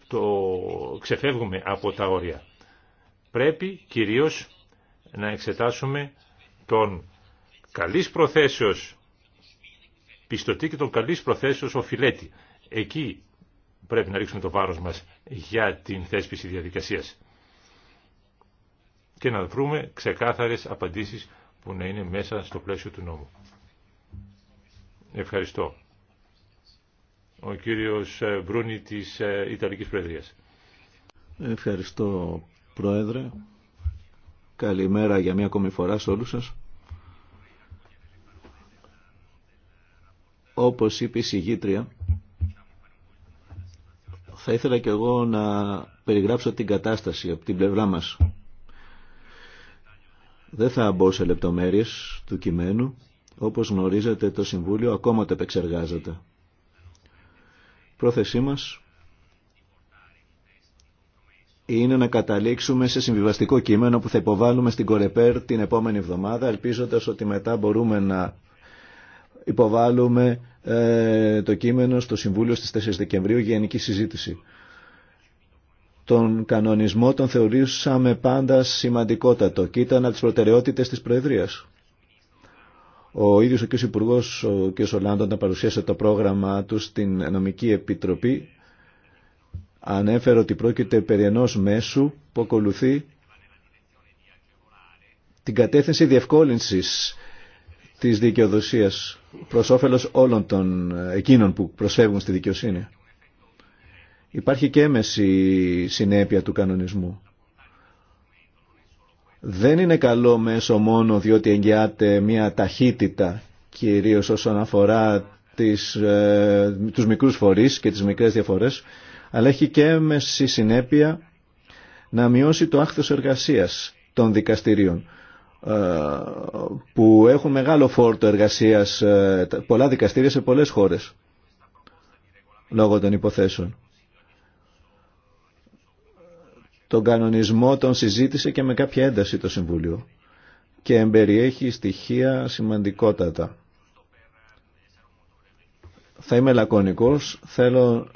το ξεφεύγουμε από τα όρια. Πρέπει κυρίως να εξετάσουμε τον καλής προθέσεως πιστωτή και τον καλής προθέσεως οφειλέτη. Εκεί πρέπει να ρίξουμε το βάρος μας για την θέσπιση διαδικασίας και να βρούμε ξεκάθαρες απαντήσεις που να είναι μέσα στο πλαίσιο του νόμου. Ευχαριστώ. Ο κύριος ε, Μπρούνι της ε, Ιταλικής Προεδρίας. Ευχαριστώ Πρόεδρε. Καλημέρα για μία ακόμη φορά σε όλους σας. Όπως είπε η συγγήτρια, θα ήθελα και εγώ να περιγράψω την κατάσταση από την πλευρά μας. Δεν θα μπω σε λεπτομέρειες του κειμένου. Όπως γνωρίζετε το Συμβούλιο ακόμα το επεξεργάζεται. Πρόθεσή μας είναι να καταλήξουμε σε συμβιβαστικό κείμενο που θα υποβάλουμε στην Κορεπέρ την επόμενη εβδομάδα, ελπίζοντας ότι μετά μπορούμε να υποβάλουμε ε, το κείμενο στο Συμβούλιο στις 4 Δεκεμβρίου για γενική συζήτηση. Τον κανονισμό τον θεωρήσαμε πάντα σημαντικότατο και ήταν από τις προτεραιότητες της Προεδρίας. Ο ίδιος ο κ. Υπουργό, ο κ. Ολάντο, όταν παρουσίασε το πρόγραμμα του στην Νομική Επιτροπή, ανέφερε ότι πρόκειται περί ενός μέσου που ακολουθεί την κατεύθυνση διευκόλυνσης της δικαιοδοσίας προς όφελος όλων των ε, εκείνων που προσφεύγουν στη δικαιοσύνη. Υπάρχει και έμεση συνέπεια του κανονισμού. Δεν είναι καλό μέσο μόνο διότι εγγυάται μια ταχύτητα κυρίως όσον αφορά τις, ε, τους μικρούς φορείς και τις μικρές διαφορές αλλά έχει και έμεση συνέπεια να μειώσει το άχθος εργασίας των δικαστηρίων ε, που έχουν μεγάλο φόρτο εργασίας ε, πολλά δικαστήρια σε πολλές χώρες λόγω των υποθέσεων. Τον κανονισμό τον συζήτησε και με κάποια ένταση το Συμβούλιο και εμπεριέχει στοιχεία σημαντικότατα. Θα είμαι λακωνικός, θέλω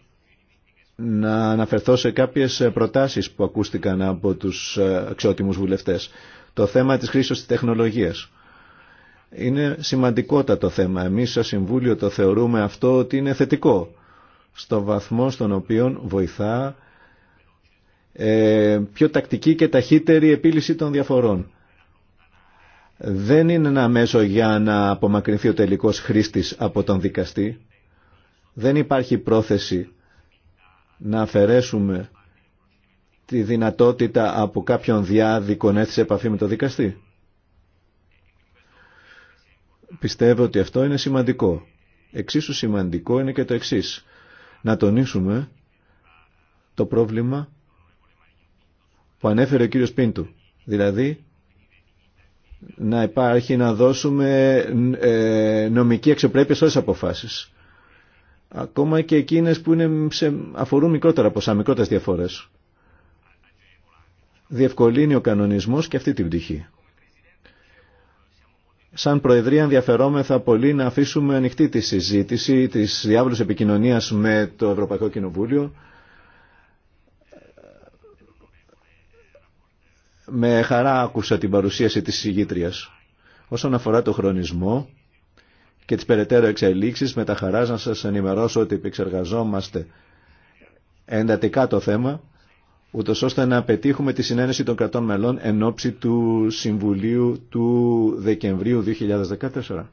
να αναφερθώ σε κάποιες προτάσεις που ακούστηκαν από τους ε, αξιότιμους βουλευτές το θέμα της χρήσης της τεχνολογίας. Είναι σημαντικότατο θέμα. Εμείς στο Συμβούλιο το θεωρούμε αυτό ότι είναι θετικό στο βαθμό στον οποίο βοηθά ε, πιο τακτική και ταχύτερη επίλυση των διαφορών. Δεν είναι ένα μέσο για να απομακρυνθεί ο τελικός χρήστης από τον δικαστή. Δεν υπάρχει πρόθεση να αφαιρέσουμε τη δυνατότητα από κάποιον διάδικο να έρθει επαφή με το δικαστή. Πιστεύω ότι αυτό είναι σημαντικό. Εξίσου σημαντικό είναι και το εξής. Να τονίσουμε το πρόβλημα που ανέφερε ο κύριος Πίντου. Δηλαδή να υπάρχει να δώσουμε ε, νομική αξιοπρέπεια σε όλες τις αποφάσεις. Ακόμα και εκείνες που είναι αφορούν μικρότερα ποσά, μικρότερες διαφορές διευκολύνει ο κανονισμός και αυτή την πτυχή. Σαν Προεδρία ενδιαφερόμεθα πολύ να αφήσουμε ανοιχτή τη συζήτηση της διάβολης επικοινωνίας με το Ευρωπαϊκό Κοινοβούλιο. Με χαρά άκουσα την παρουσίαση της συγγήτριας. Όσον αφορά το χρονισμό και τις περαιτέρω εξελίξεις, με τα χαρά να σας ενημερώσω ότι επεξεργαζόμαστε εντατικά το θέμα ούτως ώστε να πετύχουμε τη συνένεση των κρατών μελών εν ώψη του Συμβουλίου του Δεκεμβρίου 2014.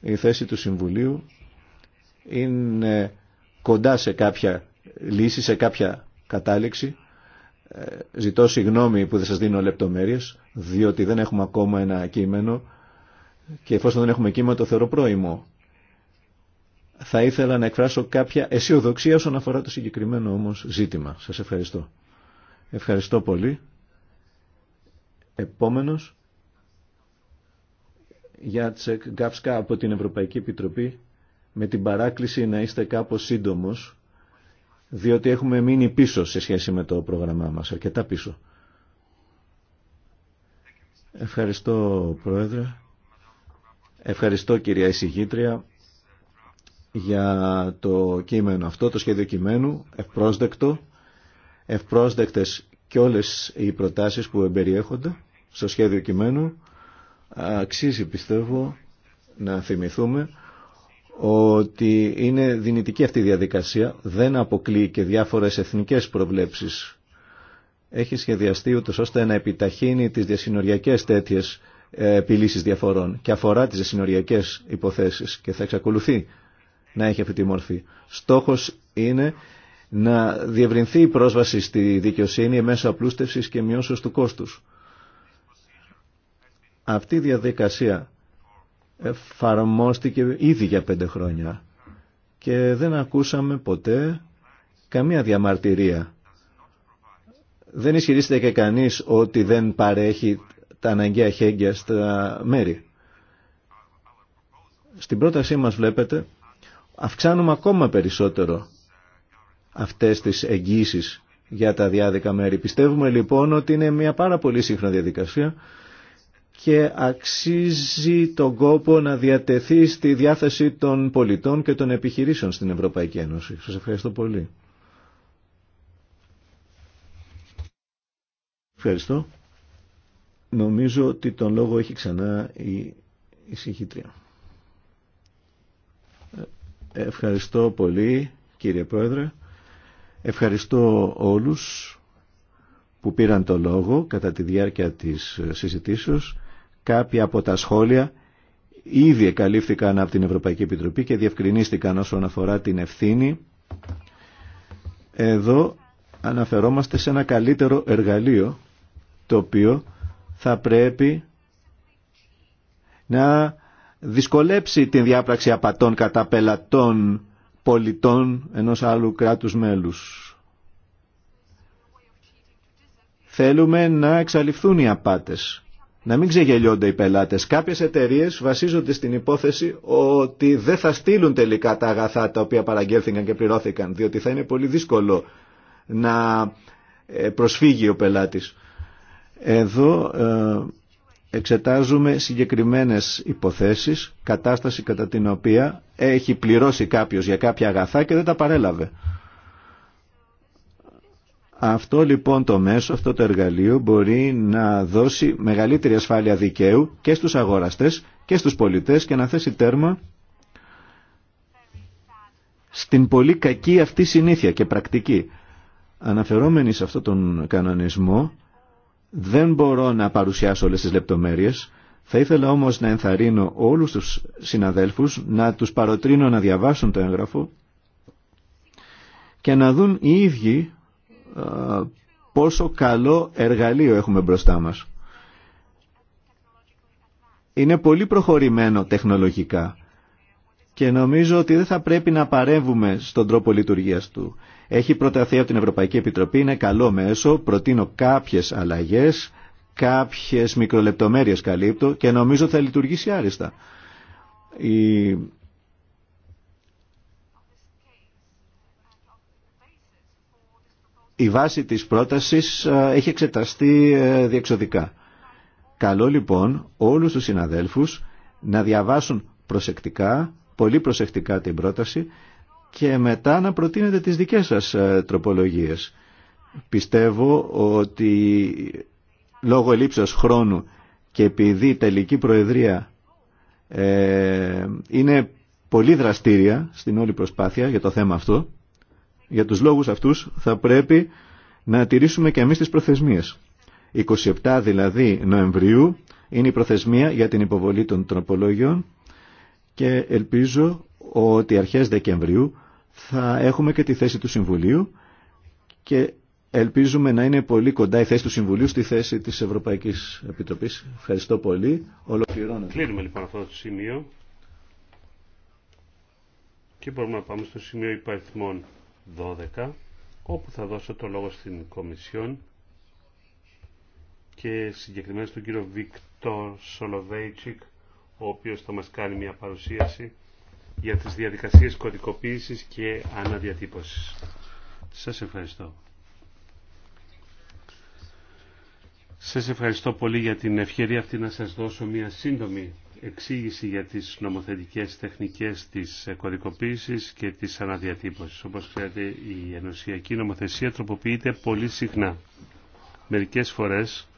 Η θέση του Συμβουλίου είναι κοντά σε κάποια λύση, σε κάποια κατάληξη. Ε, ζητώ συγγνώμη που δεν σας δίνω λεπτομέρειες, διότι δεν έχουμε ακόμα ένα κείμενο και εφόσον δεν έχουμε κείμενο το θεωρώ πρόημο θα ήθελα να εκφράσω κάποια αισιοδοξία όσον αφορά το συγκεκριμένο όμως ζήτημα. Σας ευχαριστώ. Ευχαριστώ πολύ. Επόμενος, Γιάτσεκ Γκάφσκα από την Ευρωπαϊκή Επιτροπή, με την παράκληση να είστε κάπως σύντομος, διότι έχουμε μείνει πίσω σε σχέση με το πρόγραμμά μας, αρκετά πίσω. Ευχαριστώ, Πρόεδρε. Ευχαριστώ, κυρία εισηγήτρια για το κείμενο αυτό, το σχέδιο κειμένου, ευπρόσδεκτο, ευπρόσδεκτες και όλες οι προτάσεις που εμπεριέχονται στο σχέδιο κειμένου. Αξίζει πιστεύω να θυμηθούμε ότι είναι δυνητική αυτή η διαδικασία, δεν αποκλείει και διάφορες εθνικές προβλέψεις. Έχει σχεδιαστεί ούτως ώστε να επιταχύνει τις διασυνοριακές τέτοιες ε, επιλύσεις διαφορών και αφορά τις διασυνοριακές υποθέσεις και θα εξακολουθεί να έχει αυτή τη μορφή. Στόχος είναι να διευρυνθεί η πρόσβαση στη δικαιοσύνη μέσω απλούστευσης και μειώσεως του κόστους. Αυτή η διαδικασία εφαρμόστηκε ήδη για πέντε χρόνια και δεν ακούσαμε ποτέ καμία διαμαρτυρία. Δεν ισχυρίζεται και κανείς ότι δεν παρέχει τα αναγκαία χέγγια στα μέρη. Στην πρότασή μας βλέπετε αυξάνουμε ακόμα περισσότερο αυτές τις εγγύσεις για τα διάδικα μέρη. Πιστεύουμε λοιπόν ότι είναι μια πάρα πολύ σύγχρονη διαδικασία και αξίζει τον κόπο να διατεθεί στη διάθεση των πολιτών και των επιχειρήσεων στην Ευρωπαϊκή Ένωση. Σας ευχαριστώ πολύ. Ευχαριστώ. Νομίζω ότι τον λόγο έχει ξανά η εισηγήτρια. Ευχαριστώ πολύ κύριε Πρόεδρε. Ευχαριστώ όλους που πήραν το λόγο κατά τη διάρκεια της συζητήσεως. Κάποια από τα σχόλια ήδη εκαλύφθηκαν από την Ευρωπαϊκή Επιτροπή και διευκρινίστηκαν όσον αφορά την ευθύνη. Εδώ αναφερόμαστε σε ένα καλύτερο εργαλείο το οποίο θα πρέπει να δυσκολέψει την διάπραξη απατών κατά πελατών πολιτών ενός άλλου κράτους μέλους. Θέλουμε να εξαλειφθούν οι απάτες, να μην ξεγελιώνται οι πελάτες. Κάποιες εταιρείες βασίζονται στην υπόθεση ότι δεν θα στείλουν τελικά τα αγαθά τα οποία παραγγέλθηκαν και πληρώθηκαν, διότι θα είναι πολύ δύσκολο να ε, προσφύγει ο πελάτης. Εδώ ε, εξετάζουμε συγκεκριμένες υποθέσεις, κατάσταση κατά την οποία έχει πληρώσει κάποιος για κάποια αγαθά και δεν τα παρέλαβε. Αυτό λοιπόν το μέσο, αυτό το εργαλείο μπορεί να δώσει μεγαλύτερη ασφάλεια δικαίου και στους αγοραστές και στους πολιτές και να θέσει τέρμα στην πολύ κακή αυτή συνήθεια και πρακτική. Αναφερόμενοι σε αυτόν τον κανονισμό δεν μπορώ να παρουσιάσω όλες τις λεπτομέρειες. Θα ήθελα όμως να ενθαρρύνω όλους τους συναδέλφους να τους παροτρύνω να διαβάσουν το έγγραφο και να δουν οι ίδιοι πόσο καλό εργαλείο έχουμε μπροστά μας. Είναι πολύ προχωρημένο τεχνολογικά και νομίζω ότι δεν θα πρέπει να παρέμβουμε στον τρόπο λειτουργίας του έχει προταθεί από την Ευρωπαϊκή Επιτροπή, είναι καλό μέσο, προτείνω κάποιες αλλαγές, κάποιες μικρολεπτομέρειες καλύπτω και νομίζω θα λειτουργήσει άριστα. Η... βάση της πρότασης έχει εξεταστεί ε, διεξοδικά. Καλό λοιπόν όλους τους συναδέλφους να διαβάσουν προσεκτικά, πολύ προσεκτικά την πρόταση και μετά να προτείνετε τις δικές σας ε, τροπολογίες. Πιστεύω ότι λόγω ελήψεως χρόνου και επειδή η τελική προεδρία ε, είναι πολύ δραστήρια στην όλη προσπάθεια για το θέμα αυτό, για τους λόγους αυτούς θα πρέπει να τηρήσουμε και εμείς τις προθεσμίες. 27 δηλαδή Νοεμβρίου είναι η προθεσμία για την υποβολή των τροπολόγιων και ελπίζω ότι αρχές Δεκεμβρίου θα έχουμε και τη θέση του Συμβουλίου και ελπίζουμε να είναι πολύ κοντά η θέση του Συμβουλίου στη θέση της Ευρωπαϊκής Επιτροπής. Ευχαριστώ πολύ. Κλείνουμε λοιπόν αυτό το σημείο και μπορούμε να πάμε στο σημείο υπαριθμών 12 όπου θα δώσω το λόγο στην Κομισιόν και συγκεκριμένα στον κύριο Βίκτορ Σολοβέιτσικ ο οποίος θα μας κάνει μια παρουσίαση για τις διαδικασίες κωδικοποίησης και αναδιατύπωσης. Σας ευχαριστώ. Σας ευχαριστώ πολύ για την ευκαιρία αυτή να σας δώσω μια σύντομη εξήγηση για τις νομοθετικές τεχνικές της κωδικοποίησης και της αναδιατύπωσης. Όπως ξέρετε, η ενωσιακή νομοθεσία τροποποιείται πολύ συχνά. Μερικές φορές,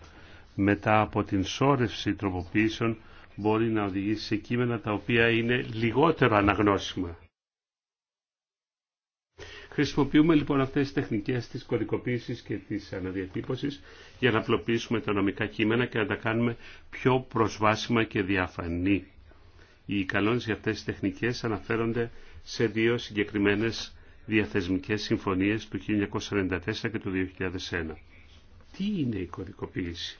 μετά από την σώρευση τροποποίησεων, μπορεί να οδηγήσει σε κείμενα τα οποία είναι λιγότερο αναγνώσιμα. Χρησιμοποιούμε λοιπόν αυτές τις τεχνικές της κωδικοποίησης και της αναδιατύπωσης για να απλοποιήσουμε τα νομικά κείμενα και να τα κάνουμε πιο προσβάσιμα και διαφανή. Οι ικανότητες για αυτές τις τεχνικές αναφέρονται σε δύο συγκεκριμένες διαθεσμικές συμφωνίες του 1994 και του 2001. Τι είναι η κωδικοποίηση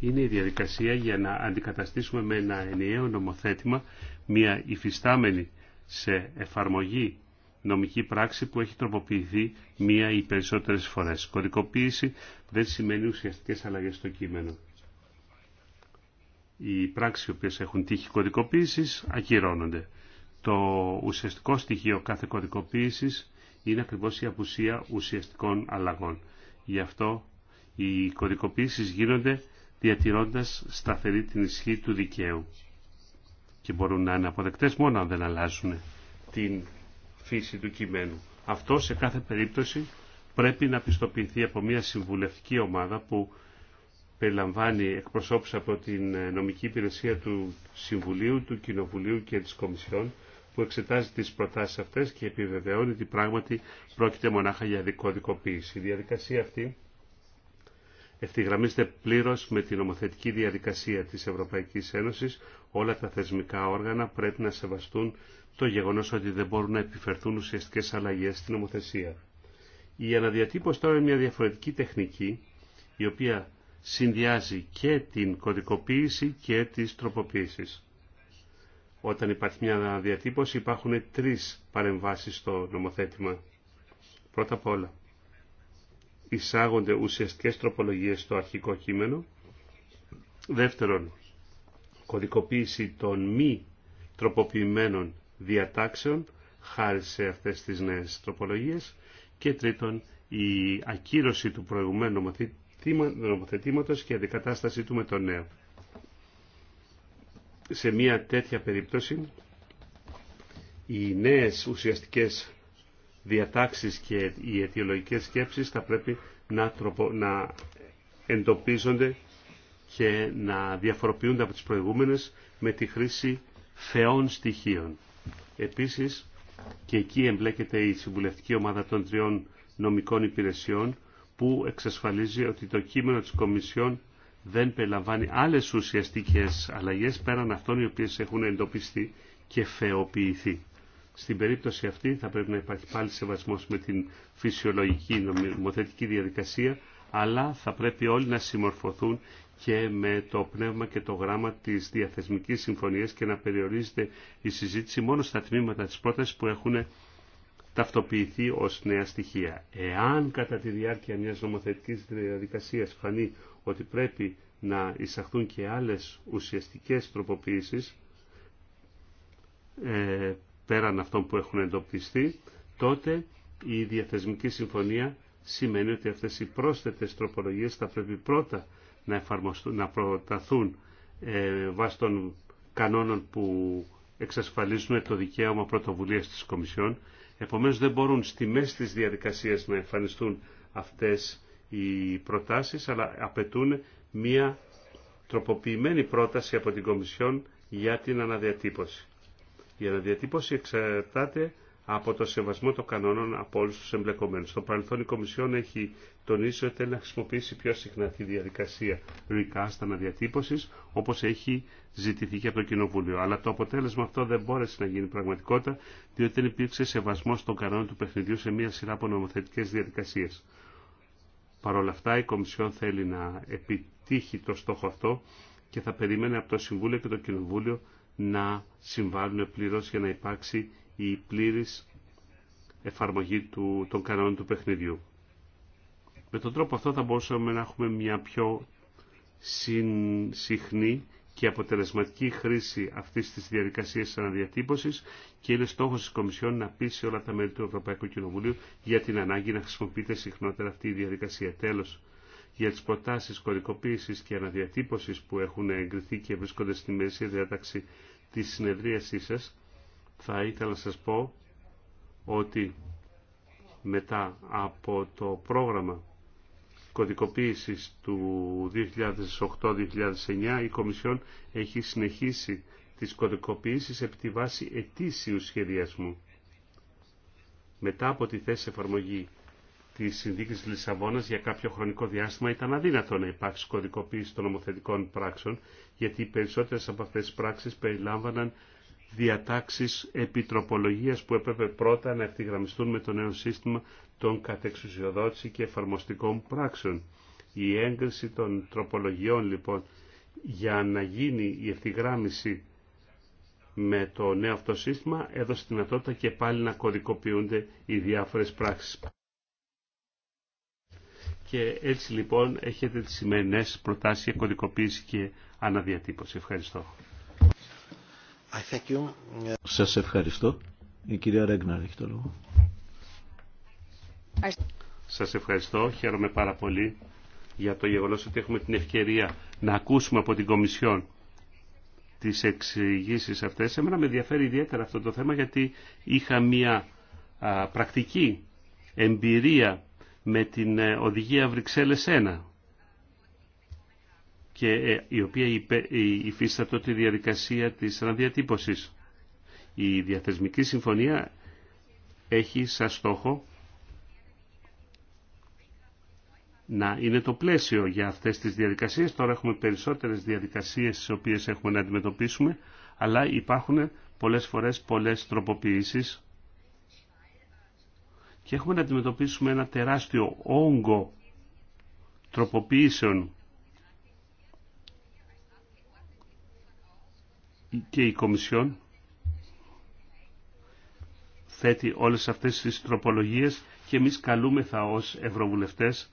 είναι η διαδικασία για να αντικαταστήσουμε με ένα ενιαίο νομοθέτημα μια υφιστάμενη σε εφαρμογή νομική πράξη που έχει τροποποιηθεί μία ή περισσότερες φορές. Κωδικοποίηση δεν σημαίνει ουσιαστικές αλλαγές στο κείμενο. Οι πράξεις οι οποίες έχουν τύχη κωδικοποίησης ακυρώνονται. Το ουσιαστικό στοιχείο κάθε κωδικοποίησης είναι ακριβώς η απουσία ουσιαστικών αλλαγών. Γι' αυτό οι πραξεις οι οποιες εχουν τυχει κωδικοποιησης ακυρωνονται το ουσιαστικο στοιχειο καθε κωδικοποιησης γίνονται διατηρώντας σταθερή την ισχύ του δικαίου. Και μπορούν να είναι αποδεκτές μόνο αν δεν αλλάζουν την φύση του κειμένου. Αυτό σε κάθε περίπτωση πρέπει να πιστοποιηθεί από μια συμβουλευτική ομάδα που περιλαμβάνει εκπροσώπους από την ε, νομική υπηρεσία του Συμβουλίου, του Κοινοβουλίου και της Κομισιόν που εξετάζει τις προτάσεις αυτές και επιβεβαιώνει ότι πράγματι πρόκειται μονάχα για δικοδικοποίηση. Η διαδικασία αυτή ευθυγραμμίζεται πλήρως με την νομοθετική διαδικασία της Ευρωπαϊκής Ένωσης. Όλα τα θεσμικά όργανα πρέπει να σεβαστούν το γεγονός ότι δεν μπορούν να επιφερθούν ουσιαστικές αλλαγές στην νομοθεσία. Η αναδιατύπωση τώρα είναι μια διαφορετική τεχνική, η οποία συνδυάζει και την κωδικοποίηση και τις τροποποίησεις. Όταν υπάρχει μια αναδιατύπωση υπάρχουν τρεις παρεμβάσεις στο νομοθέτημα. Πρώτα απ' όλα, εισάγονται ουσιαστικές τροπολογίες στο αρχικό κείμενο. Δεύτερον, κωδικοποίηση των μη τροποποιημένων διατάξεων χάρη σε αυτές τις νέες τροπολογίες. Και τρίτον, η ακύρωση του προηγουμένου νομοθετήματος και αντικατάστασή του με το νέο. Σε μια τέτοια περίπτωση, οι νέες ουσιαστικές διατάξεις και οι αιτιολογικές σκέψεις θα πρέπει να, να εντοπίζονται και να διαφοροποιούνται από τις προηγούμενες με τη χρήση θεών στοιχείων. Επίσης, και εκεί εμπλέκεται η συμβουλευτική ομάδα των τριών νομικών υπηρεσιών που εξασφαλίζει ότι το κείμενο της Κομισιόν δεν περιλαμβάνει άλλες ουσιαστικές αλλαγές πέραν αυτών οι οποίες έχουν εντοπιστεί και θεοποιηθεί. Στην περίπτωση αυτή θα πρέπει να υπάρχει πάλι σεβασμός με την φυσιολογική νομοθετική διαδικασία, αλλά θα πρέπει όλοι να συμμορφωθούν και με το πνεύμα και το γράμμα της διαθεσμικής συμφωνίας και να περιορίζεται η συζήτηση μόνο στα τμήματα της πρότασης που έχουν ταυτοποιηθεί ως νέα στοιχεία. Εάν κατά τη διάρκεια μιας νομοθετικής διαδικασίας φανεί ότι πρέπει να εισαχθούν και άλλες ουσιαστικές τροποποίησεις, ε, πέραν αυτών που έχουν εντοπιστεί, τότε η διαθεσμική συμφωνία σημαίνει ότι αυτές οι πρόσθετες τροπολογίες θα πρέπει πρώτα να, εφαρμοστούν, να προταθούν ε, βάσει των κανόνων που εξασφαλίζουν το δικαίωμα πρωτοβουλίας της Κομισιόν. Επομένως δεν μπορούν στη μέση της διαδικασίας να εμφανιστούν αυτές οι προτάσεις, αλλά απαιτούν μία τροποποιημένη πρόταση από την Κομισιόν για την αναδιατύπωση. Η αναδιατύπωση εξαρτάται από το σεβασμό των κανόνων από όλου του εμπλεκομένου. Στο παρελθόν η Κομισιόν έχει τονίσει ότι θέλει να χρησιμοποιήσει πιο συχνά τη διαδικασία recast αναδιατύπωση, όπω έχει ζητηθεί και από το Κοινοβούλιο. Αλλά το αποτέλεσμα αυτό δεν μπόρεσε να γίνει πραγματικότητα, διότι δεν υπήρξε σεβασμό των κανόνων του παιχνιδιού σε μία σειρά από νομοθετικέ διαδικασίε. Παρ' όλα αυτά, η Κομισιόν θέλει να επιτύχει το στόχο αυτό και θα περίμενε από το Συμβούλιο και το Κοινοβούλιο να συμβάλλουν πλήρως για να υπάρξει η πλήρης εφαρμογή του, των κανόνων του παιχνιδιού. Με τον τρόπο αυτό θα μπορούσαμε να έχουμε μια πιο συχνή και αποτελεσματική χρήση αυτής της διαδικασίας της αναδιατύπωσης και είναι στόχος της Κομισιόν να πείσει όλα τα μέλη του Ευρωπαϊκού Κοινοβουλίου για την ανάγκη να χρησιμοποιείται συχνότερα αυτή η διαδικασία. Τέλος, για τις προτάσεις κωδικοποίησης και αναδιατύπωσης που έχουν εγκριθεί και βρίσκονται στη μέση διάταξη της συνεδρίασή σας θα ήθελα να σας πω ότι μετά από το πρόγραμμα κωδικοποίησης του 2008-2009 η Κομισιόν έχει συνεχίσει τις κωδικοποίησεις επί τη βάση ετήσιου σχεδιασμού. Μετά από τη θέση εφαρμογή τη συνθήκη τη Λισαβόνα για κάποιο χρονικό διάστημα ήταν αδύνατο να υπάρξει κωδικοποίηση των νομοθετικών πράξεων, γιατί οι περισσότερε από αυτέ τι πράξει περιλάμβαναν διατάξει επιτροπολογία που έπρεπε πρώτα να ευθυγραμμιστούν με το νέο σύστημα των κατεξουσιοδότηση και εφαρμοστικών πράξεων. Η έγκριση των τροπολογιών λοιπόν για να γίνει η ευθυγράμμιση με το νέο αυτό σύστημα έδωσε δυνατότητα και πάλι να κωδικοποιούνται οι διάφορες πράξεις. Και έτσι λοιπόν έχετε τις σημερινές προτάσεις για κωδικοποίηση και αναδιατύπωση. Ευχαριστώ. I Σας ευχαριστώ. Η κυρία Ρέγναρ έχει το λόγο. Σας ευχαριστώ. Χαίρομαι πάρα πολύ για το γεγονός ότι έχουμε την ευκαιρία να ακούσουμε από την Κομισιόν τις εξηγήσει αυτές. Εμένα με ενδιαφέρει ιδιαίτερα αυτό το θέμα γιατί είχα μια πρακτική εμπειρία με την ε, οδηγία Βρυξέλλες 1 και ε, η οποία υφίστατο τη διαδικασία της αναδιατύπωσης. Η διαθεσμική συμφωνία έχει σαν στόχο να είναι το πλαίσιο για αυτές τις διαδικασίες. Τώρα έχουμε περισσότερες διαδικασίες τις οποίες έχουμε να αντιμετωπίσουμε, αλλά υπάρχουν πολλές φορές πολλές τροποποιήσεις και έχουμε να αντιμετωπίσουμε ένα τεράστιο όγκο τροποποιήσεων και η Κομισιόν θέτει όλες αυτές τις τροπολογίες και εμείς θα ως Ευρωβουλευτές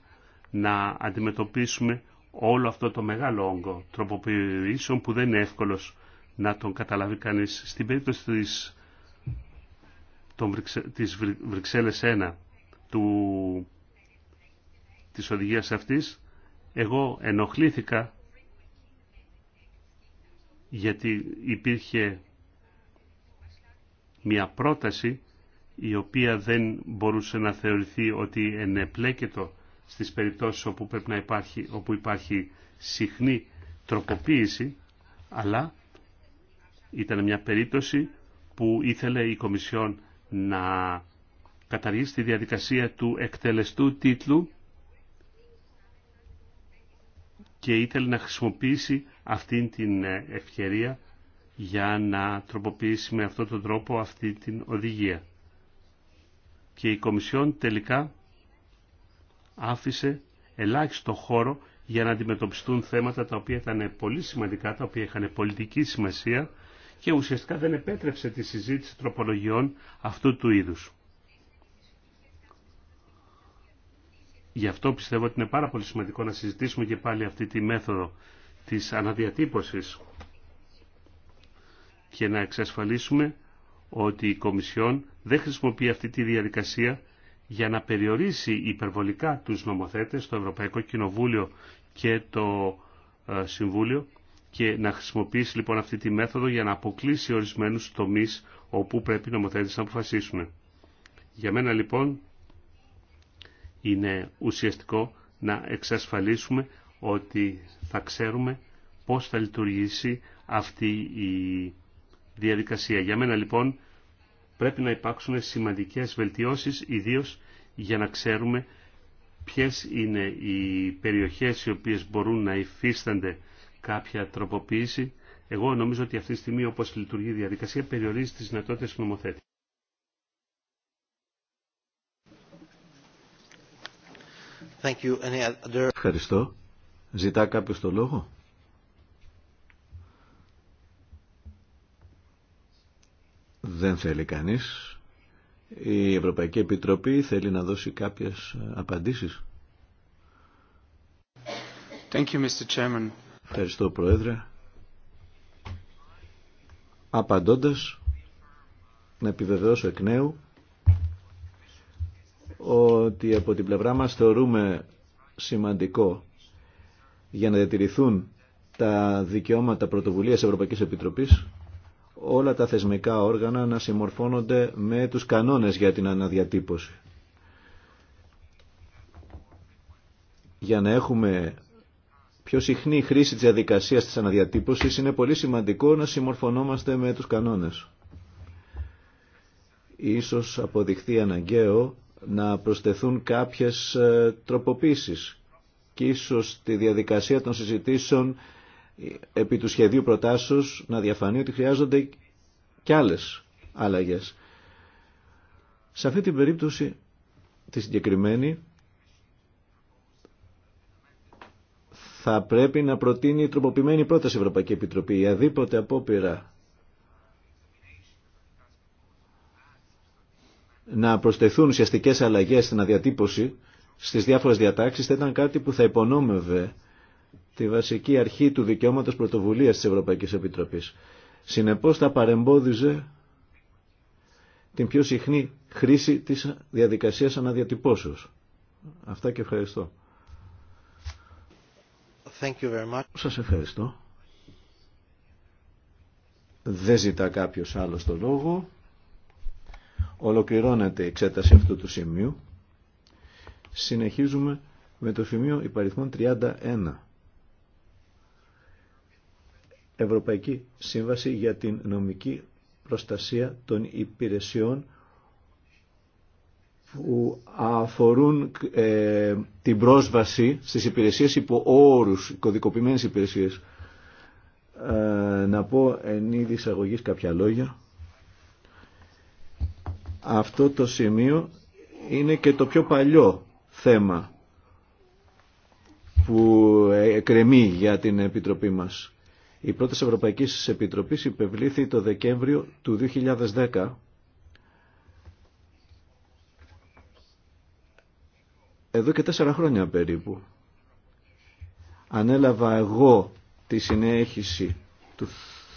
να αντιμετωπίσουμε όλο αυτό το μεγάλο όγκο τροποποιήσεων που δεν είναι εύκολος να τον καταλάβει κανείς. Στην περίπτωση της των, της Βρυξέλλες 1 του, της οδηγίας αυτής, εγώ ενοχλήθηκα γιατί υπήρχε μια πρόταση η οποία δεν μπορούσε να θεωρηθεί ότι ενεπλέκετο στις περιπτώσεις όπου, πρέπει να υπάρχει, όπου υπάρχει συχνή τροποποίηση, αλλά ήταν μια περίπτωση που ήθελε η Κομισιόν να καταργήσει τη διαδικασία του εκτελεστού τίτλου και ήθελε να χρησιμοποιήσει αυτήν την ε, ευκαιρία για να τροποποιήσει με αυτόν τον τρόπο αυτή την οδηγία. Και η Κομισιόν τελικά άφησε ελάχιστο χώρο για να αντιμετωπιστούν θέματα τα οποία ήταν πολύ σημαντικά, τα οποία είχαν πολιτική σημασία και ουσιαστικά δεν επέτρεψε τη συζήτηση τροπολογιών αυτού του είδους. Γι' αυτό πιστεύω ότι είναι πάρα πολύ σημαντικό να συζητήσουμε και πάλι αυτή τη μέθοδο της αναδιατύπωσης και να εξασφαλίσουμε ότι η Κομισιόν δεν χρησιμοποιεί αυτή τη διαδικασία για να περιορίσει υπερβολικά τους νομοθέτες, το Ευρωπαϊκό Κοινοβούλιο και το ε, Συμβούλιο, και να χρησιμοποιήσει λοιπόν αυτή τη μέθοδο για να αποκλείσει ορισμένους τομείς όπου πρέπει οι νομοθέτες να αποφασίσουν. Για μένα λοιπόν είναι ουσιαστικό να εξασφαλίσουμε ότι θα ξέρουμε πώς θα λειτουργήσει αυτή η διαδικασία. Για μένα λοιπόν πρέπει να υπάρξουν σημαντικές βελτιώσεις, ιδίως για να ξέρουμε ποιες είναι οι περιοχές οι οποίες μπορούν να υφίστανται κάποια τροποποίηση. Εγώ νομίζω ότι αυτή τη στιγμή όπως λειτουργεί η διαδικασία περιορίζει τις δυνατότητες του νομοθέτη. Ευχαριστώ. Ζητά κάποιο το λόγο. Δεν θέλει κανείς. Η Ευρωπαϊκή Επιτροπή θέλει να δώσει κάποιες απαντήσεις. Thank you, Mr. Chairman. Ευχαριστώ Πρόεδρε. Απαντώντας, να επιβεβαιώσω εκ νέου ότι από την πλευρά μας θεωρούμε σημαντικό για να διατηρηθούν τα δικαιώματα πρωτοβουλίας Ευρωπαϊκής Επιτροπής όλα τα θεσμικά όργανα να συμμορφώνονται με τους κανόνες για την αναδιατύπωση. Για να έχουμε πιο συχνή χρήση της διαδικασίας της αναδιατύπωσης είναι πολύ σημαντικό να συμμορφωνόμαστε με τους κανόνες. Ίσως αποδειχθεί αναγκαίο να προσθεθούν κάποιες ε, τροποποίησεις και ίσως τη διαδικασία των συζητήσεων ε, επί του σχεδίου προτάσεως να διαφανεί ότι χρειάζονται και άλλες αλλαγές. Σε αυτή την περίπτωση τη συγκεκριμένη θα πρέπει να προτείνει τροποποιημένη πρόταση η Ευρωπαϊκή Επιτροπή. Η αδίποτε απόπειρα να προσθεθούν ουσιαστικέ αλλαγές στην αδιατύπωση στις διάφορες διατάξεις θα ήταν κάτι που θα υπονόμευε τη βασική αρχή του δικαιώματος πρωτοβουλίας της Ευρωπαϊκής Επιτροπής. Συνεπώς θα παρεμπόδιζε την πιο συχνή χρήση της διαδικασίας αναδιατυπώσεως. Αυτά και ευχαριστώ. Thank Σας ευχαριστώ. Δεν ζητά κάποιος άλλος το λόγο. Ολοκληρώνεται η εξέταση αυτού του σημείου. Συνεχίζουμε με το σημείο υπαριθμών 31. Ευρωπαϊκή Σύμβαση για την Νομική Προστασία των Υπηρεσιών που αφορούν ε, την πρόσβαση στις υπηρεσίες υπό όρους, κωδικοποιημένες υπηρεσίες. Ε, να πω εν είδη εισαγωγής κάποια λόγια. Αυτό το σημείο είναι και το πιο παλιό θέμα που εκρεμεί για την Επιτροπή μας. Η πρώτη Ευρωπαϊκή Επιτροπή υπευλήθη το Δεκέμβριο του 2010 εδώ και τέσσερα χρόνια περίπου. Ανέλαβα εγώ τη συνέχιση του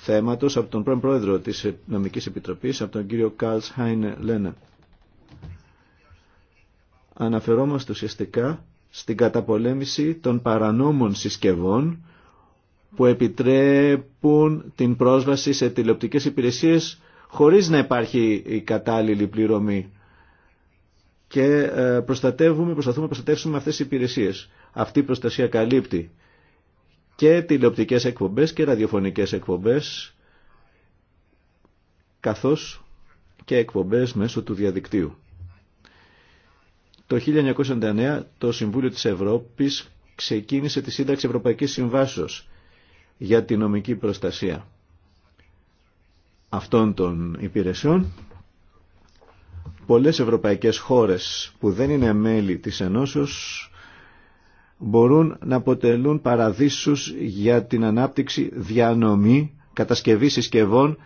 θέματος από τον πρώην πρόεδρο της Νομικής Επιτροπής, από τον κύριο Κάλς Χάινε Λένα. Αναφερόμαστε ουσιαστικά στην καταπολέμηση των παρανόμων συσκευών που επιτρέπουν την πρόσβαση σε τηλεοπτικές υπηρεσίες χωρίς να υπάρχει η κατάλληλη πληρωμή και ε, προστατεύουμε, προσπαθούμε να προστατεύσουμε αυτές τις υπηρεσίες. Αυτή η προστασία καλύπτει και τηλεοπτικές εκπομπές και ραδιοφωνικές εκπομπές καθώς και εκπομπές μέσω του διαδικτύου. Το 1999 το Συμβούλιο της Ευρώπης ξεκίνησε τη σύνταξη Ευρωπαϊκής Συμβάσεως για τη νομική προστασία αυτών των υπηρεσιών Πολλές ευρωπαϊκές χώρες που δεν είναι μέλη της Ενώσεως μπορούν να αποτελούν παραδείσους για την ανάπτυξη διανομή, κατασκευή συσκευών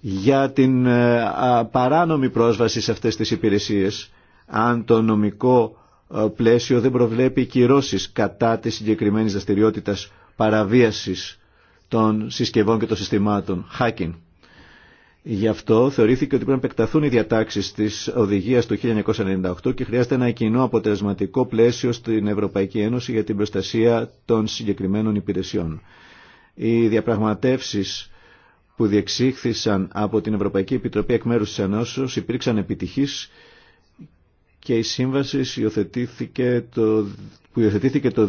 για την ε, παράνομη πρόσβαση σε αυτές τις υπηρεσίες αν το νομικό ε, πλαίσιο δεν προβλέπει κυρώσεις κατά της συγκεκριμένης δραστηριότητα παραβίασης των συσκευών και των συστημάτων, hacking. Γι' αυτό θεωρήθηκε ότι πρέπει να επεκταθούν οι διατάξει τη οδηγία του 1998 και χρειάζεται ένα κοινό αποτελεσματικό πλαίσιο στην Ευρωπαϊκή Ένωση για την προστασία των συγκεκριμένων υπηρεσιών. Οι διαπραγματεύσει που διεξήχθησαν από την Ευρωπαϊκή Επιτροπή εκ μέρου τη Ενώσεω υπήρξαν επιτυχεί και η σύμβαση που υιοθετήθηκε το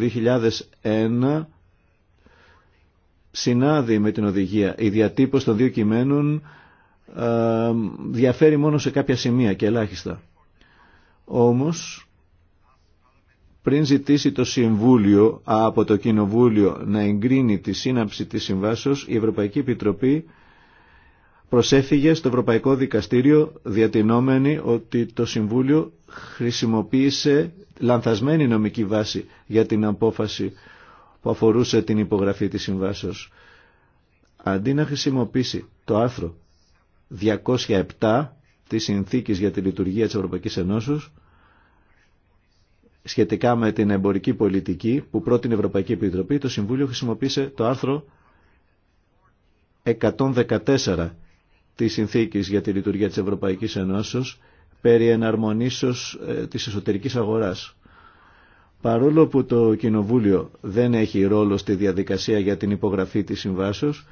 2001 συνάδει με την οδηγία. Η διατύπωση των δύο κειμένων ε, διαφέρει μόνο σε κάποια σημεία και ελάχιστα. Όμως, πριν ζητήσει το Συμβούλιο από το Κοινοβούλιο να εγκρίνει τη σύναψη της συμβάσεως, η Ευρωπαϊκή Επιτροπή προσέφυγε στο Ευρωπαϊκό Δικαστήριο διατηνόμενη ότι το Συμβούλιο χρησιμοποίησε λανθασμένη νομική βάση για την απόφαση που αφορούσε την υπογραφή της συμβάσεως. Αντί να χρησιμοποιήσει το άρθρο 207 της Συνθήκης για τη Λειτουργία της Ευρωπαϊκής Ένωσης σχετικά με την εμπορική πολιτική που πρότεινε η Ευρωπαϊκή Επιτροπή, το Συμβούλιο χρησιμοποίησε το άρθρο 114 της Συνθήκης για τη Λειτουργία της Ευρωπαϊκής Ένωσης περί εναρμονίσεως ε, της εσωτερικής αγοράς. Παρόλο που το Κοινοβούλιο δεν έχει ρόλο στη διαδικασία για την υπογραφή της συμβάσεως,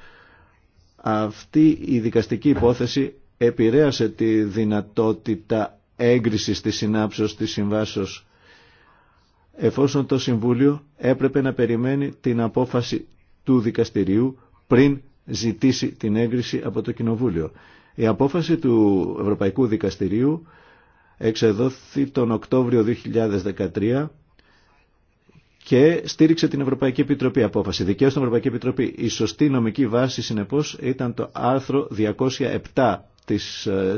αυτή η δικαστική υπόθεση επηρέασε τη δυνατότητα έγκρισης της συνάψεως της συμβάσεως εφόσον το Συμβούλιο έπρεπε να περιμένει την απόφαση του δικαστηρίου πριν ζητήσει την έγκριση από το Κοινοβούλιο. Η απόφαση του Ευρωπαϊκού Δικαστηρίου εξεδόθη τον Οκτώβριο 2013 και στήριξε την Ευρωπαϊκή Επιτροπή απόφαση. Δικαίω στην Ευρωπαϊκή Επιτροπή. Η σωστή νομική βάση, συνεπώ, ήταν το άρθρο 207 τη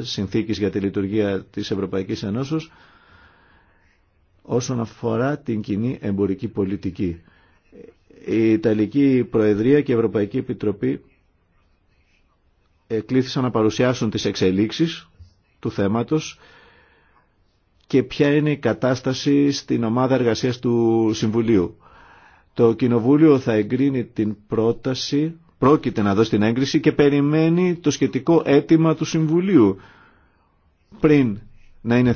Συνθήκη για τη Λειτουργία τη Ευρωπαϊκή Ενώσεω όσον αφορά την κοινή εμπορική πολιτική. Η Ιταλική Προεδρία και η Ευρωπαϊκή Επιτροπή εκλήθησαν να παρουσιάσουν τις εξελίξεις του θέματος και ποια είναι η κατάσταση στην ομάδα εργασίας του Συμβουλίου. Το Κοινοβούλιο θα εγκρίνει την πρόταση, πρόκειται να δώσει την έγκριση και περιμένει το σχετικό αίτημα του Συμβουλίου πριν να είναι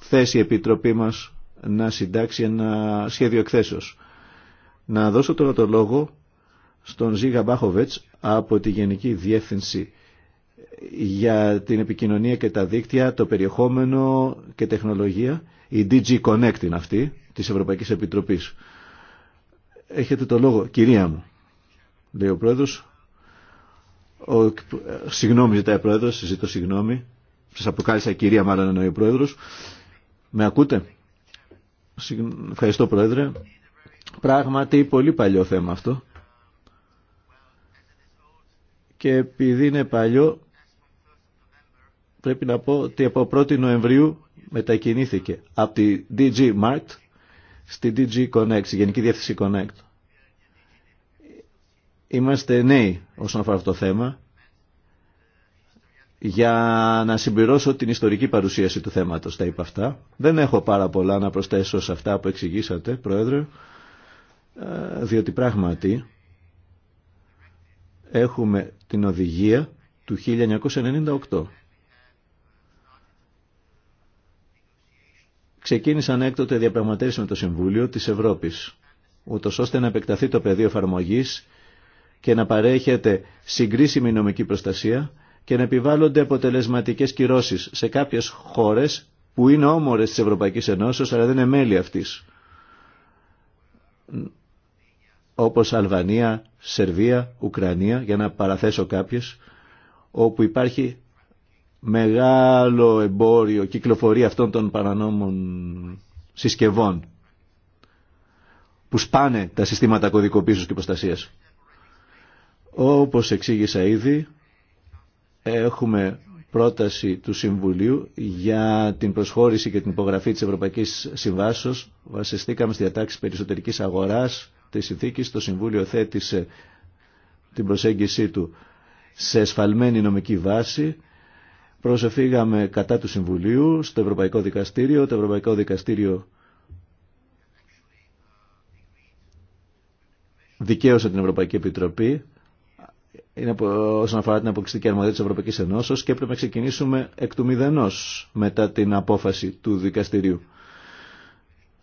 θέση η Επιτροπή μας να συντάξει ένα σχέδιο εκθέσεως. Να δώσω τώρα το λόγο στον Ζήγα Μπάχοβετς από τη Γενική Διεύθυνση για την επικοινωνία και τα δίκτυα, το περιεχόμενο και τεχνολογία, η DG Connect αυτή, της Ευρωπαϊκής Επιτροπής. Έχετε το λόγο, κυρία μου, λέει ο πρόεδρος. Ο, συγγνώμη ζητάει ο πρόεδρος, ζητώ συγγνώμη. Σας αποκάλυψα κυρία μάλλον εννοεί ο πρόεδρος. Με ακούτε. Ευχαριστώ πρόεδρε. Πράγματι πολύ παλιό θέμα αυτό. Και επειδή είναι παλιό πρέπει να πω ότι από 1η Νοεμβρίου μετακινήθηκε από τη DG Mart στη DG Connect, στη Γενική Διεύθυνση Connect. Είμαστε νέοι όσον αφορά αυτό το θέμα για να συμπληρώσω την ιστορική παρουσίαση του θέματος, τα είπα αυτά. Δεν έχω πάρα πολλά να προσθέσω σε αυτά που εξηγήσατε, Πρόεδρε, διότι πράγματι έχουμε την οδηγία του 1998 ξεκίνησαν έκτοτε διαπραγματεύσει με το Συμβούλιο της Ευρώπης, ούτω ώστε να επεκταθεί το πεδίο εφαρμογή και να παρέχεται συγκρίσιμη νομική προστασία και να επιβάλλονται αποτελεσματικές κυρώσεις σε κάποιες χώρες που είναι όμορες της Ευρωπαϊκής Ενώσεως αλλά δεν είναι μέλη αυτής όπως Αλβανία, Σερβία, Ουκρανία, για να παραθέσω κάποιες, όπου υπάρχει μεγάλο εμπόριο, κυκλοφορία αυτών των παρανόμων συσκευών που σπάνε τα συστήματα κωδικοποίησης και υποστασίας. Όπως εξήγησα ήδη, έχουμε πρόταση του Συμβουλίου για την προσχώρηση και την υπογραφή της Ευρωπαϊκής Συμβάσεως. Βασιστήκαμε στη διατάξη περισσοτερικής αγοράς της συνθήκης. Το Συμβούλιο θέτησε την προσέγγιση του σε εσφαλμένη νομική βάση Προσεφήγαμε κατά του Συμβουλίου στο Ευρωπαϊκό Δικαστήριο. Το Ευρωπαϊκό Δικαστήριο δικαίωσε την Ευρωπαϊκή Επιτροπή είναι όσον αφορά την αποκλειστική αρμοδία της Ευρωπαϊκής Ενώσεως και έπρεπε να ξεκινήσουμε εκ του μηδενός μετά την απόφαση του δικαστηρίου.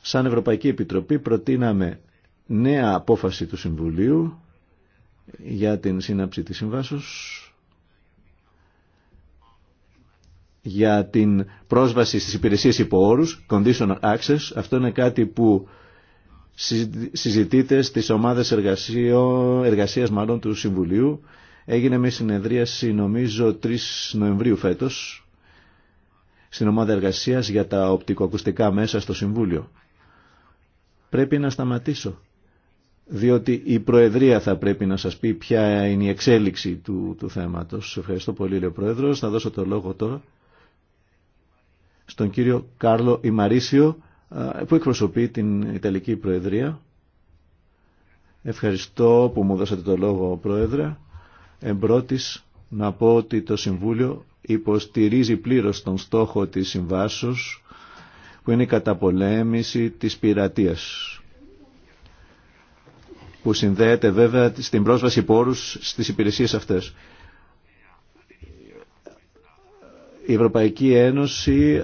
Σαν Ευρωπαϊκή Επιτροπή προτείναμε νέα απόφαση του Συμβουλίου για την σύναψη της συμβάσεως για την πρόσβαση στις υπηρεσίες υπό όρους, conditional access. Αυτό είναι κάτι που συζητείται στις ομάδες εργασίας, μάλλον του Συμβουλίου. Έγινε μια συνεδρίαση νομίζω 3 Νοεμβρίου φέτος στην ομάδα εργασίας για τα οπτικοακουστικά μέσα στο Συμβούλιο. Πρέπει να σταματήσω, διότι η Προεδρία θα πρέπει να σας πει ποια είναι η εξέλιξη του, του θέματος. Ευχαριστώ πολύ, λέει Πρόεδρος. Θα δώσω το λόγο τώρα στον κύριο Κάρλο Ιμαρίσιο που εκπροσωπεί την Ιταλική Προεδρία. Ευχαριστώ που μου δώσατε το λόγο, Πρόεδρε. Εμπρότης να πω ότι το Συμβούλιο υποστηρίζει πλήρως τον στόχο της συμβάσεως που είναι η καταπολέμηση της πειρατείας που συνδέεται βέβαια στην πρόσβαση πόρους στις υπηρεσίες αυτές η Ευρωπαϊκή Ένωση ε,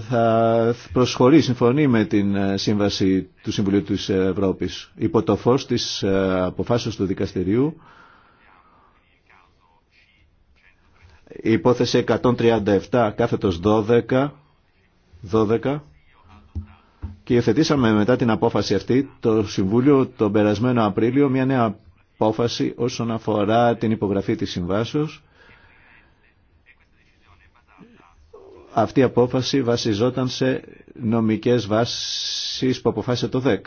θα προσχωρεί, συμφωνεί με την ε, σύμβαση του Συμβουλίου της Ευρώπης υπό το φως της ε, αποφάσεως του δικαστηρίου η υπόθεση 137 κάθετος 12, 12 και υιοθετήσαμε μετά την απόφαση αυτή το Συμβούλιο τον περασμένο Απρίλιο μια νέα απόφαση όσον αφορά την υπογραφή της συμβάσεως αυτή η απόφαση βασιζόταν σε νομικές βάσεις που αποφάσισε το ΔΕΚ.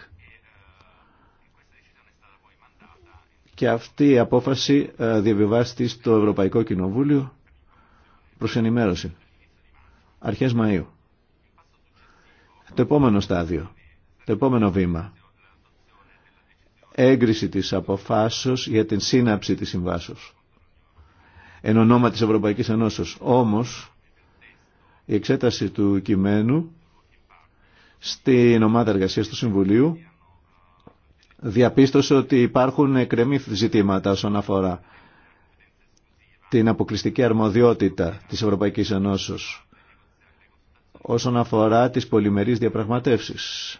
Και αυτή η απόφαση ε, διαβιβάστηκε στο Ευρωπαϊκό Κοινοβούλιο προς ενημέρωση. Αρχές Μαΐου. Το επόμενο στάδιο, το επόμενο βήμα. Έγκριση της αποφάσεως για την σύναψη της συμβάσεως. Εν ονόμα της Ευρωπαϊκής Ενώσεως. Όμως, η εξέταση του κειμένου στην ομάδα εργασίας του Συμβουλίου διαπίστωσε ότι υπάρχουν εκκρεμή ζητήματα όσον αφορά την αποκλειστική αρμοδιότητα της Ευρωπαϊκής Ενώσεως όσον αφορά τις πολυμερείς διαπραγματεύσεις.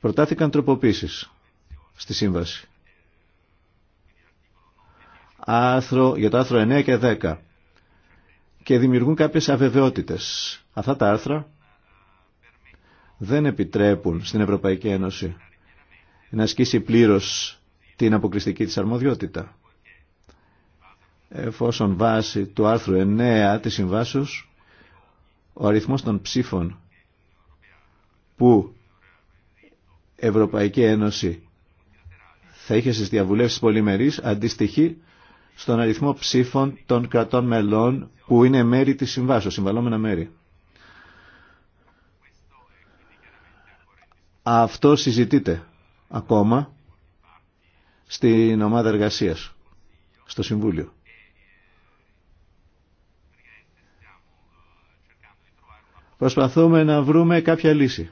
Προτάθηκαν τροποποίησεις στη Σύμβαση. άθρο για το άρθρο 9 και 10 και δημιουργούν κάποιες αβεβαιότητες. Αυτά τα άρθρα δεν επιτρέπουν στην Ευρωπαϊκή Ένωση να ασκήσει πλήρως την αποκλειστική της αρμοδιότητα. Εφόσον βάσει του άρθρου 9 της συμβάσεως, ο αριθμός των ψήφων που Ευρωπαϊκή Ένωση θα είχε στις διαβουλεύσεις πολυμερείς αντιστοιχεί στον αριθμό ψήφων των κρατών μελών που είναι μέρη της συμβάσεως, συμβαλόμενα μέρη. Αυτό συζητείται ακόμα στην ομάδα εργασίας, στο Συμβούλιο. Προσπαθούμε να βρούμε κάποια λύση.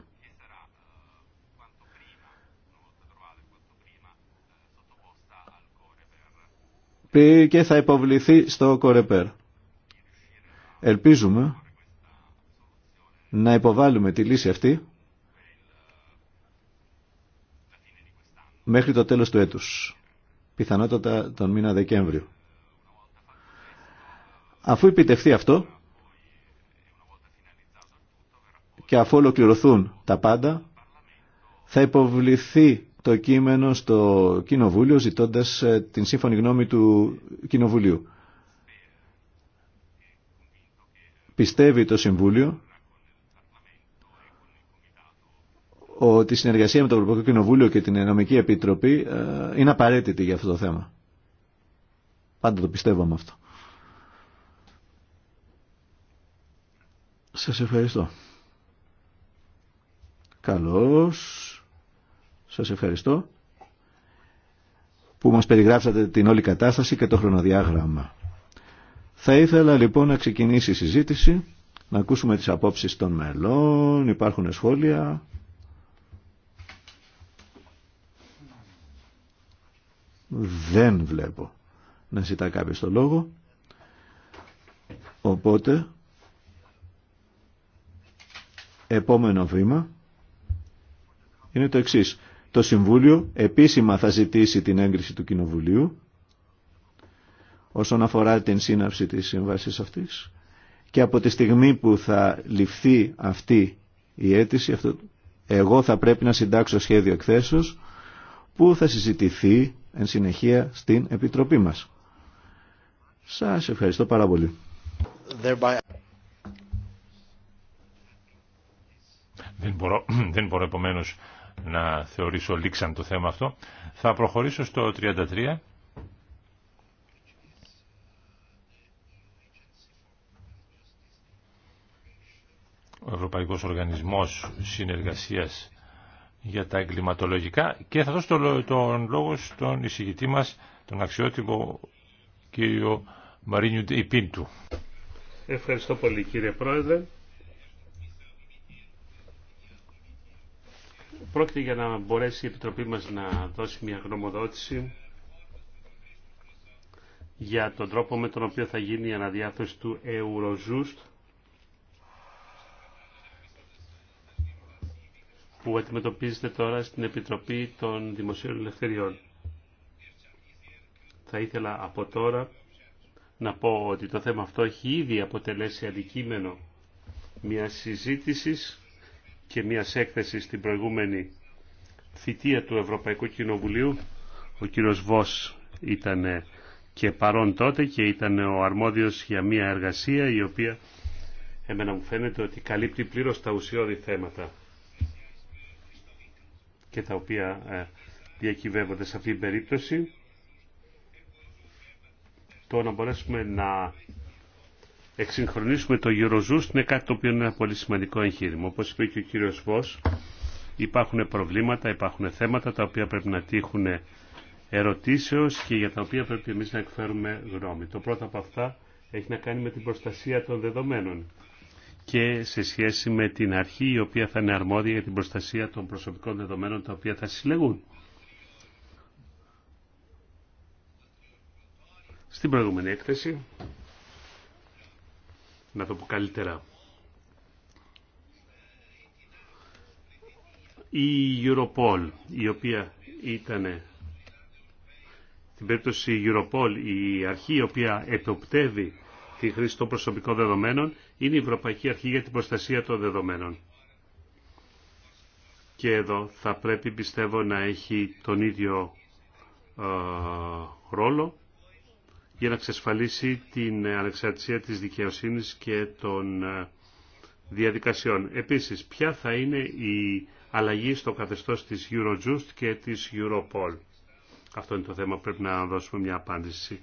και θα υποβληθεί στο Κορεπέρ. Ελπίζουμε να υποβάλουμε τη λύση αυτή μέχρι το τέλος του έτους, πιθανότατα τον μήνα Δεκέμβριο. Αφού επιτευχθεί αυτό και αφού ολοκληρωθούν τα πάντα, θα υποβληθεί το κείμενο στο Κοινοβούλιο ζητώντας ε, την σύμφωνη γνώμη του Κοινοβουλίου. Πιστεύει το Συμβούλιο ότι η συνεργασία με το Ευρωπαϊκό Κοινοβούλιο και την Ενωμική Επιτροπή ε, είναι απαραίτητη για αυτό το θέμα. Πάντα το πιστεύω με αυτό. Σας ευχαριστώ. Καλώς. Σας ευχαριστώ που μας περιγράψατε την όλη κατάσταση και το χρονοδιάγραμμα. Θα ήθελα λοιπόν να ξεκινήσει η συζήτηση, να ακούσουμε τις απόψεις των μελών, υπάρχουν σχόλια. Δεν βλέπω να ζητά κάποιο το λόγο. Οπότε, επόμενο βήμα είναι το εξής το Συμβούλιο επίσημα θα ζητήσει την έγκριση του Κοινοβουλίου όσον αφορά την σύναψη της σύμβασης αυτής και από τη στιγμή που θα ληφθεί αυτή η αίτηση αυτό, εγώ θα πρέπει να συντάξω σχέδιο εκθέσεως που θα συζητηθεί εν συνεχεία στην Επιτροπή μας. Σας ευχαριστώ πάρα πολύ. Δεν μπορώ, δεν μπορώ επομένως να θεωρήσω λήξαν το θέμα αυτό. Θα προχωρήσω στο 33. ο Ευρωπαϊκός Οργανισμός Συνεργασίας για τα εγκληματολογικά και θα δώσω τον λόγο στον εισηγητή μας, τον αξιότιμο κύριο Μαρίνιου Ιππίντου. Ευχαριστώ πολύ κύριε Πρόεδρε. Πρόκειται για να μπορέσει η Επιτροπή μας να δώσει μια γνωμοδότηση για τον τρόπο με τον οποίο θα γίνει η αναδιάθεση του Eurojust που αντιμετωπίζεται τώρα στην Επιτροπή των Δημοσίων Ελευθεριών. Θα ήθελα από τώρα να πω ότι το θέμα αυτό έχει ήδη αποτελέσει αντικείμενο μια συζήτησης και μια έκθεση στην προηγούμενη θητεία του Ευρωπαϊκού Κοινοβουλίου. Ο κύριος Βος ήταν και παρόν τότε και ήταν ο αρμόδιος για μια εργασία η οποία εμένα μου φαίνεται ότι καλύπτει πλήρως τα ουσιώδη θέματα και τα οποία ε, διακυβεύονται σε αυτήν την περίπτωση το να μπορέσουμε να εξυγχρονίσουμε το Eurozoo είναι κάτι το οποίο είναι ένα πολύ σημαντικό εγχείρημα. Όπως είπε και ο κύριος Βος, υπάρχουν προβλήματα, υπάρχουν θέματα τα οποία πρέπει να τύχουν ερωτήσεως και για τα οποία πρέπει εμείς να εκφέρουμε γνώμη. Το πρώτο από αυτά έχει να κάνει με την προστασία των δεδομένων και σε σχέση με την αρχή η οποία θα είναι αρμόδια για την προστασία των προσωπικών δεδομένων τα οποία θα συλλεγούν. Στην προηγούμενη έκθεση να το πω καλύτερα. Η Europol, η οποία ήταν στην περίπτωση Europol, η αρχή η οποία εποπτεύει τη χρήση των προσωπικών δεδομένων είναι η Ευρωπαϊκή Αρχή για την Προστασία των Δεδομένων. Και εδώ θα πρέπει πιστεύω να έχει τον ίδιο ε, ρόλο για να εξασφαλίσει την ανεξαρτησία της δικαιοσύνης και των ε, διαδικασιών. Επίσης, ποια θα είναι η αλλαγή στο καθεστώς της Eurojust και της Europol. Αυτό είναι το θέμα που πρέπει να δώσουμε μια απάντηση.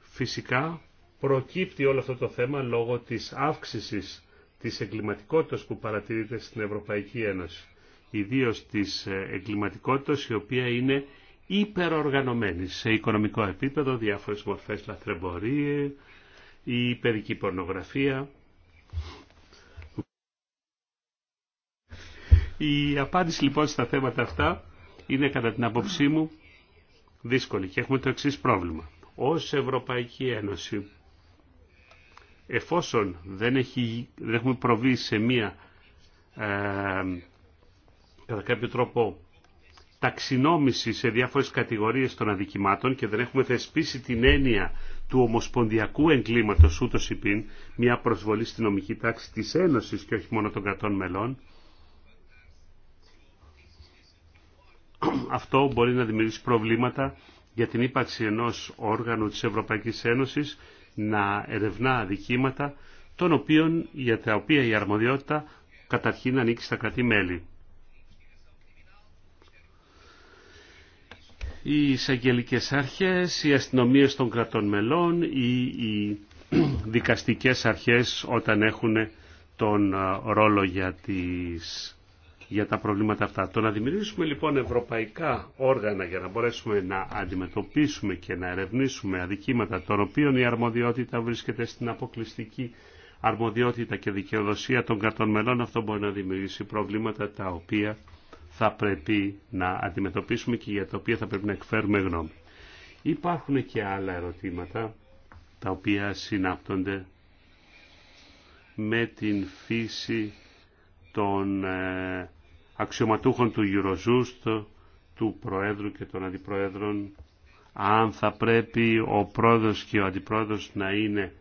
Φυσικά, προκύπτει όλο αυτό το θέμα λόγω της αύξησης της εγκληματικότητας που παρατηρείται στην Ευρωπαϊκή Ένωση. Ιδίως της ε, εγκληματικότητας η οποία είναι υπεροργανωμένη σε οικονομικό επίπεδο, διάφορες μορφές λαθρεμπορία, η υπερική πορνογραφία. Η απάντηση λοιπόν στα θέματα αυτά είναι κατά την απόψή μου δύσκολη και έχουμε το εξής πρόβλημα. Ως Ευρωπαϊκή Ένωση, εφόσον δεν, έχει, δεν έχουμε προβεί σε μία ε, κατά κάποιο τρόπο ταξινόμηση σε διάφορες κατηγορίες των αδικημάτων και δεν έχουμε θεσπίσει την έννοια του ομοσπονδιακού εγκλήματος ούτως πίν μια προσβολή στην νομική τάξη της Ένωσης και όχι μόνο των κρατών μελών, αυτό μπορεί να δημιουργήσει προβλήματα για την ύπαρξη ενός όργανου της Ευρωπαϊκής Ένωσης να ερευνά αδικήματα, των οποίων, για τα οποία η αρμοδιότητα καταρχήν ανήκει στα κρατή-μέλη. οι εισαγγελικέ αρχές, οι αστυνομίε των κρατών μελών ή οι δικαστικές αρχές όταν έχουν τον ρόλο για, τις, για τα προβλήματα αυτά. Το να δημιουργήσουμε λοιπόν ευρωπαϊκά όργανα για να μπορέσουμε να αντιμετωπίσουμε και να ερευνήσουμε αδικήματα των οποίων η αρμοδιότητα βρίσκεται στην αποκλειστική αρμοδιότητα και δικαιοδοσία των κρατών μελών αυτό μπορεί να δημιουργήσει προβλήματα τα οποία θα πρέπει να αντιμετωπίσουμε και για τα οποία θα πρέπει να εκφέρουμε γνώμη. Υπάρχουν και άλλα ερωτήματα τα οποία συνάπτονται με την φύση των ε, αξιωματούχων του Eurojust, του Προέδρου και των Αντιπροέδρων, αν θα πρέπει ο Πρόεδρος και ο Αντιπρόεδρος να είναι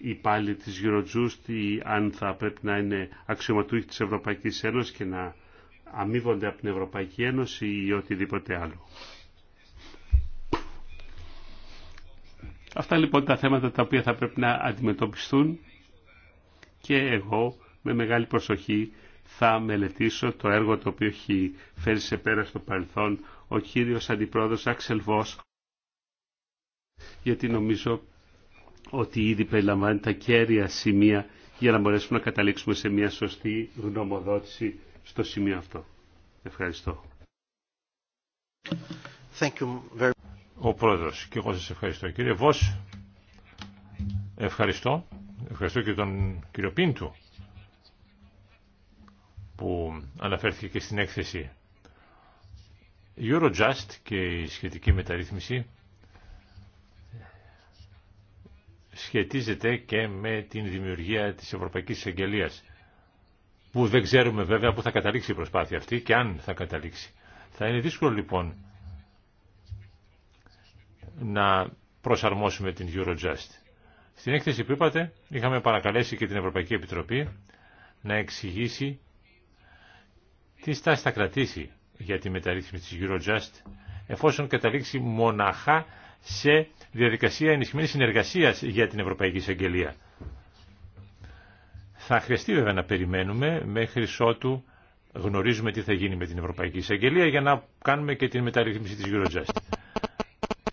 υπάλληλοι της Eurojust ή αν θα πρέπει να είναι αξιωματούχοι της Ευρωπαϊκής Ένωσης και να αμείβονται από την Ευρωπαϊκή Ένωση ή οτιδήποτε άλλο. Αυτά λοιπόν τα θέματα τα οποία θα πρέπει να αντιμετωπιστούν και εγώ με μεγάλη προσοχή θα μελετήσω το έργο το οποίο έχει φέρει σε πέρα στο παρελθόν ο κύριος Αντιπρόεδρος Άξελ Βος, γιατί νομίζω ότι ήδη περιλαμβάνει τα κέρια σημεία για να μπορέσουμε να καταλήξουμε σε μια σωστή γνωμοδότηση στο σημείο αυτό. Ευχαριστώ. Thank Ο Πρόεδρος, και εγώ σας ευχαριστώ. Κύριε Βος, ευχαριστώ. Ευχαριστώ και τον κύριο Πίντου που αναφέρθηκε και στην έκθεση Eurojust και η σχετική μεταρρύθμιση σχετίζεται και με την δημιουργία της Ευρωπαϊκής αγγελίας που δεν ξέρουμε βέβαια που θα καταλήξει η προσπάθεια αυτή και αν θα καταλήξει. Θα είναι δύσκολο λοιπόν να προσαρμόσουμε την Eurojust. Στην έκθεση που είπατε είχαμε παρακαλέσει και την Ευρωπαϊκή Επιτροπή να εξηγήσει τι στάση θα κρατήσει για τη μεταρρύθμιση της Eurojust εφόσον καταλήξει μοναχά σε διαδικασία ενισχυμένης συνεργασίας για την Ευρωπαϊκή Εισαγγελία. Θα χρειαστεί βέβαια να περιμένουμε μέχρι ότου γνωρίζουμε τι θα γίνει με την Ευρωπαϊκή Εισαγγελία για να κάνουμε και την μεταρρύθμιση της Eurojust.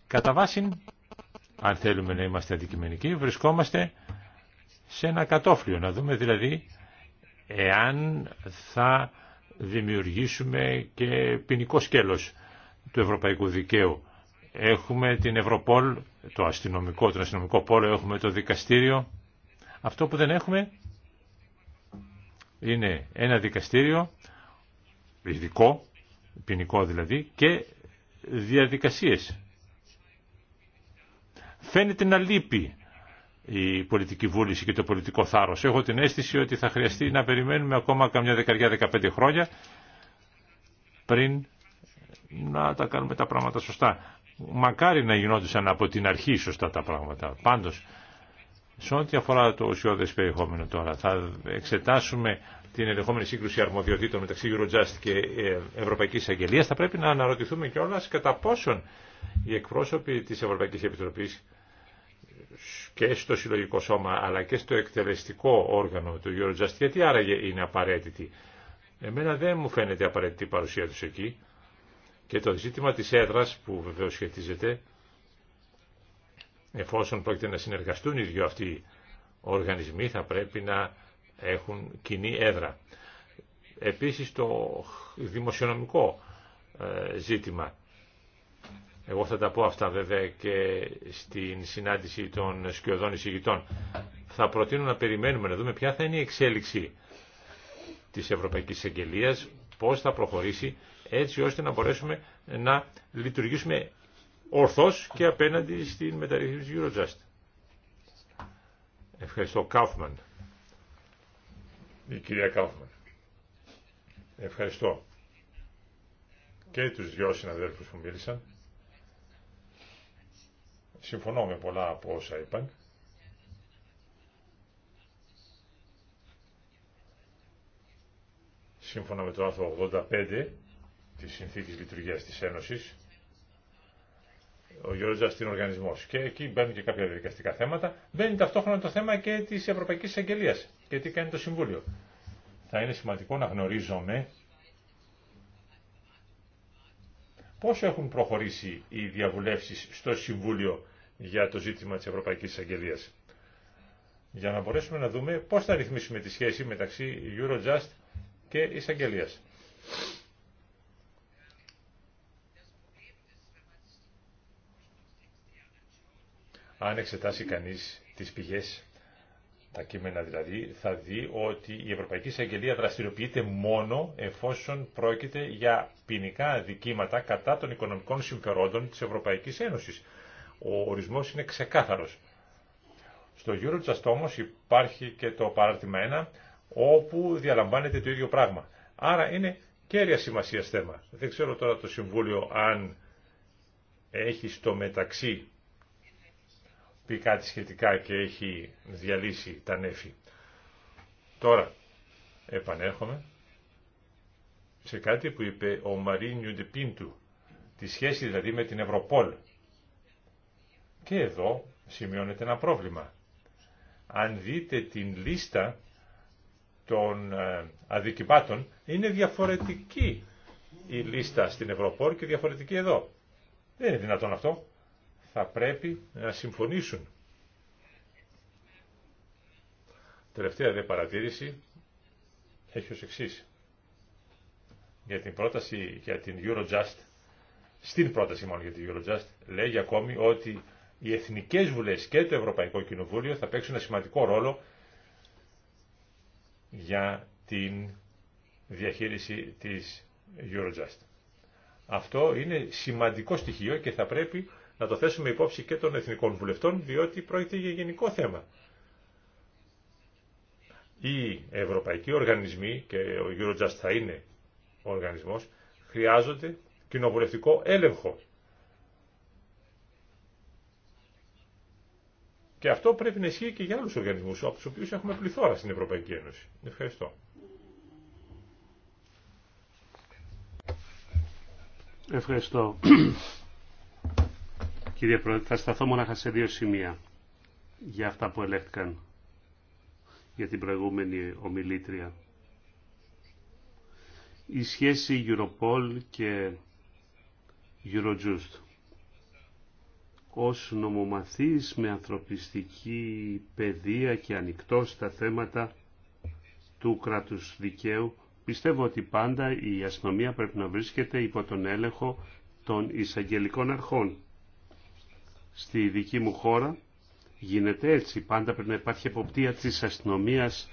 Κατά βάση, αν θέλουμε να είμαστε αντικειμενικοί, βρισκόμαστε σε ένα κατόφλιο, να δούμε δηλαδή εάν θα δημιουργήσουμε και ποινικό σκέλος του ευρωπαϊκού δικαίου. Έχουμε την Ευρωπόλ, το αστυνομικό, τον αστυνομικό πόλο, έχουμε το δικαστήριο. Αυτό που δεν έχουμε είναι ένα δικαστήριο, ειδικό, ποινικό δηλαδή, και διαδικασίες. Φαίνεται να λείπει η πολιτική βούληση και το πολιτικό θάρρος. Έχω την αίσθηση ότι θα χρειαστεί να περιμένουμε ακόμα δεκαριά δεκαετία-δεκαπέντε χρόνια πριν να τα κάνουμε τα πράγματα σωστά. Μακάρι να γινόντουσαν από την αρχή σωστά τα πράγματα. Πάντως, σε ό,τι αφορά το ουσιώδε περιεχόμενο τώρα, θα εξετάσουμε την ενδεχόμενη σύγκρουση αρμοδιοτήτων μεταξύ Eurojust και ε, Ευρωπαϊκή Αγγελία, θα πρέπει να αναρωτηθούμε κιόλα κατά πόσον οι εκπρόσωποι τη Ευρωπαϊκή Επιτροπή και στο συλλογικό σώμα αλλά και στο εκτελεστικό όργανο του Eurojust, γιατί άραγε είναι απαραίτητη. Εμένα δεν μου φαίνεται απαραίτητη η παρουσία του εκεί και το ζήτημα της έδρας που βεβαίως σχετίζεται Εφόσον πρόκειται να συνεργαστούν οι δύο αυτοί οργανισμοί θα πρέπει να έχουν κοινή έδρα. Επίσης το δημοσιονομικό ε, ζήτημα. Εγώ θα τα πω αυτά βέβαια και στην συνάντηση των σκιωδών εισηγητών. Θα προτείνω να περιμένουμε να δούμε ποια θα είναι η εξέλιξη της Ευρωπαϊκής Εγγελίας, πώς θα προχωρήσει έτσι ώστε να μπορέσουμε να λειτουργήσουμε ορθώς και απέναντι στην μεταρρύθμιση Eurojust. Ευχαριστώ Κάφμαν. Η κυρία Κάφμαν. Ευχαριστώ και τους δυο συναδέλφους που μίλησαν. Συμφωνώ με πολλά από όσα είπαν. Σύμφωνα με το άρθρο 85 της Συνθήκης Λειτουργίας της Ένωσης, ο Γιώργο στην οργανισμό. Και εκεί μπαίνουν και κάποια διαδικαστικά θέματα. Μπαίνει ταυτόχρονα το θέμα και τη Ευρωπαϊκή Εισαγγελία και τι κάνει το Συμβούλιο. Θα είναι σημαντικό να γνωρίζουμε πώ έχουν προχωρήσει οι διαβουλεύσει στο Συμβούλιο για το ζήτημα τη Ευρωπαϊκή Εισαγγελία. Για να μπορέσουμε να δούμε πώς θα ρυθμίσουμε τη σχέση μεταξύ Eurojust και Εισαγγελίας. αν εξετάσει κανείς τις πηγές, τα κείμενα δηλαδή, θα δει ότι η Ευρωπαϊκή Εισαγγελία δραστηριοποιείται μόνο εφόσον πρόκειται για ποινικά αδικήματα κατά των οικονομικών συμφερόντων της Ευρωπαϊκής Ένωσης. Ο ορισμός είναι ξεκάθαρος. Στο Eurojust όμως υπάρχει και το παράρτημα 1, όπου διαλαμβάνεται το ίδιο πράγμα. Άρα είναι κέρια σημασία θέμα. Δεν ξέρω τώρα το Συμβούλιο αν έχει στο μεταξύ πει κάτι σχετικά και έχει διαλύσει τα νέφη. Τώρα επανέρχομαι σε κάτι που είπε ο Μαρίνιου Ντεπίντου, τη σχέση δηλαδή με την Ευρωπόλ. Και εδώ σημειώνεται ένα πρόβλημα. Αν δείτε την λίστα των ε, αδικημάτων, είναι διαφορετική η λίστα στην Ευρωπόλ και διαφορετική εδώ. Δεν είναι δυνατόν αυτό θα πρέπει να συμφωνήσουν. Τελευταία δε παρατήρηση έχει ως εξής. Για την πρόταση για την Eurojust, στην πρόταση μόνο για την Eurojust, λέγει ακόμη ότι οι εθνικές βουλές και το Ευρωπαϊκό Κοινοβούλιο θα παίξουν ένα σημαντικό ρόλο για την διαχείριση της Eurojust. Αυτό είναι σημαντικό στοιχείο και θα πρέπει να το θέσουμε υπόψη και των εθνικών βουλευτών, διότι πρόκειται για γενικό θέμα. Οι ευρωπαϊκοί οργανισμοί, και ο Eurojust θα είναι ο οργανισμός, χρειάζονται κοινοβουλευτικό έλεγχο. Και αυτό πρέπει να ισχύει και για άλλους οργανισμούς, από τους οποίους έχουμε πληθώρα στην Ευρωπαϊκή Ένωση. Ευχαριστώ. Ευχαριστώ. Κύριε Πρόεδρε, θα σταθώ μονάχα σε δύο σημεία για αυτά που ελέγχθηκαν για την προηγούμενη ομιλήτρια. Η σχέση Europol και Eurojust ως νομομαθής με ανθρωπιστική παιδεία και ανοιχτό στα θέματα του κράτους δικαίου, πιστεύω ότι πάντα η αστυνομία πρέπει να βρίσκεται υπό τον έλεγχο των εισαγγελικών αρχών στη δική μου χώρα γίνεται έτσι. Πάντα πρέπει να υπάρχει εποπτεία της αστυνομίας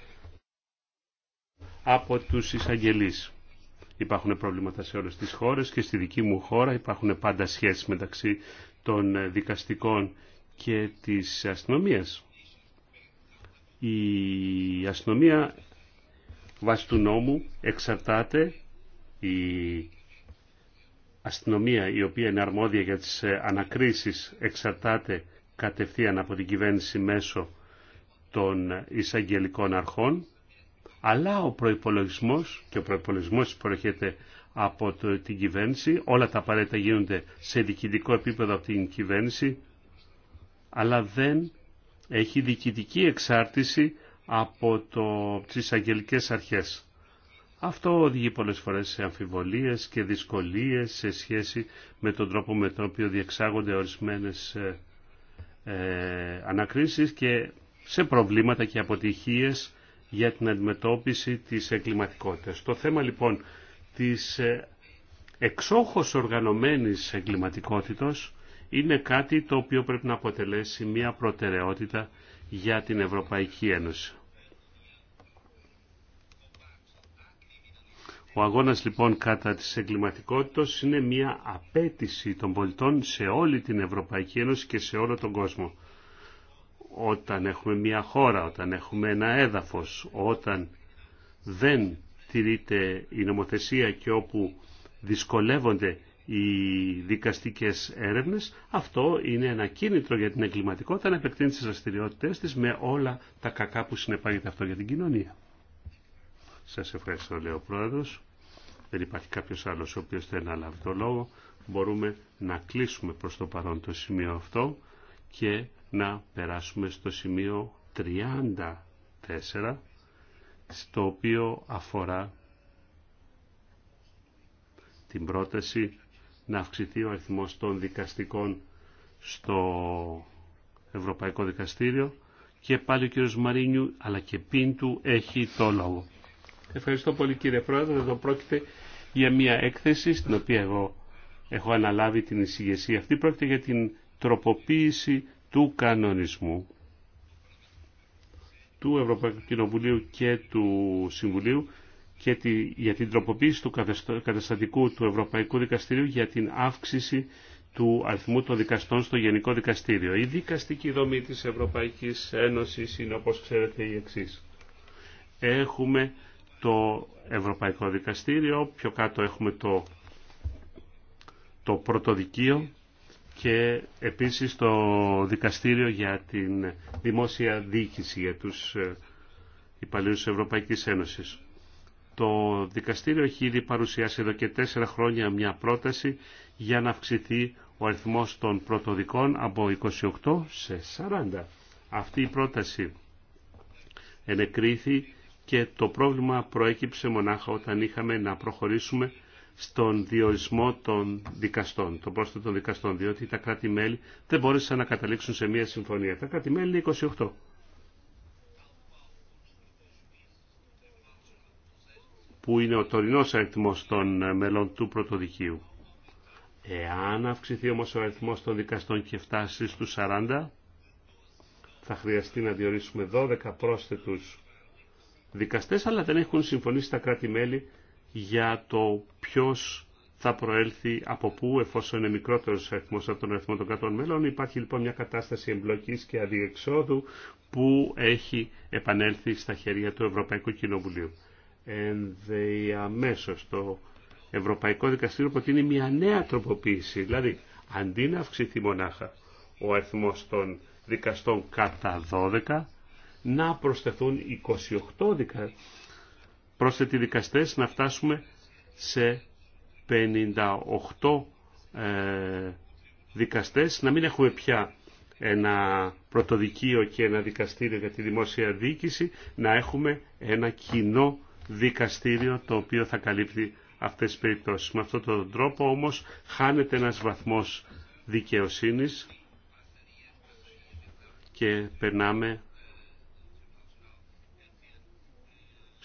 από τους εισαγγελείς. Υπάρχουν προβλήματα σε όλες τις χώρες και στη δική μου χώρα υπάρχουν πάντα σχέσεις μεταξύ των δικαστικών και της αστυνομίας. Η αστυνομία βάσει του νόμου εξαρτάται η αστυνομία η οποία είναι αρμόδια για τις ε, ανακρίσεις εξαρτάται κατευθείαν από την κυβέρνηση μέσω των εισαγγελικών αρχών αλλά ο προϋπολογισμός και ο προϋπολογισμός προέρχεται από το, την κυβέρνηση όλα τα απαραίτητα γίνονται σε διοικητικό επίπεδο από την κυβέρνηση αλλά δεν έχει διοικητική εξάρτηση από το, τις εισαγγελικές αρχές. Αυτό οδηγεί πολλές φορές σε αμφιβολίες και δυσκολίες σε σχέση με τον τρόπο με τον οποίο διεξάγονται ορισμένες ε, ε ανακρίσεις και σε προβλήματα και αποτυχίες για την αντιμετώπιση της εγκληματικότητας. Το θέμα λοιπόν της ε, εξόχως οργανωμένης εγκληματικότητα είναι κάτι το οποίο πρέπει να αποτελέσει μια προτεραιότητα για την Ευρωπαϊκή Ένωση. Ο αγώνας λοιπόν κατά της εγκληματικότητας είναι μια απέτηση των πολιτών σε όλη την Ευρωπαϊκή Ένωση και σε όλο τον κόσμο. Όταν έχουμε μια χώρα, όταν έχουμε ένα έδαφος, όταν δεν τηρείται η νομοθεσία και όπου δυσκολεύονται οι δικαστικές έρευνες, αυτό είναι ένα κίνητρο για την εγκληματικότητα να επεκτείνει τις δραστηριότητε της με όλα τα κακά που συνεπάγεται αυτό για την κοινωνία. Σας ευχαριστώ, λέει ο Πρόεδρος. Δεν υπάρχει κάποιος άλλος ο οποίος θέλει να λάβει το λόγο. Μπορούμε να κλείσουμε προς το παρόν το σημείο αυτό και να περάσουμε στο σημείο 34, στο οποίο αφορά την πρόταση να αυξηθεί ο αριθμός των δικαστικών στο Ευρωπαϊκό Δικαστήριο και πάλι ο κύριος Μαρίνιου αλλά και Πίντου έχει το λόγο. Ευχαριστώ πολύ κύριε Πρόεδρε. Εδώ πρόκειται για μια έκθεση στην οποία εγώ έχω αναλάβει την εισηγεσία. Αυτή πρόκειται για την τροποποίηση του κανονισμού του Ευρωπαϊκού Κοινοβουλίου και του Συμβουλίου και τη, για την τροποποίηση του καταστατικού του Ευρωπαϊκού Δικαστηρίου για την αύξηση του αριθμού των δικαστών στο Γενικό Δικαστήριο. Η δικαστική δομή της Ευρωπαϊκής Ένωσης είναι όπως ξέρετε η εξής. Έχουμε το Ευρωπαϊκό Δικαστήριο, πιο κάτω έχουμε το, το Πρωτοδικείο και επίσης το Δικαστήριο για την Δημόσια Διοίκηση για τους ε, υπαλλήλους της Ευρωπαϊκής Ένωσης. Το δικαστήριο έχει ήδη παρουσιάσει εδώ και τέσσερα χρόνια μια πρόταση για να αυξηθεί ο αριθμός των πρωτοδικών από 28 σε 40. Αυτή η πρόταση ενεκρίθη και το πρόβλημα προέκυψε μονάχα όταν είχαμε να προχωρήσουμε στον διορισμό των δικαστών, το πρόσθετο των δικαστών, διότι τα κράτη-μέλη δεν μπόρεσαν να καταλήξουν σε μια συμφωνία. Τα κράτη-μέλη είναι 28. που είναι ο τωρινός αριθμός των ε, μελών του πρωτοδικείου. Εάν αυξηθεί όμως ο αριθμός των δικαστών και φτάσει στους 40, θα χρειαστεί να διορίσουμε 12 πρόσθετους δικαστές, αλλά δεν έχουν συμφωνήσει τα κράτη-μέλη για το ποιος θα προέλθει από πού, εφόσον είναι μικρότερο αριθμό από τον αριθμό των κρατών μέλων. Υπάρχει λοιπόν μια κατάσταση εμπλοκή και αδιεξόδου που έχει επανέλθει στα χέρια του Ευρωπαϊκού Κοινοβουλίου. Ενδιαμέσω το Ευρωπαϊκό Δικαστήριο προτείνει μια νέα τροποποίηση. Δηλαδή, αντί να αυξηθεί μονάχα ο αριθμό των κρατων μελων υπαρχει λοιπον μια κατασταση εμπλοκη και αδιεξοδου που εχει επανελθει στα χερια του ευρωπαικου κοινοβουλιου αμέσως κατά 12, να προσθεθούν 28 δικα... πρόσθετοι δικαστές να φτάσουμε σε 58 ε, δικαστές, να μην έχουμε πια ένα πρωτοδικείο και ένα δικαστήριο για τη δημόσια διοίκηση, να έχουμε ένα κοινό δικαστήριο το οποίο θα καλύπτει αυτές τις περιπτώσεις. Με αυτόν τον τρόπο όμως χάνεται ένας βαθμός δικαιοσύνης και περνάμε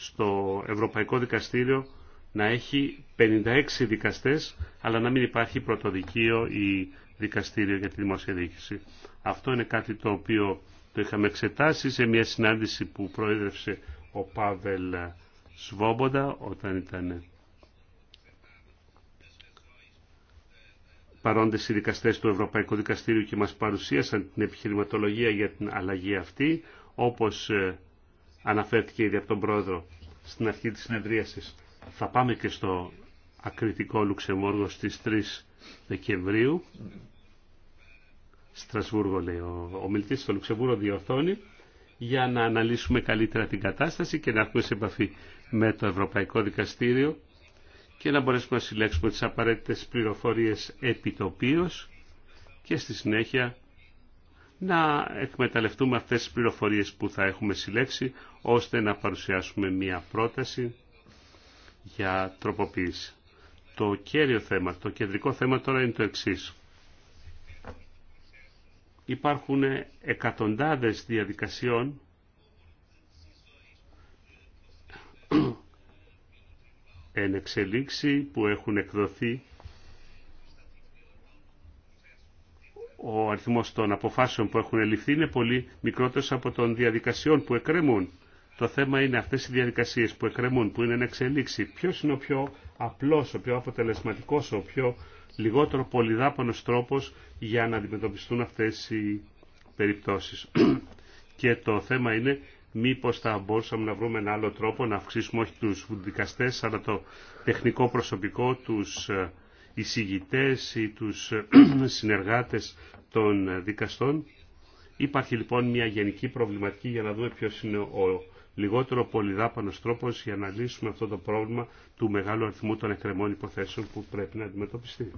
στο Ευρωπαϊκό Δικαστήριο να έχει 56 δικαστές, αλλά να μην υπάρχει πρωτοδικείο ή δικαστήριο για τη δημόσια διοίκηση. Αυτό είναι κάτι το οποίο το είχαμε εξετάσει σε μια συνάντηση που προέδρευσε ο Πάβελ Σβόμποντα όταν ήταν παρόντες οι δικαστές του Ευρωπαϊκού Δικαστήριου και μας παρουσίασαν την επιχειρηματολογία για την αλλαγή αυτή, όπως ε, αναφέρθηκε ήδη από τον πρόεδρο στην αρχή της συνεδρίασης. Θα πάμε και στο ακριτικό Λουξεμβούργο στις 3 Δεκεμβρίου. Στρασβούργο λέει ο, ο στο Λουξεμβούργο διορθώνει για να αναλύσουμε καλύτερα την κατάσταση και να έρθουμε σε επαφή με το Ευρωπαϊκό Δικαστήριο και να μπορέσουμε να συλλέξουμε τις απαραίτητες πληροφορίες επιτοπίως και στη συνέχεια να εκμεταλλευτούμε αυτές τις πληροφορίες που θα έχουμε συλλέξει, ώστε να παρουσιάσουμε μία πρόταση για τροποποίηση. Το κέριο θέμα, το κεντρικό θέμα τώρα είναι το εξής. Υπάρχουν εκατοντάδες διαδικασιών εν εξελίξη που έχουν εκδοθεί ο αριθμός των αποφάσεων που έχουν ληφθεί είναι πολύ μικρότερος από των διαδικασιών που εκκρεμούν. Το θέμα είναι αυτές οι διαδικασίες που εκκρεμούν, που είναι να εξελίξει Ποιος είναι ο πιο απλός, ο πιο αποτελεσματικός, ο πιο λιγότερο πολυδάπανος τρόπος για να αντιμετωπιστούν αυτές οι περιπτώσεις. και το θέμα είναι μήπως θα μπορούσαμε να βρούμε ένα άλλο τρόπο να αυξήσουμε όχι τους δικαστές αλλά το τεχνικό προσωπικό, τους ε, εισηγητές ή τους συνεργάτες των δικαστών. Υπάρχει λοιπόν μια γενική προβληματική για να δούμε ποιος είναι ο λιγότερο πολυδάπανος τρόπος για να λύσουμε αυτό το πρόβλημα του μεγάλου αριθμού των εκκρεμών υποθέσεων που πρέπει να αντιμετωπιστεί.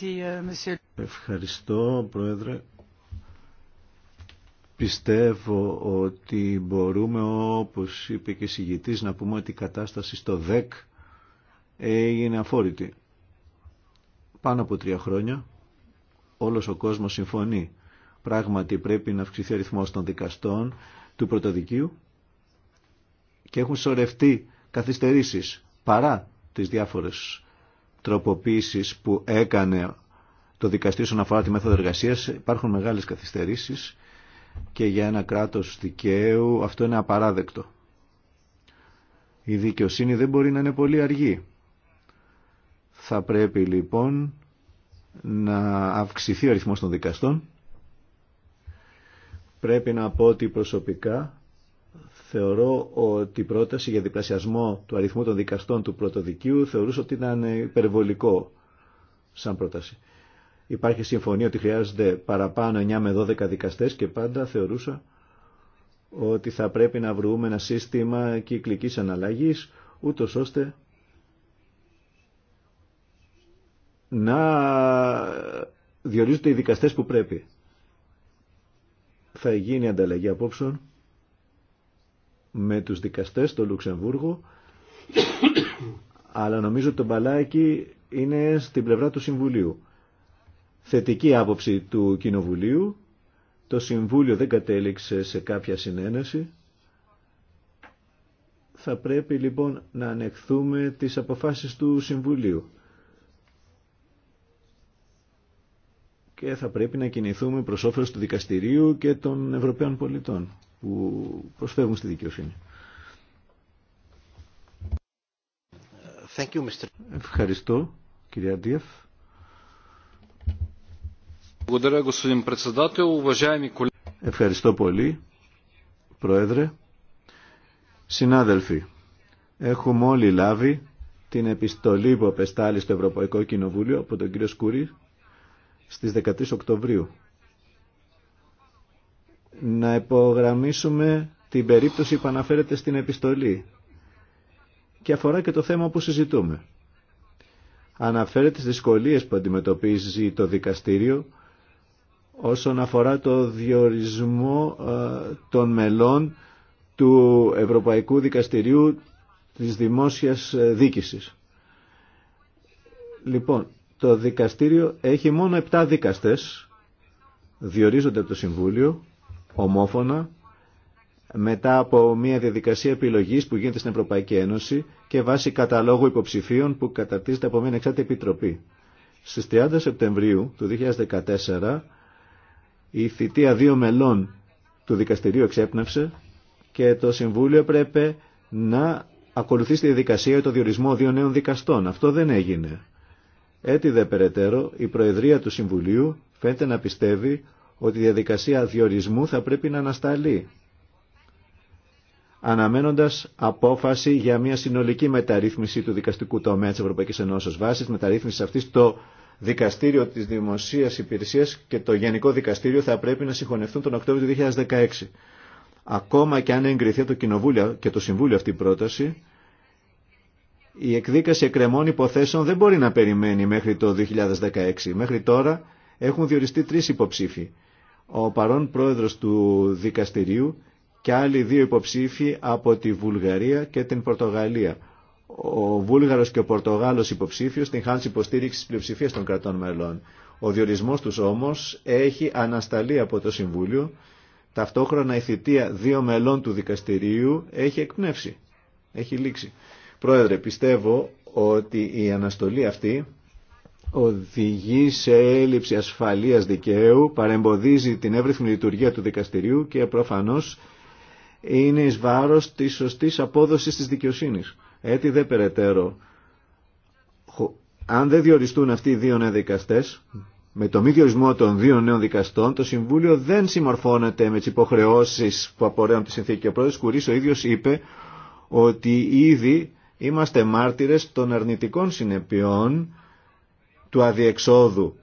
Euh, Ευχαριστώ, Πρόεδρε. Πιστεύω ότι μπορούμε, όπως είπε και συγητής, να πούμε ότι η κατάσταση στο ΔΕΚ έγινε αφόρητη. Πάνω από τρία χρόνια όλος ο κόσμος συμφωνεί. Πράγματι πρέπει να αυξηθεί ο των δικαστών του πρωτοδικίου και έχουν σωρευτεί καθυστερήσεις παρά τις διάφορες τροποποίησεις που έκανε το δικαστήριο όσον αφορά τη μέθοδο Υπάρχουν μεγάλες καθυστερήσεις και για ένα κράτος δικαίου αυτό είναι απαράδεκτο. Η δικαιοσύνη δεν μπορεί να είναι πολύ αργή. Θα πρέπει λοιπόν να αυξηθεί ο αριθμός των δικαστών. Πρέπει να πω ότι προσωπικά θεωρώ ότι η πρόταση για διπλασιασμό του αριθμού των δικαστών του πρωτοδικίου θεωρούσε ότι ήταν υπερβολικό σαν πρόταση. Υπάρχει συμφωνία ότι χρειάζονται παραπάνω 9 με 12 δικαστές και πάντα θεωρούσα ότι θα πρέπει να βρούμε ένα σύστημα κυκλικής αναλλαγής, ούτω ώστε να διορίζονται οι δικαστές που πρέπει. Θα γίνει ανταλλαγή απόψεων με τους δικαστές στο Λουξεμβούργο, αλλά νομίζω ότι το μπαλάκι είναι στην πλευρά του Συμβουλίου θετική άποψη του Κοινοβουλίου. Το Συμβούλιο δεν κατέληξε σε κάποια συνένεση. Θα πρέπει λοιπόν να ανεχθούμε τις αποφάσεις του Συμβουλίου. Και θα πρέπει να κινηθούμε προς όφελος του δικαστηρίου και των Ευρωπαίων πολιτών που προσφεύγουν στη δικαιοσύνη. Thank you, Mr. Ευχαριστώ, κυρία Ντίεφ. Ευχαριστώ πολύ, Πρόεδρε. Συνάδελφοι, έχουμε όλοι λάβει την επιστολή που απεστάλει στο Ευρωπαϊκό Κοινοβούλιο από τον κύριο Σκούρη στις 13 Οκτωβρίου. Να υπογραμμίσουμε την περίπτωση που αναφέρεται στην επιστολή και αφορά και το θέμα που συζητούμε. Αναφέρεται στις δυσκολίες που αντιμετωπίζει το δικαστήριο όσον αφορά το διορισμό ε, των μελών του Ευρωπαϊκού Δικαστηρίου της Δημόσιας ε, Δίκησης. Λοιπόν, το δικαστήριο έχει μόνο 7 δίκαστες, διορίζονται από το Συμβούλιο, ομόφωνα, μετά από μια διαδικασία επιλογής που γίνεται στην Ευρωπαϊκή Ένωση και βάσει καταλόγου υποψηφίων που καταρτίζεται από μια εξάρτητη επιτροπή. Στις 30 Σεπτεμβρίου του 2014 η θητεία δύο μελών του δικαστηρίου εξέπνευσε και το Συμβούλιο πρέπει να ακολουθεί στη διαδικασία το διορισμό δύο νέων δικαστών. Αυτό δεν έγινε. Έτσι δε περαιτέρω η Προεδρία του Συμβουλίου φαίνεται να πιστεύει ότι η διαδικασία διορισμού θα πρέπει να ανασταλεί αναμένοντας απόφαση για μια συνολική μεταρρύθμιση του δικαστικού τομέα της Ευρωπαϊκής Ενώσεως. Βάσης μεταρρύθμισης αυτής το Δικαστήριο της Δημοσίας Υπηρεσίας και το Γενικό Δικαστήριο θα πρέπει να συγχωνευτούν τον Οκτώβριο του 2016. Ακόμα και αν εγκριθεί το Κοινοβούλιο και το Συμβούλιο αυτή η πρόταση, η εκδίκαση εκκρεμών υποθέσεων δεν μπορεί να περιμένει μέχρι το 2016. Μέχρι τώρα έχουν διοριστεί τρεις υποψήφοι. Ο παρόν πρόεδρος του δικαστηρίου και άλλοι δύο υποψήφοι από τη Βουλγαρία και την Πορτογαλία ο Βούλγαρο και ο Πορτογάλο υποψήφιο την χάνουν υποστήριξη τη πλειοψηφία των κρατών μελών. Ο διορισμός του όμω έχει ανασταλεί από το Συμβούλιο. Ταυτόχρονα η θητεία δύο μελών του δικαστηρίου έχει εκπνεύσει. Έχει λήξει. Πρόεδρε, πιστεύω ότι η αναστολή αυτή οδηγεί σε έλλειψη ασφαλείας δικαίου, παρεμποδίζει την εύρυθμη λειτουργία του δικαστηρίου και προφανώς είναι εις βάρος της σωστής απόδοσης της δικαιοσύνης. Έτσι δεν περαιτέρω. Αν δεν διοριστούν αυτοί οι δύο νέοι δικαστές, με το μη διορισμό των δύο νέων δικαστών, το Συμβούλιο δεν συμμορφώνεται με τι υποχρεώσει που απορρέουν τη συνθήκη. Ο πρόεδρο Κουρή ο ίδιο είπε ότι ήδη είμαστε μάρτυρες των αρνητικών συνεπειών του αδιεξόδου.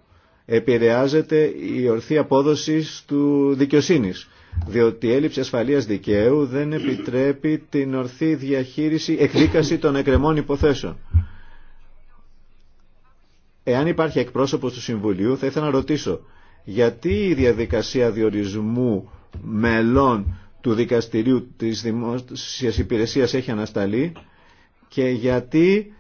Επηρεάζεται η ορθή απόδοση του δικαιοσύνη διότι η έλλειψη ασφαλείας δικαίου δεν επιτρέπει την ορθή διαχείριση, εκδίκαση των εκκρεμών υποθέσεων. Εάν υπάρχει εκπρόσωπος του Συμβουλίου, θα ήθελα να ρωτήσω, γιατί η διαδικασία διορισμού μελών του Δικαστηρίου της Δημόσιας Υπηρεσίας έχει ανασταλεί και γιατί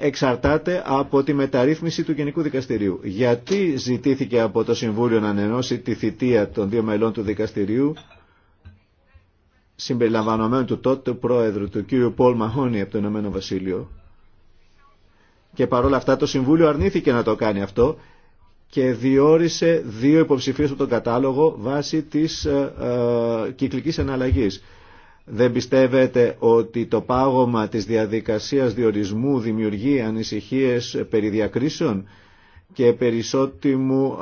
εξαρτάται από τη μεταρρύθμιση του Γενικού Δικαστηρίου. Γιατί ζητήθηκε από το Συμβούλιο να ανενώσει τη θητεία των δύο μελών του Δικαστηρίου συμπεριλαμβανομένου του τότε πρόεδρου του κ. Πολ Μαχώνη από το Ηνωμένο Βασίλειο. Και παρόλα αυτά το Συμβούλιο αρνήθηκε να το κάνει αυτό και διόρισε δύο υποψηφίους από τον κατάλογο βάσει της ε, ε, κυκλικής εναλλαγής. Δεν πιστεύετε ότι το πάγωμα της διαδικασίας διορισμού δημιουργεί ανησυχίες περί διακρίσεων και περισσότιμου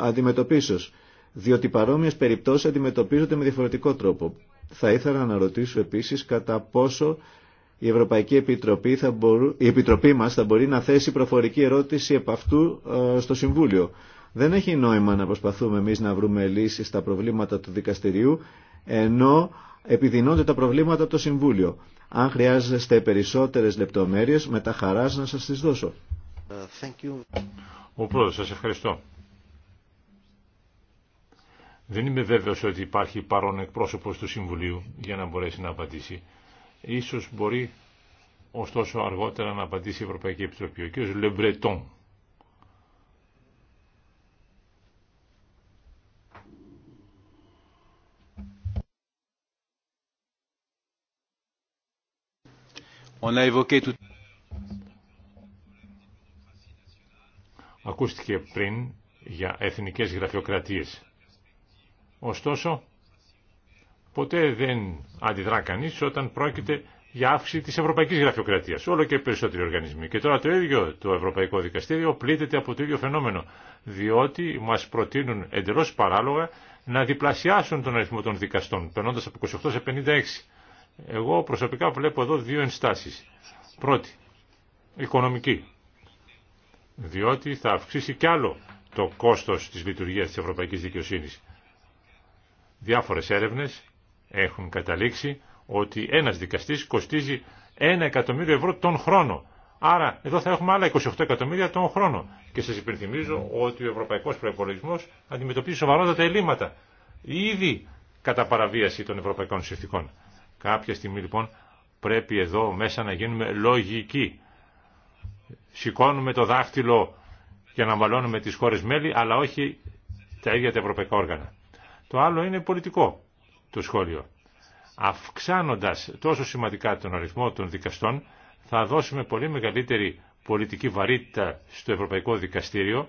αντιμετωπίσεως, διότι παρόμοιες περιπτώσεις αντιμετωπίζονται με διαφορετικό τρόπο. Θα ήθελα να ρωτήσω επίσης κατά πόσο η Ευρωπαϊκή Επιτροπή, θα η Επιτροπή μας θα μπορεί να θέσει προφορική ερώτηση επ' αυτού στο Συμβούλιο. Δεν έχει νόημα να προσπαθούμε εμείς να βρούμε λύσεις στα προβλήματα του δικαστηρίου, ενώ επιδεινώνται τα προβλήματα από το Συμβούλιο. Αν χρειάζεστε περισσότερες λεπτομέρειες, με τα χαράς να σας τις δώσω. Ο πρόεδρος, σας ευχαριστώ. Δεν είμαι βέβαιος ότι υπάρχει παρόν εκπρόσωπος του Συμβουλίου για να μπορέσει να απαντήσει. Ίσως μπορεί ωστόσο αργότερα να απαντήσει η Ευρωπαϊκή Επιτροπή. Ο κ. Λεμπρετών. On a évoqué Ακούστηκε πριν για εθνικές γραφειοκρατίες. Ωστόσο, ποτέ δεν αντιδρά κανείς όταν πρόκειται για αύξηση της ευρωπαϊκής γραφειοκρατίας. Όλο και περισσότεροι οργανισμοί. Και τώρα το ίδιο το Ευρωπαϊκό Δικαστήριο πλήττεται από το ίδιο φαινόμενο, διότι μας προτείνουν εντελώς παράλογα να διπλασιάσουν τον αριθμό των δικαστών, περνώντας από 28 σε 56. Εγώ προσωπικά βλέπω εδώ δύο ενστάσεις. Πρώτη, οικονομική. Διότι θα αυξήσει κι άλλο το κόστος της λειτουργίας της Ευρωπαϊκής Δικαιοσύνης. Διάφορες έρευνες έχουν καταλήξει ότι ένας δικαστής κοστίζει 1 εκατομμύριο ευρώ τον χρόνο. Άρα εδώ θα έχουμε άλλα 28 εκατομμύρια τον χρόνο. Και σας υπενθυμίζω ότι ο ευρωπαϊκός προπολογισμό αντιμετωπίζει σοβαρότατα ελλείμματα. Ήδη κατά παραβίαση των ευρωπαϊκών συνθήκων. Κάποια στιγμή λοιπόν πρέπει εδώ μέσα να γίνουμε λογικοί. Σηκώνουμε το δάχτυλο για να μαλώνουμε τις χώρες μέλη, αλλά όχι τα ίδια τα ευρωπαϊκά όργανα. Το άλλο είναι πολιτικό το σχόλιο. Αυξάνοντας τόσο σημαντικά τον αριθμό των δικαστών, θα δώσουμε πολύ μεγαλύτερη πολιτική βαρύτητα στο Ευρωπαϊκό Δικαστήριο,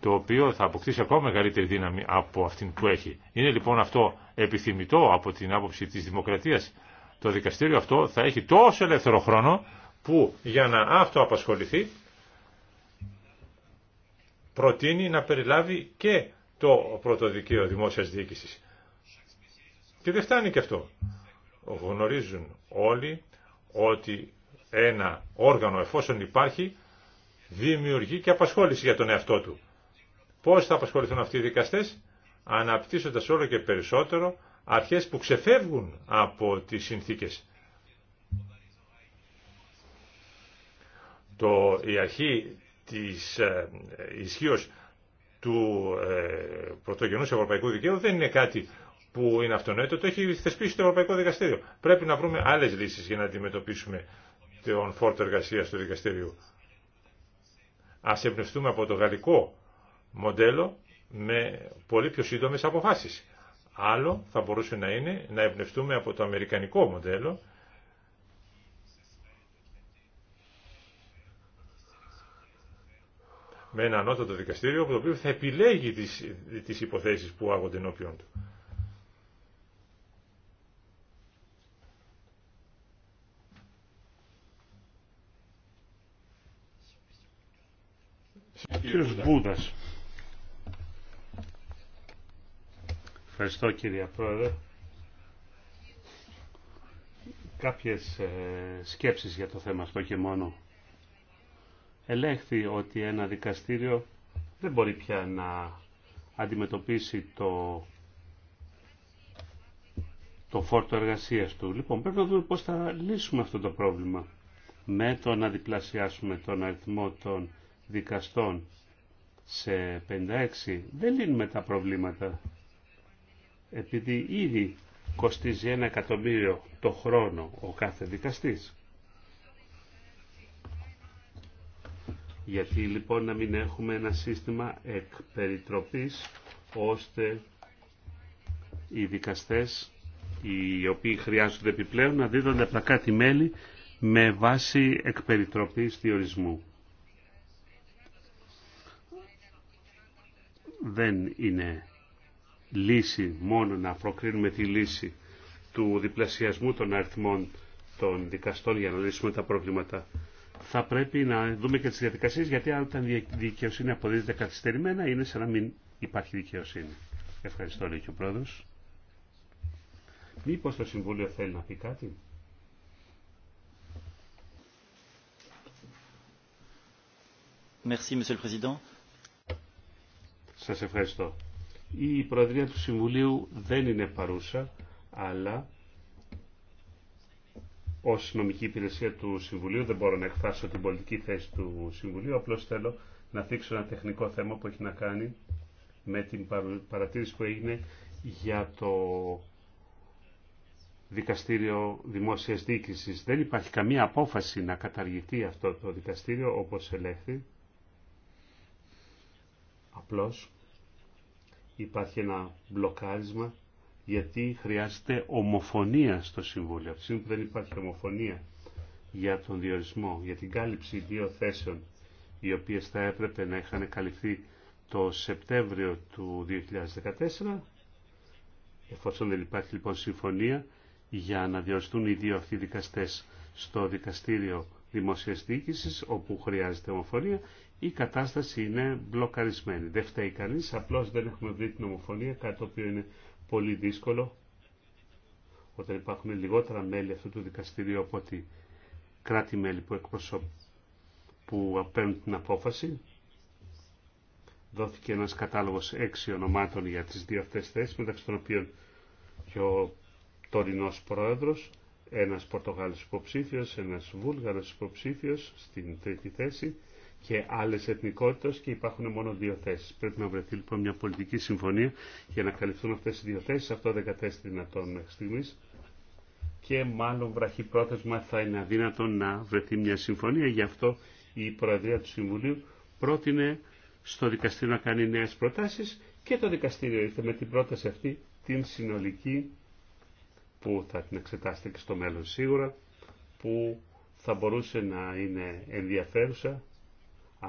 το οποίο θα αποκτήσει ακόμα μεγαλύτερη δύναμη από αυτήν που έχει. Είναι λοιπόν αυτό επιθυμητό από την άποψη της δημοκρατίας. Το δικαστήριο αυτό θα έχει τόσο ελεύθερο χρόνο που για να αυτοαπασχοληθεί προτείνει να περιλάβει και το πρωτοδικείο δημόσιας διοίκησης. Και δεν φτάνει και αυτό. Γνωρίζουν όλοι ότι ένα όργανο εφόσον υπάρχει δημιουργεί και απασχόληση για τον εαυτό του. Πώς θα απασχοληθούν αυτοί οι δικαστές αναπτύσσοντας όλο και περισσότερο αρχές που ξεφεύγουν από τις συνθήκες. Το, η αρχή της ε, του ε, πρωτογενούς ευρωπαϊκού δικαίου δεν είναι κάτι που είναι αυτονόητο, το έχει θεσπίσει το Ευρωπαϊκό Δικαστήριο. Πρέπει να βρούμε άλλες λύσεις για να αντιμετωπίσουμε τον φόρτο εργασία του δικαστηρίου. Ας εμπνευστούμε από το γαλλικό μοντέλο με πολύ πιο σύντομες αποφάσεις. Άλλο θα μπορούσε να είναι να εμπνευστούμε από το αμερικανικό μοντέλο με ένα ανώτατο δικαστήριο που το οποίο θα επιλέγει τις, τις υποθέσεις που άγονται ενώπιον του. Κύριος Βούδας. Ευχαριστώ κύριε Πρόεδρε. Κάποιες ε, σκέψεις για το θέμα αυτό και μόνο. Ελέγχθη ότι ένα δικαστήριο δεν μπορεί πια να αντιμετωπίσει το, το φόρτο εργασίας του. Λοιπόν, πρέπει να δούμε πώς θα λύσουμε αυτό το πρόβλημα. Με το να διπλασιάσουμε τον αριθμό των δικαστών σε 56 δεν λύνουμε τα προβλήματα επειδή ήδη κοστίζει ένα εκατομμύριο το χρόνο ο κάθε δικαστής. Γιατί λοιπόν να μην έχουμε ένα σύστημα εκπεριτροπής ώστε οι δικαστές οι οποίοι χρειάζονται επιπλέον να δίδονται από τα κάτι μέλη με βάση εκπεριτροπής διορισμού. Δεν είναι λύση μόνο να προκρίνουμε τη λύση του διπλασιασμού των αριθμών των δικαστών για να λύσουμε τα προβλήματα. Θα πρέπει να δούμε και τις διαδικασίες γιατί αν όταν η δικαιοσύνη αποδίδεται καθυστερημένα είναι σαν να μην υπάρχει δικαιοσύνη. Ευχαριστώ λέει και ο πρόεδρος. Μήπως το Συμβούλιο θέλει να πει κάτι. Merci, ευχαριστώ. Η Προεδρία του Συμβουλίου δεν είναι παρούσα, αλλά ως νομική υπηρεσία του Συμβουλίου δεν μπορώ να εκφράσω την πολιτική θέση του Συμβουλίου, απλώς θέλω να θίξω ένα τεχνικό θέμα που έχει να κάνει με την παρατήρηση που έγινε για το Δικαστήριο Δημόσιας Διοίκησης. Δεν υπάρχει καμία απόφαση να καταργηθεί αυτό το δικαστήριο όπως ελέγχθη. Απλώς υπάρχει ένα μπλοκάρισμα γιατί χρειάζεται ομοφωνία στο Συμβούλιο. Από τη που δεν υπάρχει ομοφωνία για τον διορισμό, για την κάλυψη δύο θέσεων οι οποίες θα έπρεπε να είχαν καλυφθεί το Σεπτέμβριο του 2014, εφόσον δεν υπάρχει λοιπόν συμφωνία για να διοριστούν οι δύο αυτοί δικαστές στο Δικαστήριο Δημόσιας όπου χρειάζεται ομοφωνία, η κατάσταση είναι μπλοκαρισμένη. Δεν φταίει κανεί, απλώ δεν έχουμε βρει την ομοφωνία, κάτι το οποίο είναι πολύ δύσκολο όταν υπάρχουν λιγότερα μέλη αυτού του δικαστηρίου από ότι κράτη-μέλη που εκπρόσω που παίρνουν την απόφαση. Δόθηκε ένας κατάλογος έξι ονομάτων για τις δύο αυτές θέσεις, μεταξύ των οποίων και ο τωρινός πρόεδρος, ένας Πορτογάλος υποψήφιος, ένας Βούλγαρος υποψήφιος στην τρίτη θέση, και άλλες εθνικότητες και υπάρχουν μόνο δύο θέσεις. Πρέπει να βρεθεί λοιπόν μια πολιτική συμφωνία για να καλυφθούν αυτές οι δύο θέσεις. Αυτό δεν κατέστη δυνατόν μέχρι στιγμής και μάλλον βραχυπρόθεσμα θα είναι αδύνατο να βρεθεί μια συμφωνία. Γι' αυτό η Προεδρία του Συμβουλίου πρότεινε στο δικαστήριο να κάνει νέες προτάσεις και το δικαστήριο ήρθε με την πρόταση αυτή την συνολική που θα την εξετάσετε και στο μέλλον σίγουρα που θα μπορούσε να είναι ενδιαφέρουσα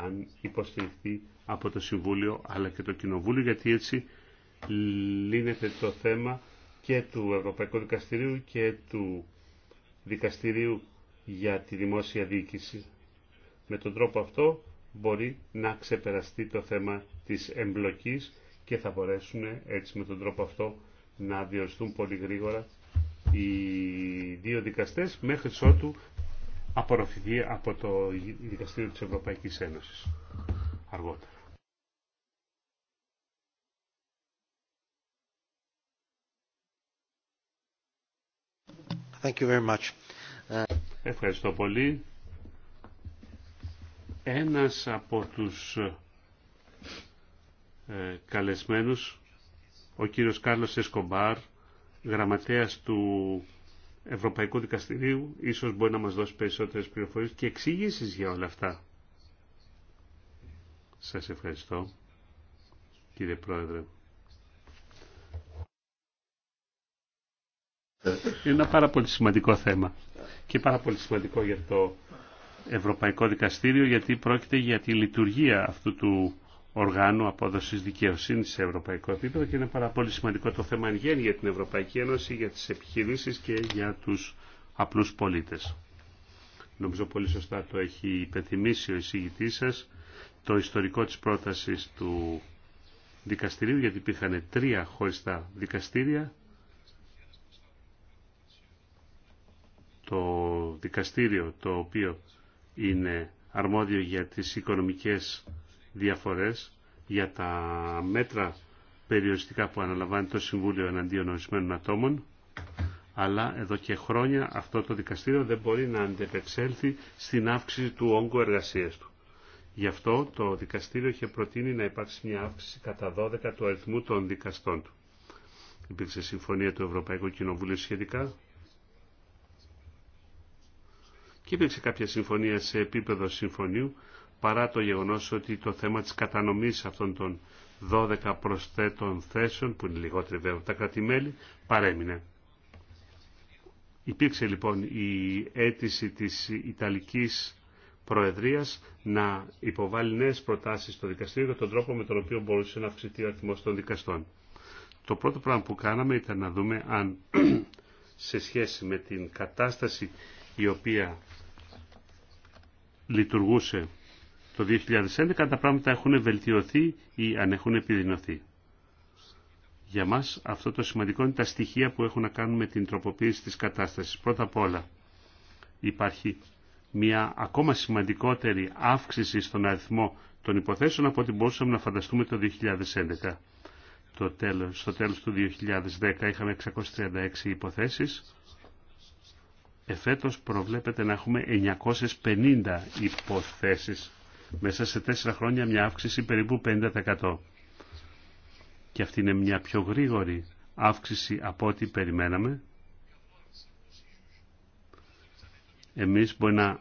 αν υποστηριχθεί από το Συμβούλιο αλλά και το Κοινοβούλιο γιατί έτσι λύνεται το θέμα και του Ευρωπαϊκού Δικαστηρίου και του Δικαστηρίου για τη Δημόσια Διοίκηση. Με τον τρόπο αυτό μπορεί να ξεπεραστεί το θέμα της εμπλοκής και θα μπορέσουν έτσι με τον τρόπο αυτό να διοριστούν πολύ γρήγορα οι δύο δικαστές μέχρι ότου απορροφηθεί από το Δικαστήριο της Ευρωπαϊκής Ένωσης αργότερα. Thank you very much. Ευχαριστώ πολύ. Ένας από τους ε, καλεσμένους, ο κύριος Κάρλος Εσκομπάρ, γραμματέας του Ευρωπαϊκού Δικαστηρίου ίσως μπορεί να μας δώσει περισσότερες πληροφορίες και εξηγήσεις για όλα αυτά. Σας ευχαριστώ, κύριε Πρόεδρε. Είναι ένα πάρα πολύ σημαντικό θέμα και πάρα πολύ σημαντικό για το Ευρωπαϊκό Δικαστήριο γιατί πρόκειται για τη λειτουργία αυτού του οργάνου απόδοσης δικαιοσύνης σε ευρωπαϊκό επίπεδο και είναι πάρα πολύ σημαντικό το θέμα γέννη για την Ευρωπαϊκή Ένωση, για τις επιχειρήσει και για τους απλούς πολίτες. Νομίζω πολύ σωστά το έχει υπενθυμίσει ο εισηγητή σα το ιστορικό της πρόταση του δικαστηρίου, γιατί υπήρχαν τρία χωριστά δικαστήρια. Το δικαστήριο το οποίο είναι αρμόδιο για τις οικονομικές διαφορές για τα μέτρα περιοριστικά που αναλαμβάνει το Συμβούλιο εναντίον ορισμένων ατόμων, αλλά εδώ και χρόνια αυτό το δικαστήριο δεν μπορεί να αντεπεξέλθει στην αύξηση του όγκου εργασίας του. Γι' αυτό το δικαστήριο είχε προτείνει να υπάρξει μια αύξηση κατά 12 του αριθμού των δικαστών του. Υπήρξε συμφωνία του Ευρωπαϊκού Κοινοβουλίου σχετικά και υπήρξε κάποια συμφωνία σε επίπεδο συμφωνίου παρά το γεγονός ότι το θέμα της κατανομής αυτών των 12 προσθέτων θέσεων, που είναι λιγότεροι βέβαια τα κρατημέλη, παρέμεινε. Υπήρξε λοιπόν η αίτηση της Ιταλικής Προεδρίας να υποβάλει νέες προτάσεις στο δικαστήριο για τον τρόπο με τον οποίο μπορούσε να αυξηθεί ο αριθμός των δικαστών. Το πρώτο πράγμα που κάναμε ήταν να δούμε αν σε σχέση με την κατάσταση η οποία λειτουργούσε το 2011 τα πράγματα έχουν βελτιωθεί ή αν έχουν επιδεινωθεί. Για μας αυτό το σημαντικό είναι τα στοιχεία που έχουν να κάνουν με την τροποποίηση της κατάστασης. Πρώτα απ' όλα υπάρχει μια ακόμα σημαντικότερη αύξηση στον αριθμό των υποθέσεων από ό,τι μπορούσαμε να φανταστούμε το 2011. Το τέλος, στο τέλος του 2010 είχαμε 636 υποθέσεις. Εφέτος προβλέπεται να έχουμε 950 υποθέσεις μέσα σε τέσσερα χρόνια μια αύξηση περίπου 50%. Και αυτή είναι μια πιο γρήγορη αύξηση από ό,τι περιμέναμε. Εμείς μπορεί να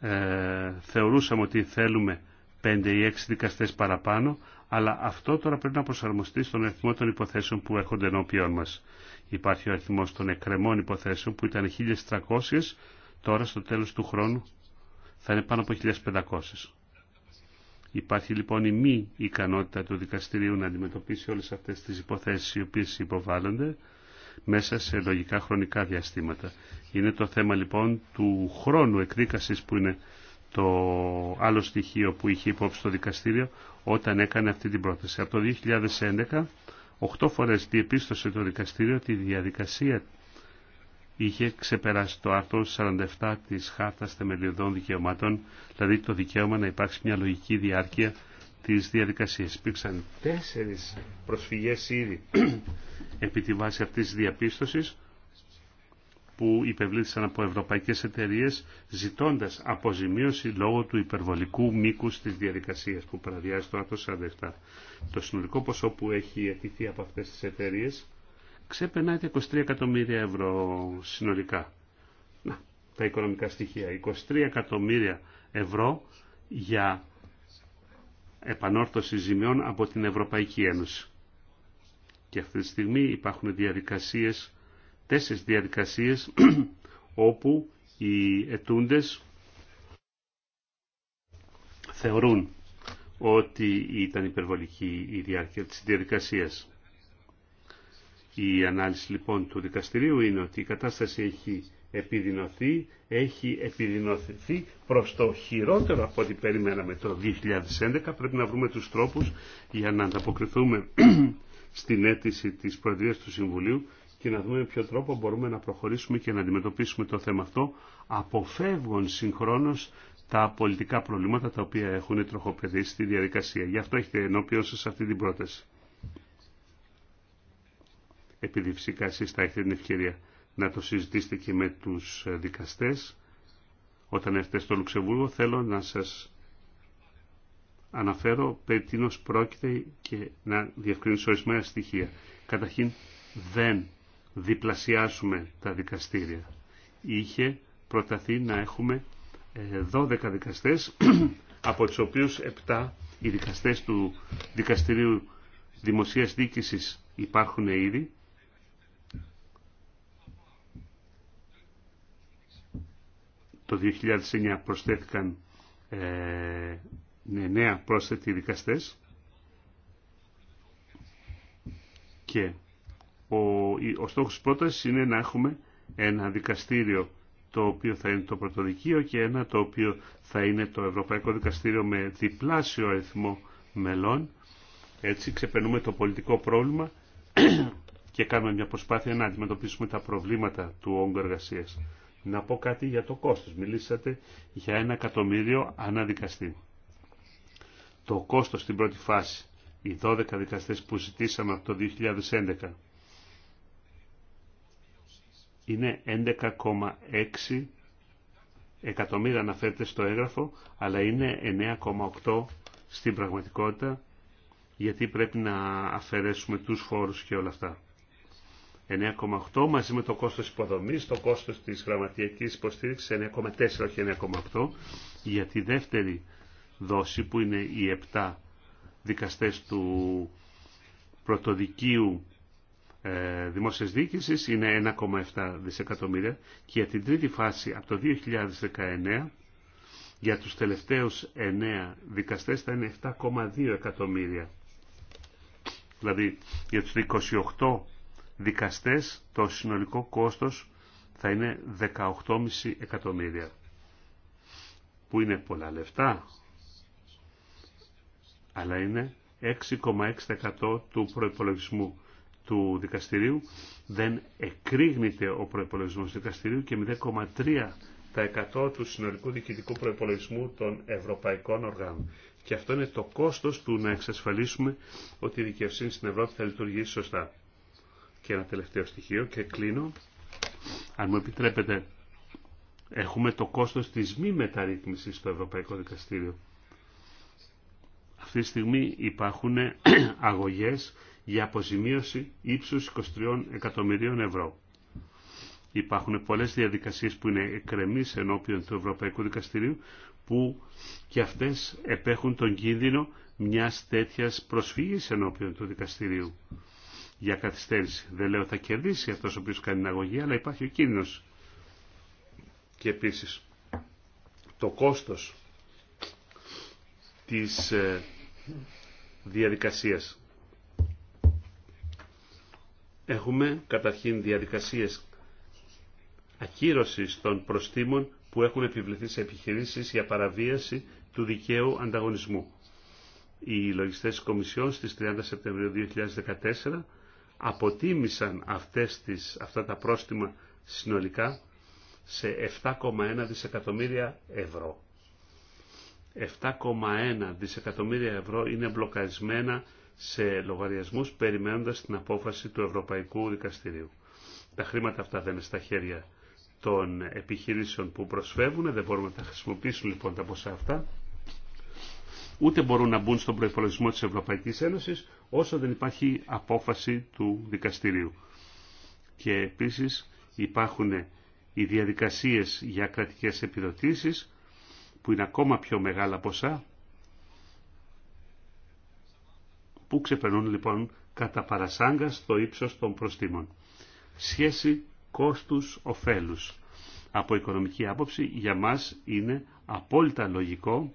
ε, θεωρούσαμε ότι θέλουμε 5 ή 6 δικαστές παραπάνω, αλλά αυτό τώρα πρέπει να προσαρμοστεί στον αριθμό των υποθέσεων που έρχονται ενώπιόν μας. Υπάρχει ο αριθμός των εκκρεμών υποθέσεων που ήταν 1.300, τώρα στο τέλος του χρόνου θα είναι πάνω από 1.500. Υπάρχει λοιπόν η μη ικανότητα του δικαστηρίου να αντιμετωπίσει όλες αυτές τις υποθέσεις οι οποίες υποβάλλονται μέσα σε λογικά χρονικά διαστήματα. Είναι το θέμα λοιπόν του χρόνου εκδίκασης που είναι το άλλο στοιχείο που είχε υπόψη το δικαστήριο όταν έκανε αυτή την πρόταση. Από το 2011, 8 φορές διεπίστωσε το δικαστήριο ότι διαδικασία είχε ξεπεράσει το άρθρο 47 της Χάρτας Θεμελιωδών Δικαιωμάτων, δηλαδή το δικαίωμα να υπάρξει μια λογική διάρκεια της διαδικασίας. Υπήρξαν τέσσερις προσφυγές ήδη επί τη βάση αυτής της διαπίστωσης που υπευλήθησαν από ευρωπαϊκές εταιρείες ζητώντας αποζημίωση λόγω του υπερβολικού μήκους της διαδικασίας που παραβιάζει το άρθρο 47. Το συνολικό ποσό που έχει αιτηθεί από αυτές τις εταιρείες ξεπερνάει τα 23 εκατομμύρια ευρώ συνολικά. Να, τα οικονομικά στοιχεία. 23 εκατομμύρια ευρώ για επανόρθωση ζημιών από την Ευρωπαϊκή Ένωση. Και αυτή τη στιγμή υπάρχουν διαδικασίες, τέσσερις διαδικασίες όπου οι ετούντες θεωρούν ότι ήταν υπερβολική η διάρκεια της διαδικασίας. Η ανάλυση λοιπόν του δικαστηρίου είναι ότι η κατάσταση έχει επιδεινωθεί, έχει επιδεινωθεί προς το χειρότερο από ό,τι περιμέναμε το 2011. Πρέπει να βρούμε τους τρόπους για να ανταποκριθούμε στην αίτηση της Προεδρίας του Συμβουλίου και να δούμε με ποιο τρόπο μπορούμε να προχωρήσουμε και να αντιμετωπίσουμε το θέμα αυτό αποφεύγων συγχρόνως τα πολιτικά προβλήματα τα οποία έχουν τροχοπεδίσει στη διαδικασία. Γι' αυτό έχετε ενώπιον σας αυτή την πρόταση επειδή φυσικά εσείς θα έχετε την ευκαιρία να το συζητήσετε και με τους ε, δικαστές όταν έρθετε στο Λουξεμβούργο θέλω να σας αναφέρω περί τίνος πρόκειται και να διευκρινίσω ορισμένα στοιχεία. Καταρχήν δεν διπλασιάσουμε τα δικαστήρια. Είχε προταθεί να έχουμε 12 ε, δικαστές από τους οποίους 7 οι δικαστές του Δικαστηρίου Δημοσίας Δίκησης υπάρχουν ήδη το 2009 προσθέθηκαν ε, ναι, νέα πρόσθετοι δικαστές και ο, ο στόχος της πρότασης είναι να έχουμε ένα δικαστήριο το οποίο θα είναι το πρωτοδικείο και ένα το οποίο θα είναι το Ευρωπαϊκό Δικαστήριο με διπλάσιο αριθμό μελών. Έτσι ξεπερνούμε το πολιτικό πρόβλημα και κάνουμε μια προσπάθεια να αντιμετωπίσουμε τα προβλήματα του όγκου εργασίας. Να πω κάτι για το κόστος. Μιλήσατε για ένα εκατομμύριο αναδικαστή. Το κόστος στην πρώτη φάση, οι 12 δικαστές που ζητήσαμε από το 2011, είναι 11,6 εκατομμύρια αναφέρεται στο έγγραφο, αλλά είναι 9,8 στην πραγματικότητα, γιατί πρέπει να αφαιρέσουμε τους φόρους και όλα αυτά. 9,8 μαζί με το κόστος υποδομής, το κόστος της γραμματιακής υποστήριξης 9,4 όχι 9,8 για τη δεύτερη δόση που είναι οι 7 δικαστές του πρωτοδικίου ε, δημόσιας διοίκησης είναι 1,7 δισεκατομμύρια και για την τρίτη φάση από το 2019 για τους τελευταίους 9 δικαστές θα είναι 7,2 εκατομμύρια. Δηλαδή για τους 28 δικαστές το συνολικό κόστος θα είναι 18,5 εκατομμύρια. Που είναι πολλά λεφτά, αλλά είναι 6,6% του προϋπολογισμού του δικαστηρίου. Δεν εκρήγνεται ο προϋπολογισμός του δικαστηρίου και 0,3% του συνολικού διοικητικού προϋπολογισμού των ευρωπαϊκών οργάνων. Και αυτό είναι το κόστος του να εξασφαλίσουμε ότι η δικαιοσύνη στην Ευρώπη θα λειτουργήσει σωστά. Και ένα τελευταίο στοιχείο και κλείνω. Αν μου επιτρέπετε, έχουμε το κόστος της μη μεταρρύθμισης στο Ευρωπαϊκό Δικαστήριο. Αυτή τη στιγμή υπάρχουν αγωγές για αποζημίωση ύψους 23 εκατομμυρίων ευρώ. Υπάρχουν πολλές διαδικασίες που είναι εκκρεμής ενώπιον του Ευρωπαϊκού Δικαστηρίου που και αυτές επέχουν τον κίνδυνο μιας τέτοιας προσφύγης ενώπιον του δικαστηρίου για καθυστέρηση. Δεν λέω θα κερδίσει αυτός ο οποίος κάνει την αγωγή, αλλά υπάρχει ο κίνδυνος. Και επίσης το κόστος της ε, διαδικασίας. Έχουμε καταρχήν διαδικασίες ακύρωσης των προστήμων που έχουν επιβληθεί σε επιχειρήσεις για παραβίαση του δικαίου ανταγωνισμού. Οι λογιστές της Κομισιόν στις 30 Σεπτεμβρίου 2014 αποτίμησαν αυτές τις, αυτά τα πρόστιμα συνολικά σε 7,1 δισεκατομμύρια ευρώ. 7,1 δισεκατομμύρια ευρώ είναι μπλοκαρισμένα σε λογαριασμούς περιμένοντας την απόφαση του Ευρωπαϊκού Δικαστηρίου. Τα χρήματα αυτά δεν είναι στα χέρια των επιχειρήσεων που προσφεύγουν, δεν μπορούμε να τα χρησιμοποιήσουν λοιπόν τα ποσά αυτά ούτε μπορούν να μπουν στον προϋπολογισμό της Ευρωπαϊκής Ένωσης όσο δεν υπάρχει απόφαση του δικαστηρίου. Και επίσης υπάρχουν οι διαδικασίες για κρατικές επιδοτήσεις που είναι ακόμα πιο μεγάλα ποσά που ξεπερνούν λοιπόν κατά παρασάγκα στο ύψος των προστήμων. Σχέση κόστους-οφέλους. Από οικονομική άποψη για μας είναι απόλυτα λογικό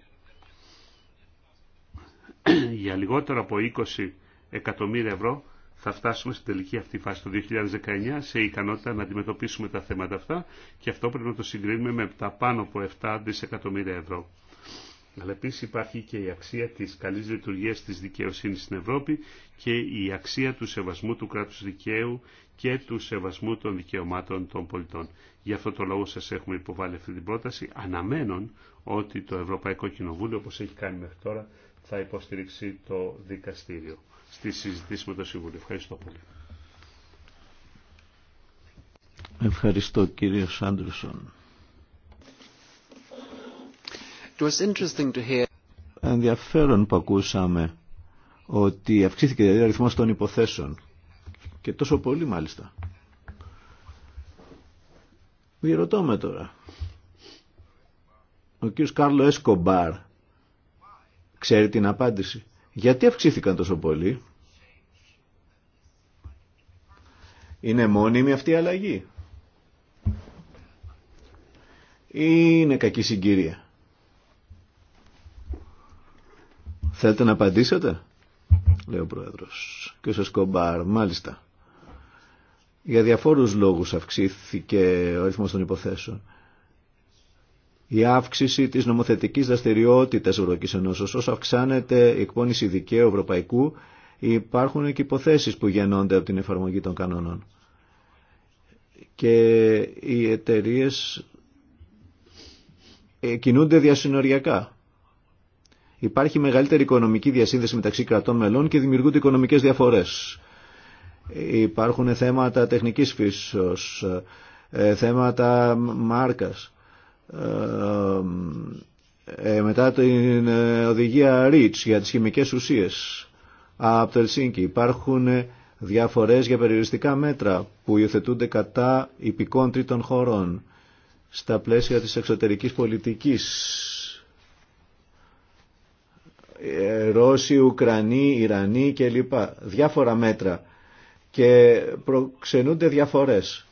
για λιγότερο από 20 εκατομμύρια ευρώ θα φτάσουμε στην τελική αυτή φάση το 2019 σε ικανότητα να αντιμετωπίσουμε τα θέματα αυτά και αυτό πρέπει να το συγκρίνουμε με τα πάνω από 7 δισεκατομμύρια ευρώ. Αλλά επίση υπάρχει και η αξία τη καλή λειτουργία τη δικαιοσύνη στην Ευρώπη και η αξία του σεβασμού του κράτου δικαίου και του σεβασμού των δικαιωμάτων των πολιτών. Γι' αυτό το λόγο σα έχουμε υποβάλει αυτή την πρόταση, αναμένων ότι το Ευρωπαϊκό Κοινοβούλιο, όπω έχει κάνει μέχρι τώρα, θα υποστηρίξει το δικαστήριο στη συζήτηση με το Συμβούλιο. Ευχαριστώ πολύ. Ευχαριστώ κύριο Σάντρουσον. Ενδιαφέρον που ακούσαμε ότι αυξήθηκε η δηλαδή ο αριθμός των υποθέσεων και τόσο πολύ μάλιστα. Διερωτώ με τώρα. Ο κύριος Κάρλο Εσκομπάρ Ξέρει την απάντηση. Γιατί αυξήθηκαν τόσο πολύ. Είναι μόνιμη αυτή η αλλαγή. είναι κακή συγκυρία. Θέλετε να απαντήσετε, λέει ο Πρόεδρος. Και ο κομπάρ μάλιστα. Για διαφόρους λόγους αυξήθηκε ο αριθμός των υποθέσεων η αύξηση της νομοθετικής δραστηριότητας Ευρωπαϊκής Ενώσεως. Όσο αυξάνεται η εκπόνηση δικαίου ευρωπαϊκού, υπάρχουν και υποθέσεις που γεννώνται από την εφαρμογή των κανόνων. Και οι εταιρείε ε, κινούνται διασυνοριακά. Υπάρχει μεγαλύτερη οικονομική διασύνδεση μεταξύ κρατών μελών και δημιουργούνται οικονομικές διαφορές. Υπάρχουν θέματα τεχνικής φύσεως, ε, θέματα μάρκας ε, ε, μετά την ε, οδηγία REACH για τις χημικές ουσίες από το Ελσίνκι. Υπάρχουν ε, διαφορές για περιοριστικά μέτρα που υιοθετούνται κατά υπηκών τρίτων χωρών στα πλαίσια της εξωτερικής πολιτικής. Ρώσοι, Ουκρανοί, Ιρανοί κλπ. Διάφορα μέτρα και προξενούνται διαφορές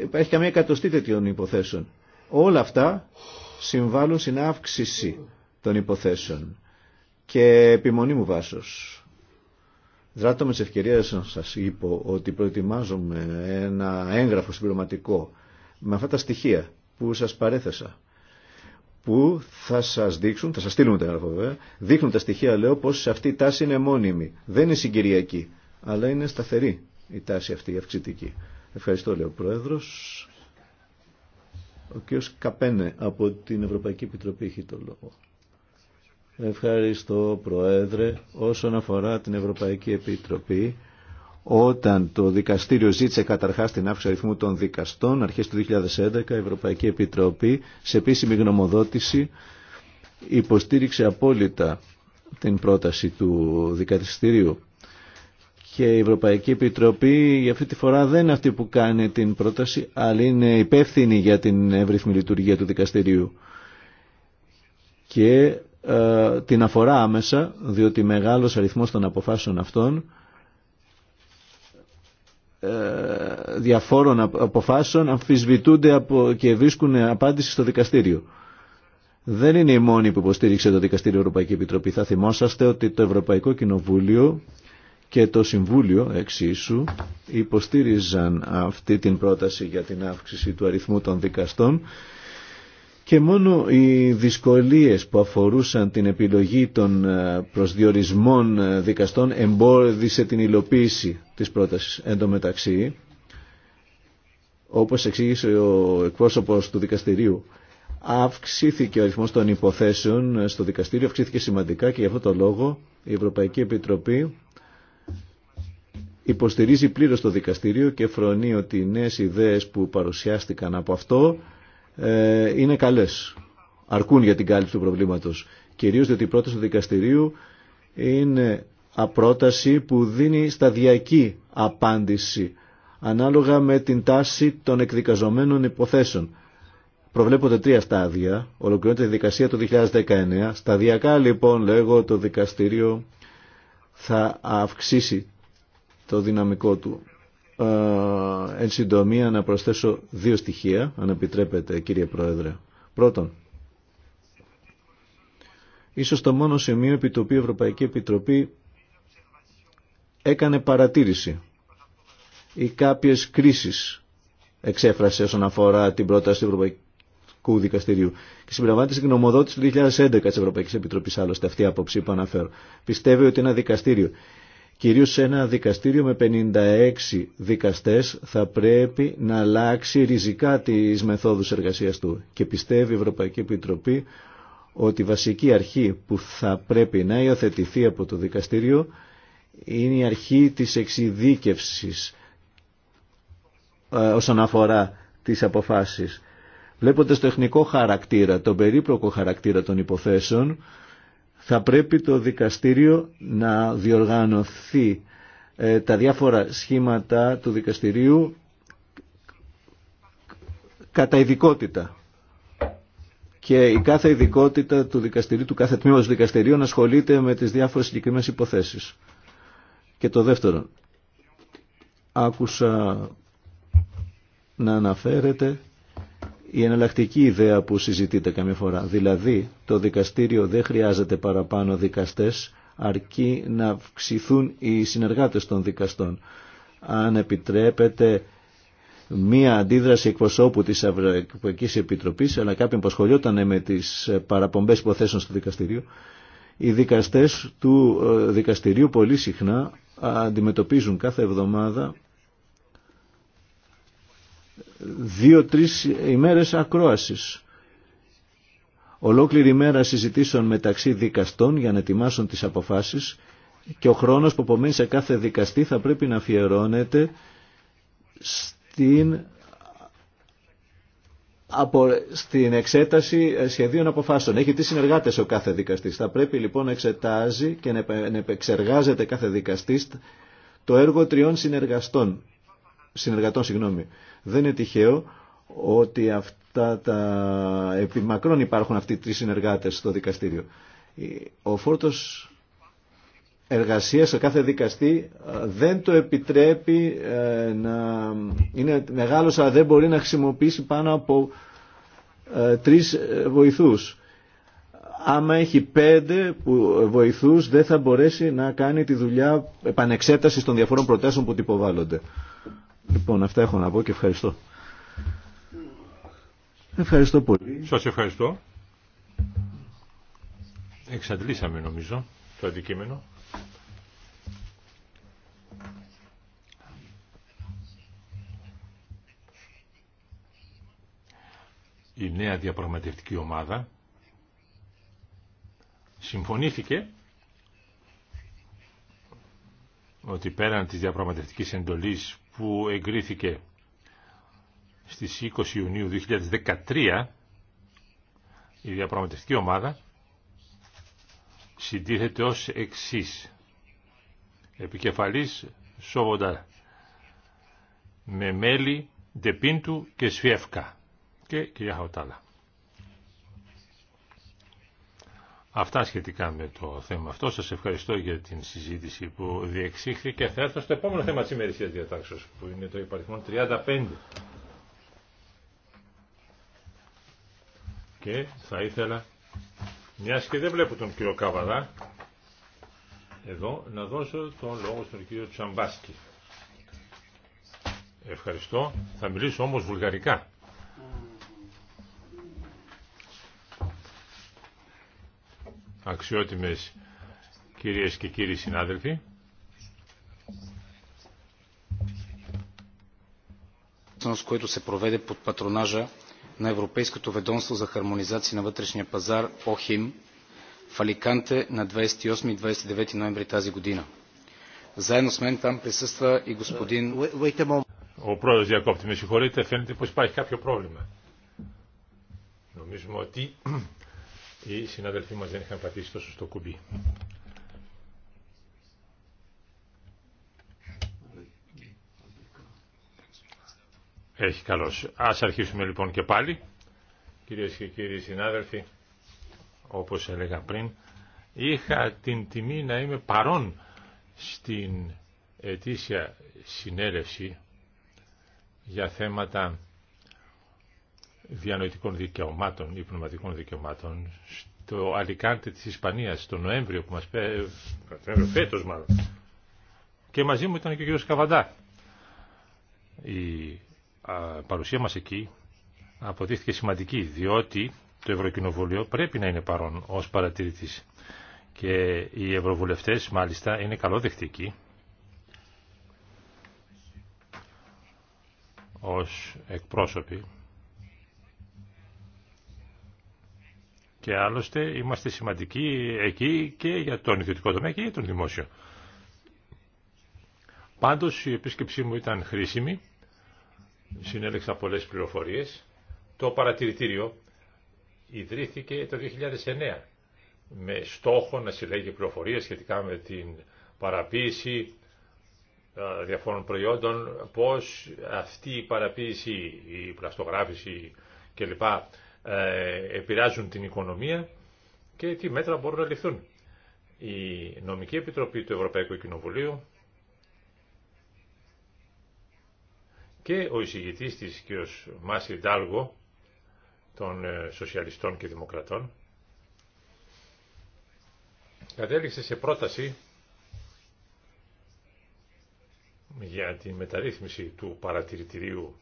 υπάρχει ε, καμία εκατοστή τέτοιων υποθέσεων. Όλα αυτά συμβάλλουν στην αύξηση των υποθέσεων και επιμονή μου βάσος. Δράτω με τις ευκαιρίες να σας είπα ότι προετοιμάζομαι ένα έγγραφο συμπληρωματικό με αυτά τα στοιχεία που σας παρέθεσα που θα σας δείξουν, θα σας στείλουμε το έγγραφο βέβαια, δείχνουν τα στοιχεία λέω πως αυτή η τάση είναι μόνιμη. Δεν είναι συγκυριακή, αλλά είναι σταθερή η τάση αυτή η αυξητική. Ευχαριστώ, λέει ο Πρόεδρος. Ο κ. Καπένε από την Ευρωπαϊκή Επιτροπή έχει το λόγο. Ευχαριστώ, Πρόεδρε. Όσον αφορά την Ευρωπαϊκή Επιτροπή, όταν το δικαστήριο ζήτησε καταρχάς την αύξηση αριθμού των δικαστών, αρχές του 2011, η Ευρωπαϊκή Επιτροπή, σε επίσημη γνωμοδότηση, υποστήριξε απόλυτα την πρόταση του δικαστηρίου και η Ευρωπαϊκή Επιτροπή για αυτή τη φορά δεν είναι αυτή που κάνει την πρόταση, αλλά είναι υπεύθυνη για την εύρυθμη λειτουργία του δικαστηρίου. Και ε, την αφορά άμεσα, διότι μεγάλος αριθμός των αποφάσεων αυτών, ε, διαφόρων αποφάσεων, αμφισβητούνται από, και βρίσκουν απάντηση στο δικαστήριο. Δεν είναι η μόνη που υποστήριξε το Δικαστήριο Ευρωπαϊκή Επιτροπή. Θα θυμόσαστε ότι το Ευρωπαϊκό Κοινοβούλιο και το Συμβούλιο εξίσου υποστήριζαν αυτή την πρόταση για την αύξηση του αριθμού των δικαστών και μόνο οι δυσκολίες που αφορούσαν την επιλογή των ε, προσδιορισμών ε, δικαστών εμπόδισε την υλοποίηση της πρότασης. Εν τω μεταξύ, όπως εξήγησε ο εκπρόσωπος του δικαστηρίου, αυξήθηκε ο αριθμός των υποθέσεων στο δικαστήριο, αυξήθηκε σημαντικά και γι' αυτό το λόγο η Ευρωπαϊκή Επιτροπή υποστηρίζει πλήρως το δικαστήριο και φρονεί ότι οι νέες ιδέες που παρουσιάστηκαν από αυτό ε, είναι καλές. Αρκούν για την κάλυψη του προβλήματος. Κυρίως διότι η πρόταση του δικαστηρίου είναι απρόταση που δίνει σταδιακή απάντηση ανάλογα με την τάση των εκδικαζομένων υποθέσεων. Προβλέπονται τρία στάδια, ολοκληρώνεται η δικασία το 2019. Σταδιακά λοιπόν λέγω το δικαστήριο θα αυξήσει το δυναμικό του. Ε, εν συντομία να προσθέσω δύο στοιχεία, αν επιτρέπετε κύριε Πρόεδρε. Πρώτον, ίσως το μόνο σημείο επί το οποίο η Ευρωπαϊκή Επιτροπή έκανε παρατήρηση ή κάποιες κρίσεις εξέφρασε όσον αφορά την πρόταση του Ευρωπαϊκού Δικαστηρίου. Και συμπεριλαμβάνεται στην γνωμοδότηση του 2011 της Ευρωπαϊκής Επιτροπής, άλλωστε αυτή η άποψη που αναφέρω. Πιστεύει ότι ένα δικαστήριο κυρίως σε ένα δικαστήριο με 56 δικαστές θα πρέπει να αλλάξει ριζικά τις μεθόδους εργασίας του. Και πιστεύει η Ευρωπαϊκή Επιτροπή ότι η βασική αρχή που θα πρέπει να υιοθετηθεί από το δικαστήριο είναι η αρχή της εξειδίκευσης ε, όσον αφορά τις αποφάσεις. Βλέποντας το τεχνικό χαρακτήρα, τον περίπλοκο χαρακτήρα των υποθέσεων, θα πρέπει το δικαστήριο να διοργανωθεί ε, τα διάφορα σχήματα του δικαστηρίου κατά ειδικότητα. Και η κάθε ειδικότητα του δικαστηρίου, του κάθε τμήματος δικαστηρίου να ασχολείται με τις διάφορες συγκεκριμένες υποθέσεις. Και το δεύτερο, άκουσα να αναφέρεται η εναλλακτική ιδέα που συζητείται καμιά φορά. Δηλαδή, το δικαστήριο δεν χρειάζεται παραπάνω δικαστές, αρκεί να αυξηθούν οι συνεργάτες των δικαστών. Αν επιτρέπεται μία αντίδραση εκπροσώπου της Ευρωπαϊκής Επιτροπής, αλλά κάποιον που ασχολιόταν με τις παραπομπές υποθέσεων στο δικαστήριο, οι δικαστές του ε, δικαστηρίου πολύ συχνά αντιμετωπίζουν κάθε εβδομάδα δύο-τρεις ημέρες ακρόασης. Ολόκληρη ημέρα συζητήσεων μεταξύ δικαστών για να ετοιμάσουν τις αποφάσεις και ο χρόνος που απομένει σε κάθε δικαστή θα πρέπει να αφιερώνεται στην, απο... στην εξέταση σχεδίων αποφάσεων. Έχει τι συνεργάτες ο κάθε δικαστής. Θα πρέπει λοιπόν να εξετάζει και να επεξεργάζεται κάθε δικαστής το έργο τριών συνεργαστών συνεργατών, συγγνώμη. Δεν είναι τυχαίο ότι αυτά τα επιμακρών υπάρχουν αυτοί οι τρεις συνεργάτες στο δικαστήριο. Ο φόρτος εργασίας σε κάθε δικαστή ε, δεν το επιτρέπει ε, να είναι μεγάλος αλλά δεν μπορεί να χρησιμοποιήσει πάνω από ε, τρεις βοηθούς. Άμα έχει πέντε βοηθούς δεν θα μπορέσει να κάνει τη δουλειά επανεξέτασης των διαφορών προτάσεων που τυποβάλλονται. Λοιπόν, αυτά έχω να πω και ευχαριστώ. Ευχαριστώ πολύ. Σας ευχαριστώ. Εξαντλήσαμε νομίζω το αντικείμενο. Η νέα διαπραγματευτική ομάδα συμφωνήθηκε ότι πέραν της διαπραγματευτικής εντολής που εγκρίθηκε στις 20 Ιουνίου 2013 η διαπραγματευτική ομάδα συντίθεται ως εξής επικεφαλής Σόβοντα με μέλη Ντεπίντου και Σφιεύκα και κυρία Χαουτάλα. Αυτά σχετικά με το θέμα αυτό. Σας ευχαριστώ για την συζήτηση που και Θα έρθω στο επόμενο θέμα της ημερησίας διατάξεως, που είναι το υπαριθμό 35. Και θα ήθελα, μια και δεν βλέπω τον κύριο Καβαδά, εδώ να δώσω τον λόγο στον κύριο Τσαμπάσκι. Ευχαριστώ. Θα μιλήσω όμως βουλγαρικά. αξιότιμες κυρίες και κύριοι συνάδελφοι. Ο ευρωπαϊκή Διακόπτη, με συγχωρείτε, φαίνεται προϋποθέσεις υπάρχει κάποιο πρόβλημα. Νομίζουμε ότι οι συναδελφοί μας δεν είχαν πατήσει τόσο στο κουμπί. Έχει καλώς. Ας αρχίσουμε λοιπόν και πάλι. Κυρίες και κύριοι συνάδελφοι, όπως έλεγα πριν, είχα την τιμή να είμαι παρόν στην ετήσια συνέλευση για θέματα διανοητικών δικαιωμάτων ή πνευματικών δικαιωμάτων στο Αλικάντε της Ισπανίας το Νοέμβριο που μας πέ... φέτος μάλλον και μαζί μου ήταν και ο κυρίος Καβαντά η παρουσία μας εκεί αποδείχθηκε σημαντική διότι το Ευρωκοινοβούλιο πρέπει να είναι παρόν ως παρατηρητής και οι ευρωβουλευτές μάλιστα είναι καλόδεκτικοί ως εκπρόσωποι Και άλλωστε είμαστε σημαντικοί εκεί και για τον ιδιωτικό τομέα και για τον δημόσιο. Πάντως η επίσκεψή μου ήταν χρήσιμη, συνέλεξα πολλές πληροφορίες. Το παρατηρητήριο ιδρύθηκε το 2009 με στόχο να συλλέγει πληροφορίες σχετικά με την παραποίηση διαφόρων προϊόντων, πώς αυτή η παραποίηση, η πλαστογράφηση κλπ ε, επηρεάζουν την οικονομία και τι μέτρα μπορούν να ληφθούν. Η Νομική Επιτροπή του Ευρωπαϊκού Κοινοβουλίου και ο εισηγητής της κ. Μάση Ντάλγο των ε, Σοσιαλιστών και Δημοκρατών κατέληξε σε πρόταση για τη μεταρρύθμιση του παρατηρητηρίου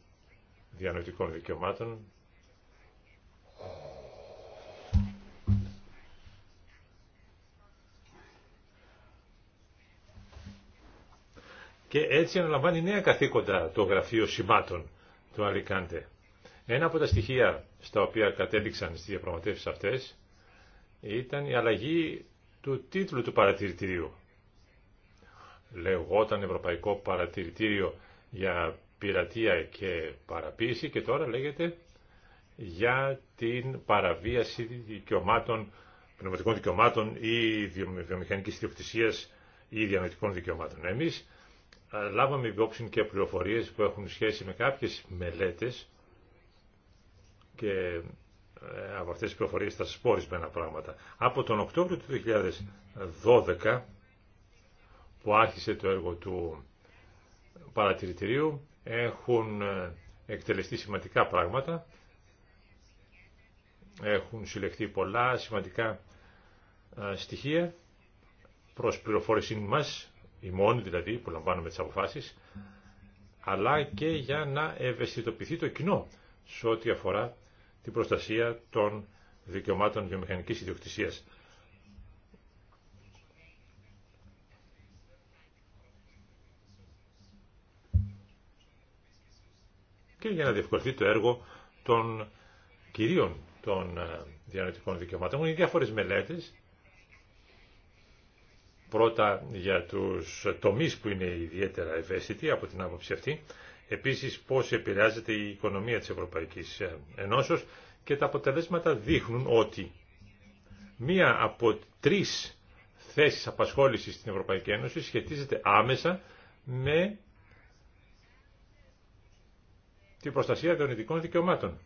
διανοητικών δικαιωμάτων και έτσι αναλαμβάνει νέα καθήκοντα το γραφείο σημάτων του Αλικάντε. Ένα από τα στοιχεία στα οποία κατέληξαν στις διαπραγματεύσεις αυτές ήταν η αλλαγή του τίτλου του παρατηρητηρίου. Λεγόταν Ευρωπαϊκό Παρατηρητήριο για Πειρατεία και Παραποίηση και τώρα λέγεται για την παραβίαση δικαιωμάτων, πνευματικών δικαιωμάτων ή βιομηχανικής ιδιοκτησίας ή διανοητικών δικαιωμάτων. Εμείς ε, λάβαμε υπόψη και πληροφορίες που έχουν σχέση με κάποιες μελέτες και ε, από αυτές τις πληροφορίες θα σας πράγματα. Από τον Οκτώβριο του 2012 που άρχισε το έργο του παρατηρητηρίου έχουν ε, εκτελεστεί σημαντικά πράγματα. Έχουν συλλεχθεί πολλά σημαντικά στοιχεία προς πληροφόρηση μας μόνοι δηλαδή που λαμβάνουμε τις αποφάσεις, αλλά και για να ευαισθητοποιηθεί το κοινό σε ό,τι αφορά την προστασία των δικαιωμάτων βιομηχανικής ιδιοκτησίας. και για να διευκολυνθεί το έργο των κυρίων των ε, διανοητικών δικαιωμάτων. Είναι διάφορες μελέτες Πρώτα για τους τομείς που είναι ιδιαίτερα ευαίσθητοι από την άποψη αυτή, επίσης πώς επηρεάζεται η οικονομία της Ευρωπαϊκής Ενώσεως και τα αποτελέσματα δείχνουν ότι μία από τρεις θέσεις απασχόλησης στην Ευρωπαϊκή Ένωση σχετίζεται άμεσα με την προστασία των ειδικών δικαιωμάτων.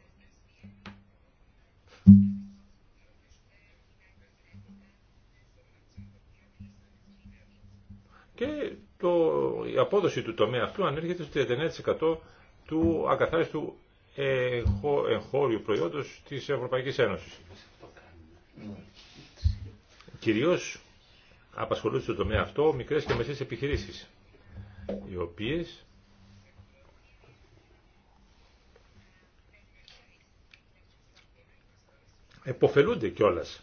το, η απόδοση του τομέα αυτού ανέρχεται στο 39% του ακαθάριστου εγχώριου προϊόντος της Ευρωπαϊκής Ένωσης. Κυρίως απασχολούνται στο τομέα αυτό μικρές και μεσές επιχειρήσεις, οι οποίες εποφελούνται κιόλας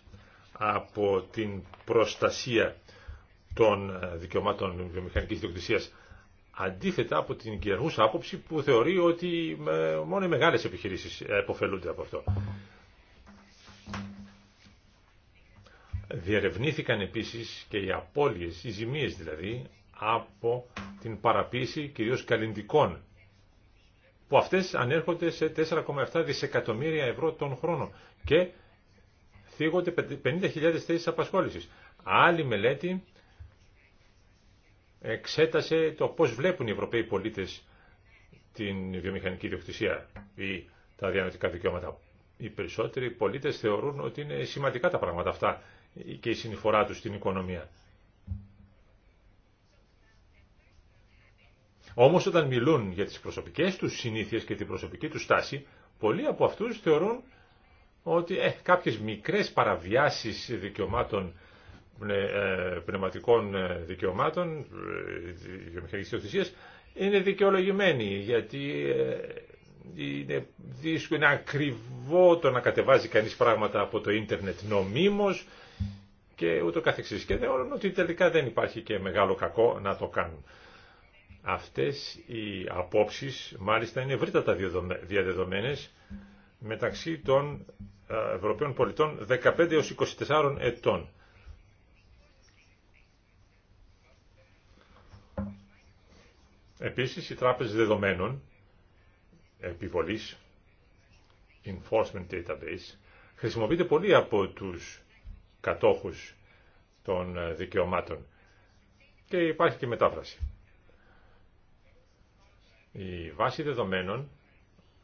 από την προστασία των ε, δικαιωμάτων βιομηχανικής διοκτησίας αντίθετα από την κυριαρχούσα άποψη που θεωρεί ότι ε, μόνο οι μεγάλες επιχειρήσεις εποφελούνται από αυτό. Διερευνήθηκαν επίσης και οι απώλειες, οι ζημίες δηλαδή, από την παραποίηση κυρίως καλλιντικών, που αυτές ανέρχονται σε 4,7 δισεκατομμύρια ευρώ τον χρόνο και θίγονται 50.000 θέσεις απασχόλησης. Άλλη μελέτη εξέτασε το πώς βλέπουν οι Ευρωπαίοι πολίτες την βιομηχανική διοκτησία ή τα διανοητικά δικαιώματα. Οι περισσότεροι πολίτες θεωρούν ότι είναι σημαντικά τα πράγματα αυτά και η συνειφορά τους στην οικονομία. Όμως όταν μιλούν για τις προσωπικές τους συνήθειες και την προσωπική τους στάση, πολλοί από αυτούς θεωρούν ότι ε, κάποιες μικρές παραβιάσεις δικαιωμάτων ε, πνευματικών ε, δικαιωμάτων, ε, βιομηχανικής ιδιοκτησίας, είναι δικαιολογημένη, γιατί είναι, δύσκολο, είναι ακριβό το να κατεβάζει κανείς πράγματα από το ίντερνετ νομίμως και ούτω καθεξής. Και όλων ότι τελικά δεν υπάρχει και μεγάλο κακό να το κάνουν. Αυτές οι απόψεις μάλιστα είναι ευρύτατα διαδεδομένες μεταξύ των Ευρωπαίων πολιτών 15 έως 24 ετών. Επίσης, οι τράπεζες δεδομένων επιβολής, enforcement database, χρησιμοποιείται πολύ από τους κατόχους των ε, δικαιωμάτων και υπάρχει και μετάφραση. Η βάση δεδομένων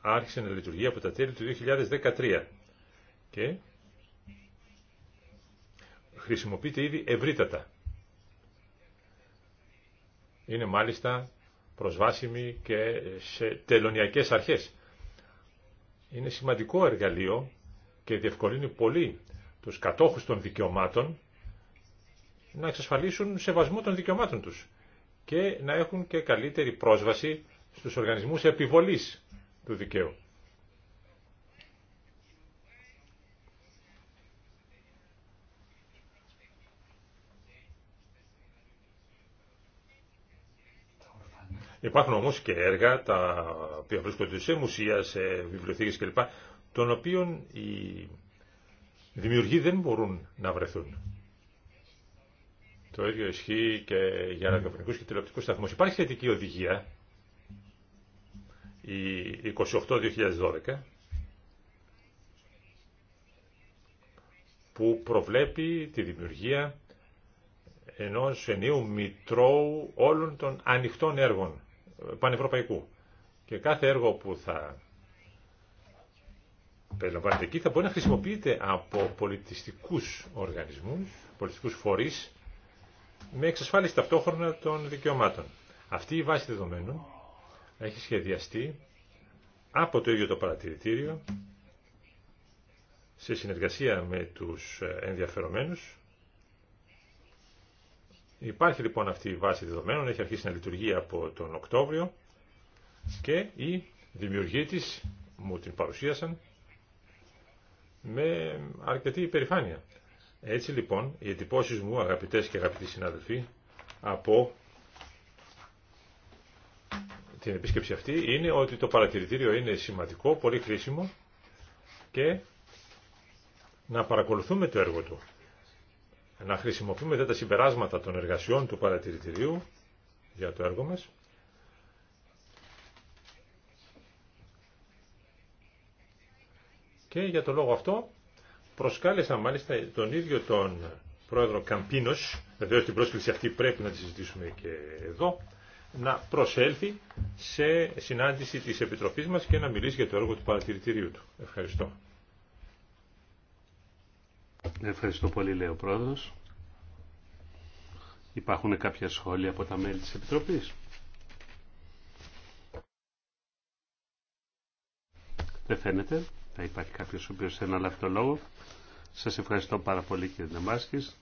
άρχισε να λειτουργεί από τα τέλη του 2013 και χρησιμοποιείται ήδη ευρύτατα. Είναι μάλιστα προσβάσιμη και σε τελωνιακές αρχές. Είναι σημαντικό εργαλείο και διευκολύνει πολύ τους κατόχους των δικαιωμάτων να εξασφαλίσουν σεβασμό των δικαιωμάτων τους και να έχουν και καλύτερη πρόσβαση στους οργανισμούς επιβολής του δικαίου. Υπάρχουν όμως και έργα τα οποία βρίσκονται σε μουσεία, σε βιβλιοθήκες κλπ. των οποίων οι δημιουργοί δεν μπορούν να βρεθούν. Το ίδιο ισχύει και για ραδιοφωνικούς και τηλεοπτικούς σταθμούς. Υπάρχει θετική οδηγία, η 28-2012, που προβλέπει τη δημιουργία ενός ενίου μητρώου όλων των ανοιχτών έργων πανευρωπαϊκού. Και κάθε έργο που θα περιλαμβάνεται εκεί θα μπορεί να χρησιμοποιείται από πολιτιστικούς οργανισμούς, πολιτιστικούς φορείς, με εξασφάλιση ταυτόχρονα των δικαιωμάτων. Αυτή η βάση δεδομένων έχει σχεδιαστεί από το ίδιο το παρατηρητήριο σε συνεργασία με τους ενδιαφερομένους Υπάρχει λοιπόν αυτή η βάση δεδομένων, έχει αρχίσει να λειτουργεί από τον Οκτώβριο και οι δημιουργοί της μου την παρουσίασαν με αρκετή υπερηφάνεια. Έτσι λοιπόν οι εντυπωσει μου αγαπητές και αγαπητοί συνάδελφοι από την επίσκεψη αυτή είναι ότι το παρατηρητήριο είναι σημαντικό, πολύ χρήσιμο και να παρακολουθούμε το έργο του να χρησιμοποιούμε τα συμπεράσματα των εργασιών του παρατηρητηρίου για το έργο μας. Και για το λόγο αυτό προσκάλεσα μάλιστα τον ίδιο τον πρόεδρο Καμπίνος, βεβαίως την πρόσκληση αυτή πρέπει να τη συζητήσουμε και εδώ, να προσέλθει σε συνάντηση της Επιτροπής μας και να μιλήσει για το έργο του παρατηρητηρίου του. Ευχαριστώ. Ευχαριστώ πολύ, λέει ο πρόεδρος. Υπάρχουν κάποια σχόλια από τα μέλη της Επιτροπής. Δεν φαίνεται. Θα υπάρχει κάποιος ο οποίος θέλει να λάβει το λόγο. Σας ευχαριστώ πάρα πολύ κύριε Νεμάσκης.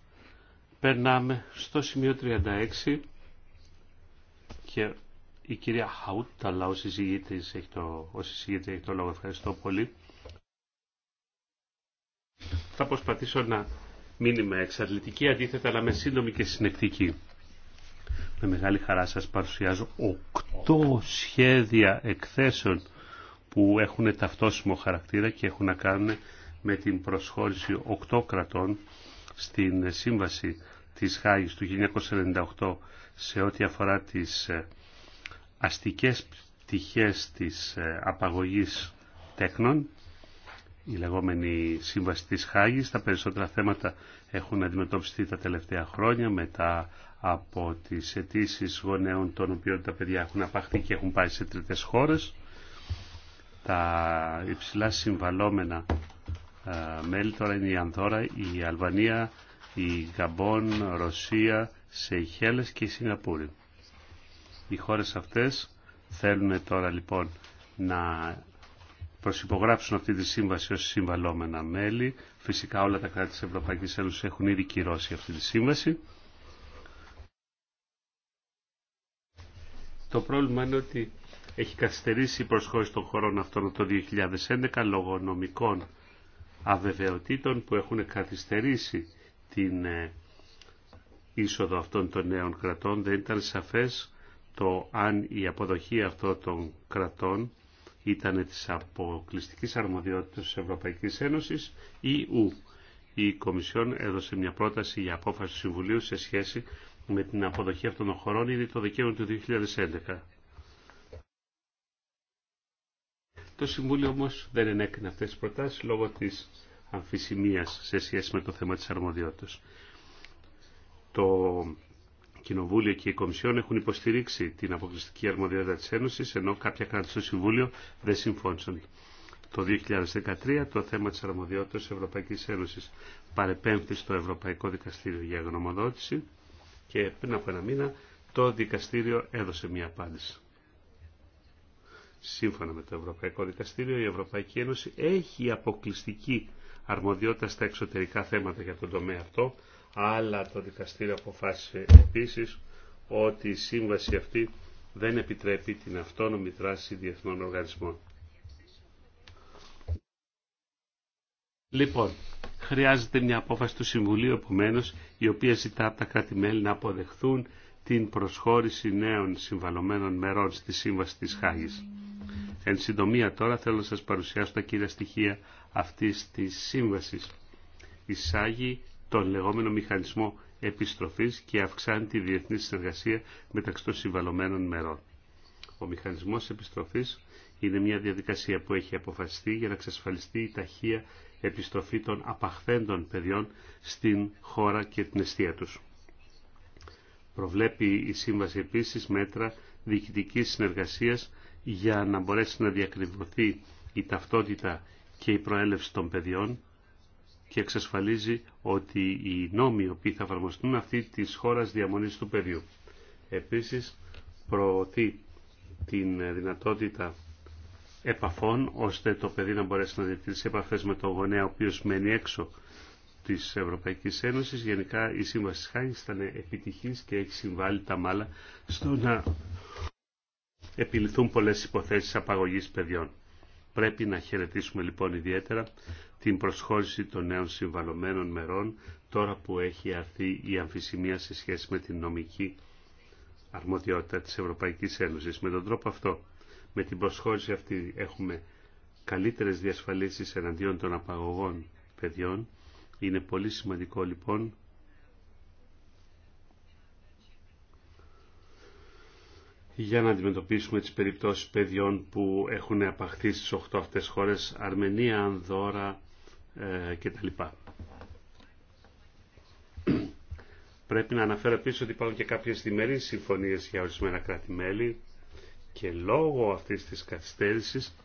Περνάμε στο σημείο 36 και η κυρία Χαούταλα ο συζήτης έχει έχει το λόγο. Ευχαριστώ πολύ. Θα προσπαθήσω να μην είμαι εξαρτητική, αντίθετα να είμαι σύντομη και συνεκτική. Με μεγάλη χαρά σας παρουσιάζω οκτώ σχέδια εκθέσεων που έχουν ταυτόσιμο χαρακτήρα και έχουν να κάνουν με την προσχώρηση οκτώ κρατών στην σύμβαση της Χάγης του 1998 σε ό,τι αφορά τις ε, αστικές πτυχές της ε, απαγωγής τέχνων η λεγόμενη σύμβαση της Χάγης. Τα περισσότερα θέματα έχουν αντιμετωπιστεί τα τελευταία χρόνια μετά από τις αιτήσει γονέων των οποίων τα παιδιά έχουν απαχθεί και έχουν πάει σε τρίτες χώρες. Τα υψηλά συμβαλόμενα ε, μέλη τώρα είναι η Ανδόρα, η Αλβανία, η Γκαμπόν, Ρωσία, Σεϊχέλες και η Σιγκαπούρη. Οι χώρες αυτές θέλουν τώρα λοιπόν να προσυπογράψουν αυτή τη σύμβαση ως συμβαλόμενα μέλη. Φυσικά όλα τα κράτη της Ευρωπαϊκής Ένωσης έχουν ήδη κυρώσει αυτή τη σύμβαση. Το πρόβλημα είναι ότι έχει καθυστερήσει η προσχώρηση των χωρών αυτών το 2011 λόγω νομικών αβεβαιοτήτων που έχουν καθυστερήσει την ε, είσοδο αυτών των νέων κρατών. Δεν ήταν σαφές το αν η αποδοχή αυτών των κρατών ήταν της αποκλειστικής αρμοδιότητας της Ευρωπαϊκής Ένωσης ή ου. Η Κομισιόν έδωσε μια πρόταση για απόφαση του Συμβουλίου σε σχέση με την αποδοχή αυτών των χωρών ήδη το Δεκέμβριο του 2011. Το Συμβούλιο όμως δεν ενέκρινε αυτές τις προτάσεις λόγω της αμφισημίας σε σχέση με το θέμα της αρμοδιότητας. Το Κοινοβούλιο και η Κομισιόν έχουν υποστηρίξει την αποκλειστική αρμοδιότητα της Ένωσης, ενώ κάποια κράτη στο Συμβούλιο δεν συμφώνησαν. Το 2013 το θέμα της αρμοδιότητας της Ευρωπαϊκής Ένωσης παρεπέμφθη στο Ευρωπαϊκό Δικαστήριο για γνωμοδότηση και πριν από ένα μήνα το δικαστήριο έδωσε μια απάντηση. Σύμφωνα με το Ευρωπαϊκό Δικαστήριο, η Ευρωπαϊκή Ένωση έχει αποκλειστική αρμοδιότητα στα εξωτερικά θέματα για τον τομέα αυτό, αλλά το δικαστήριο αποφάσισε επίσης ότι η σύμβαση αυτή δεν επιτρέπει την αυτόνομη δράση διεθνών οργανισμών. Λοιπόν, χρειάζεται μια απόφαση του Συμβουλίου, επομένω, η οποία ζητά από τα κράτη-μέλη να αποδεχθούν την προσχώρηση νέων συμβαλωμένων μερών στη Σύμβαση της Χάγης. Εν συντομία τώρα θέλω να σας παρουσιάσω τα κύρια στοιχεία αυτής της σύμβασης. Εισάγει τον λεγόμενο μηχανισμό επιστροφής και αυξάνει τη διεθνή συνεργασία μεταξύ των συμβαλωμένων μερών. Ο μηχανισμός επιστροφής είναι μια διαδικασία που έχει αποφασιστεί για να εξασφαλιστεί η ταχεία επιστροφή των απαχθέντων παιδιών στην χώρα και την αιστεία τους. Προβλέπει η Σύμβαση επίσης μέτρα διοικητικής συνεργασίας για να μπορέσει να διακριβωθεί η ταυτότητα και η προέλευση των παιδιών και εξασφαλίζει ότι οι νόμοι οι οποίοι θα εφαρμοστούν αυτή της χώρας διαμονής του παιδιού. Επίσης προωθεί την δυνατότητα επαφών ώστε το παιδί να μπορέσει να διατηρήσει επαφέ με τον γονέα ο οποίος μένει έξω της Ευρωπαϊκής Ένωσης. Γενικά η Σύμβαση ήταν επιτυχής και έχει συμβάλει τα μάλα στο να επιληθούν πολλέ υποθέσει απαγωγή παιδιών. Πρέπει να χαιρετήσουμε λοιπόν ιδιαίτερα την προσχώρηση των νέων συμβαλωμένων μερών τώρα που έχει αρθεί η αμφισημία σε σχέση με την νομική αρμοδιότητα της Ευρωπαϊκής Ένωσης. Με τον τρόπο αυτό, με την προσχώρηση αυτή έχουμε καλύτερες διασφαλίσεις εναντίον των απαγωγών παιδιών. Είναι πολύ σημαντικό λοιπόν για να αντιμετωπίσουμε τις περιπτώσεις παιδιών που έχουν απαχθεί στις 8 αυτές χώρες Αρμενία, Ανδόρα, ε, Πρέπει να αναφέρω επίσης ότι υπάρχουν και κάποιες διμερείς συμφωνίες για ορισμένα κράτη-μέλη και λόγω αυτής της καθυστέρησης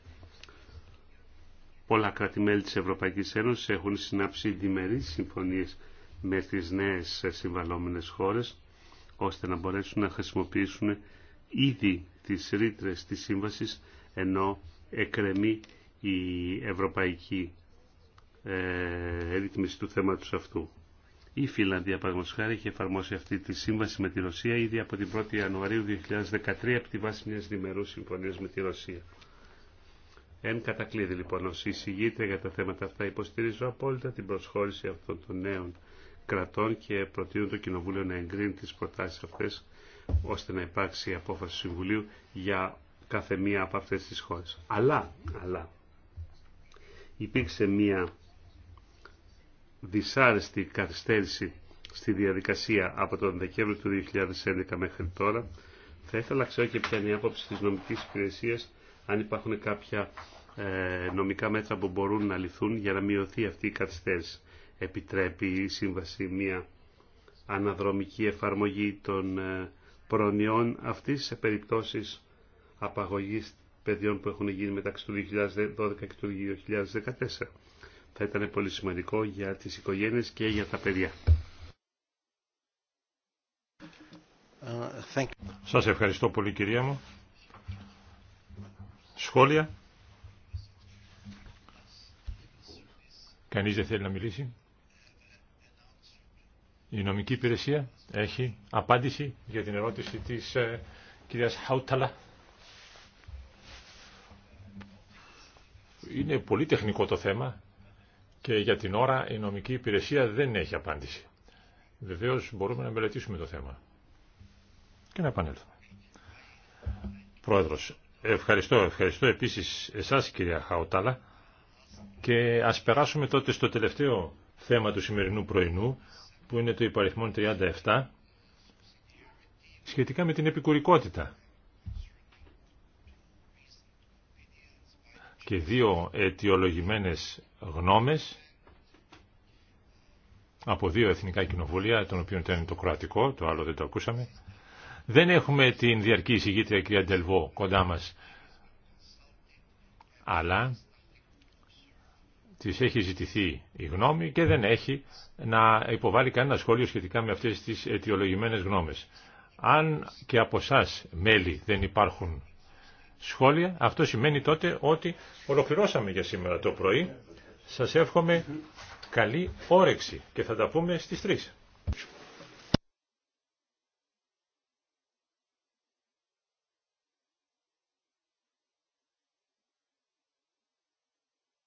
πολλά κράτη-μέλη της Ευρωπαϊκής Ένωσης έχουν συνάψει διμερείς συμφωνίες με τις νέες συμβαλόμενες χώρες ώστε να μπορέσουν να χρησιμοποιήσουν ήδη τις ρήτρες της σύμβασης ενώ εκρεμεί η Ευρωπαϊκή ε, ρύθμιση του θέματος αυτού. Η Φιλανδία, παραδείγματος χάρη, έχει εφαρμόσει αυτή τη σύμβαση με τη Ρωσία ήδη από την 1η Ιανουαρίου 2013 από τη βάση μιας διμερούς συμφωνίας με τη Ρωσία. Εν κατακλείδη λοιπόν ως εισηγήτρια για τα θέματα αυτά υποστηρίζω απόλυτα την προσχώρηση αυτών των νέων κρατών και προτείνω το Κοινοβούλιο να εγκρίνει τις προτάσεις αυτές ώστε να υπάρξει η απόφαση του Συμβουλίου για κάθε μία από αυτές τις χώρες. Αλλά, αλλά υπήρξε μία δυσάρεστη καθυστέρηση στη διαδικασία από τον Δεκέμβριο του 2011 μέχρι τώρα. Θα ήθελα να ξέρω και ποια είναι η άποψη της νομικής υπηρεσίας, αν υπάρχουν κάποια ε, νομικά μέτρα που μπορούν να λυθούν για να μειωθεί αυτή η καθυστέρηση. Επιτρέπει η Σύμβαση μια αναδρομική εφαρμογή των ε, προνοιών αυτής σε περιπτώσεις απαγωγής παιδιών που έχουν γίνει μεταξύ του 2012 και του 2014 θα ήταν πολύ σημαντικό για τις οικογένειες και για τα παιδιά. Uh, thank Σας ευχαριστώ πολύ κυρία μου. Σχόλια. Κανείς δεν θέλει να μιλήσει. Η νομική υπηρεσία έχει απάντηση για την ερώτηση της ε, κυρίας Χαουταλα. Είναι πολύ τεχνικό το θέμα και για την ώρα η νομική υπηρεσία δεν έχει απάντηση. Βεβαίω μπορούμε να μελετήσουμε το θέμα και να επανέλθουμε. Πρόεδρος, ευχαριστώ. Ευχαριστώ επίσης εσάς κυρία Χαουτάλα και ας περάσουμε τότε στο τελευταίο θέμα του σημερινού πρωινού που είναι το υπαριθμό 37 σχετικά με την επικουρικότητα. και δύο αιτιολογημένες γνώμες από δύο εθνικά κοινοβούλια, των οποίων ήταν το κρατικό, το άλλο δεν το ακούσαμε. Δεν έχουμε την διαρκή εισηγήτρια κυρία Ντελβό κοντά μας, αλλά της έχει ζητηθεί η γνώμη και δεν έχει να υποβάλει κανένα σχόλιο σχετικά με αυτές τις αιτιολογημένες γνώμες. Αν και από εσά μέλη δεν υπάρχουν σχόλια. Αυτό σημαίνει τότε ότι ολοκληρώσαμε για σήμερα το πρωί. Σας εύχομαι καλή όρεξη και θα τα πούμε στις 3.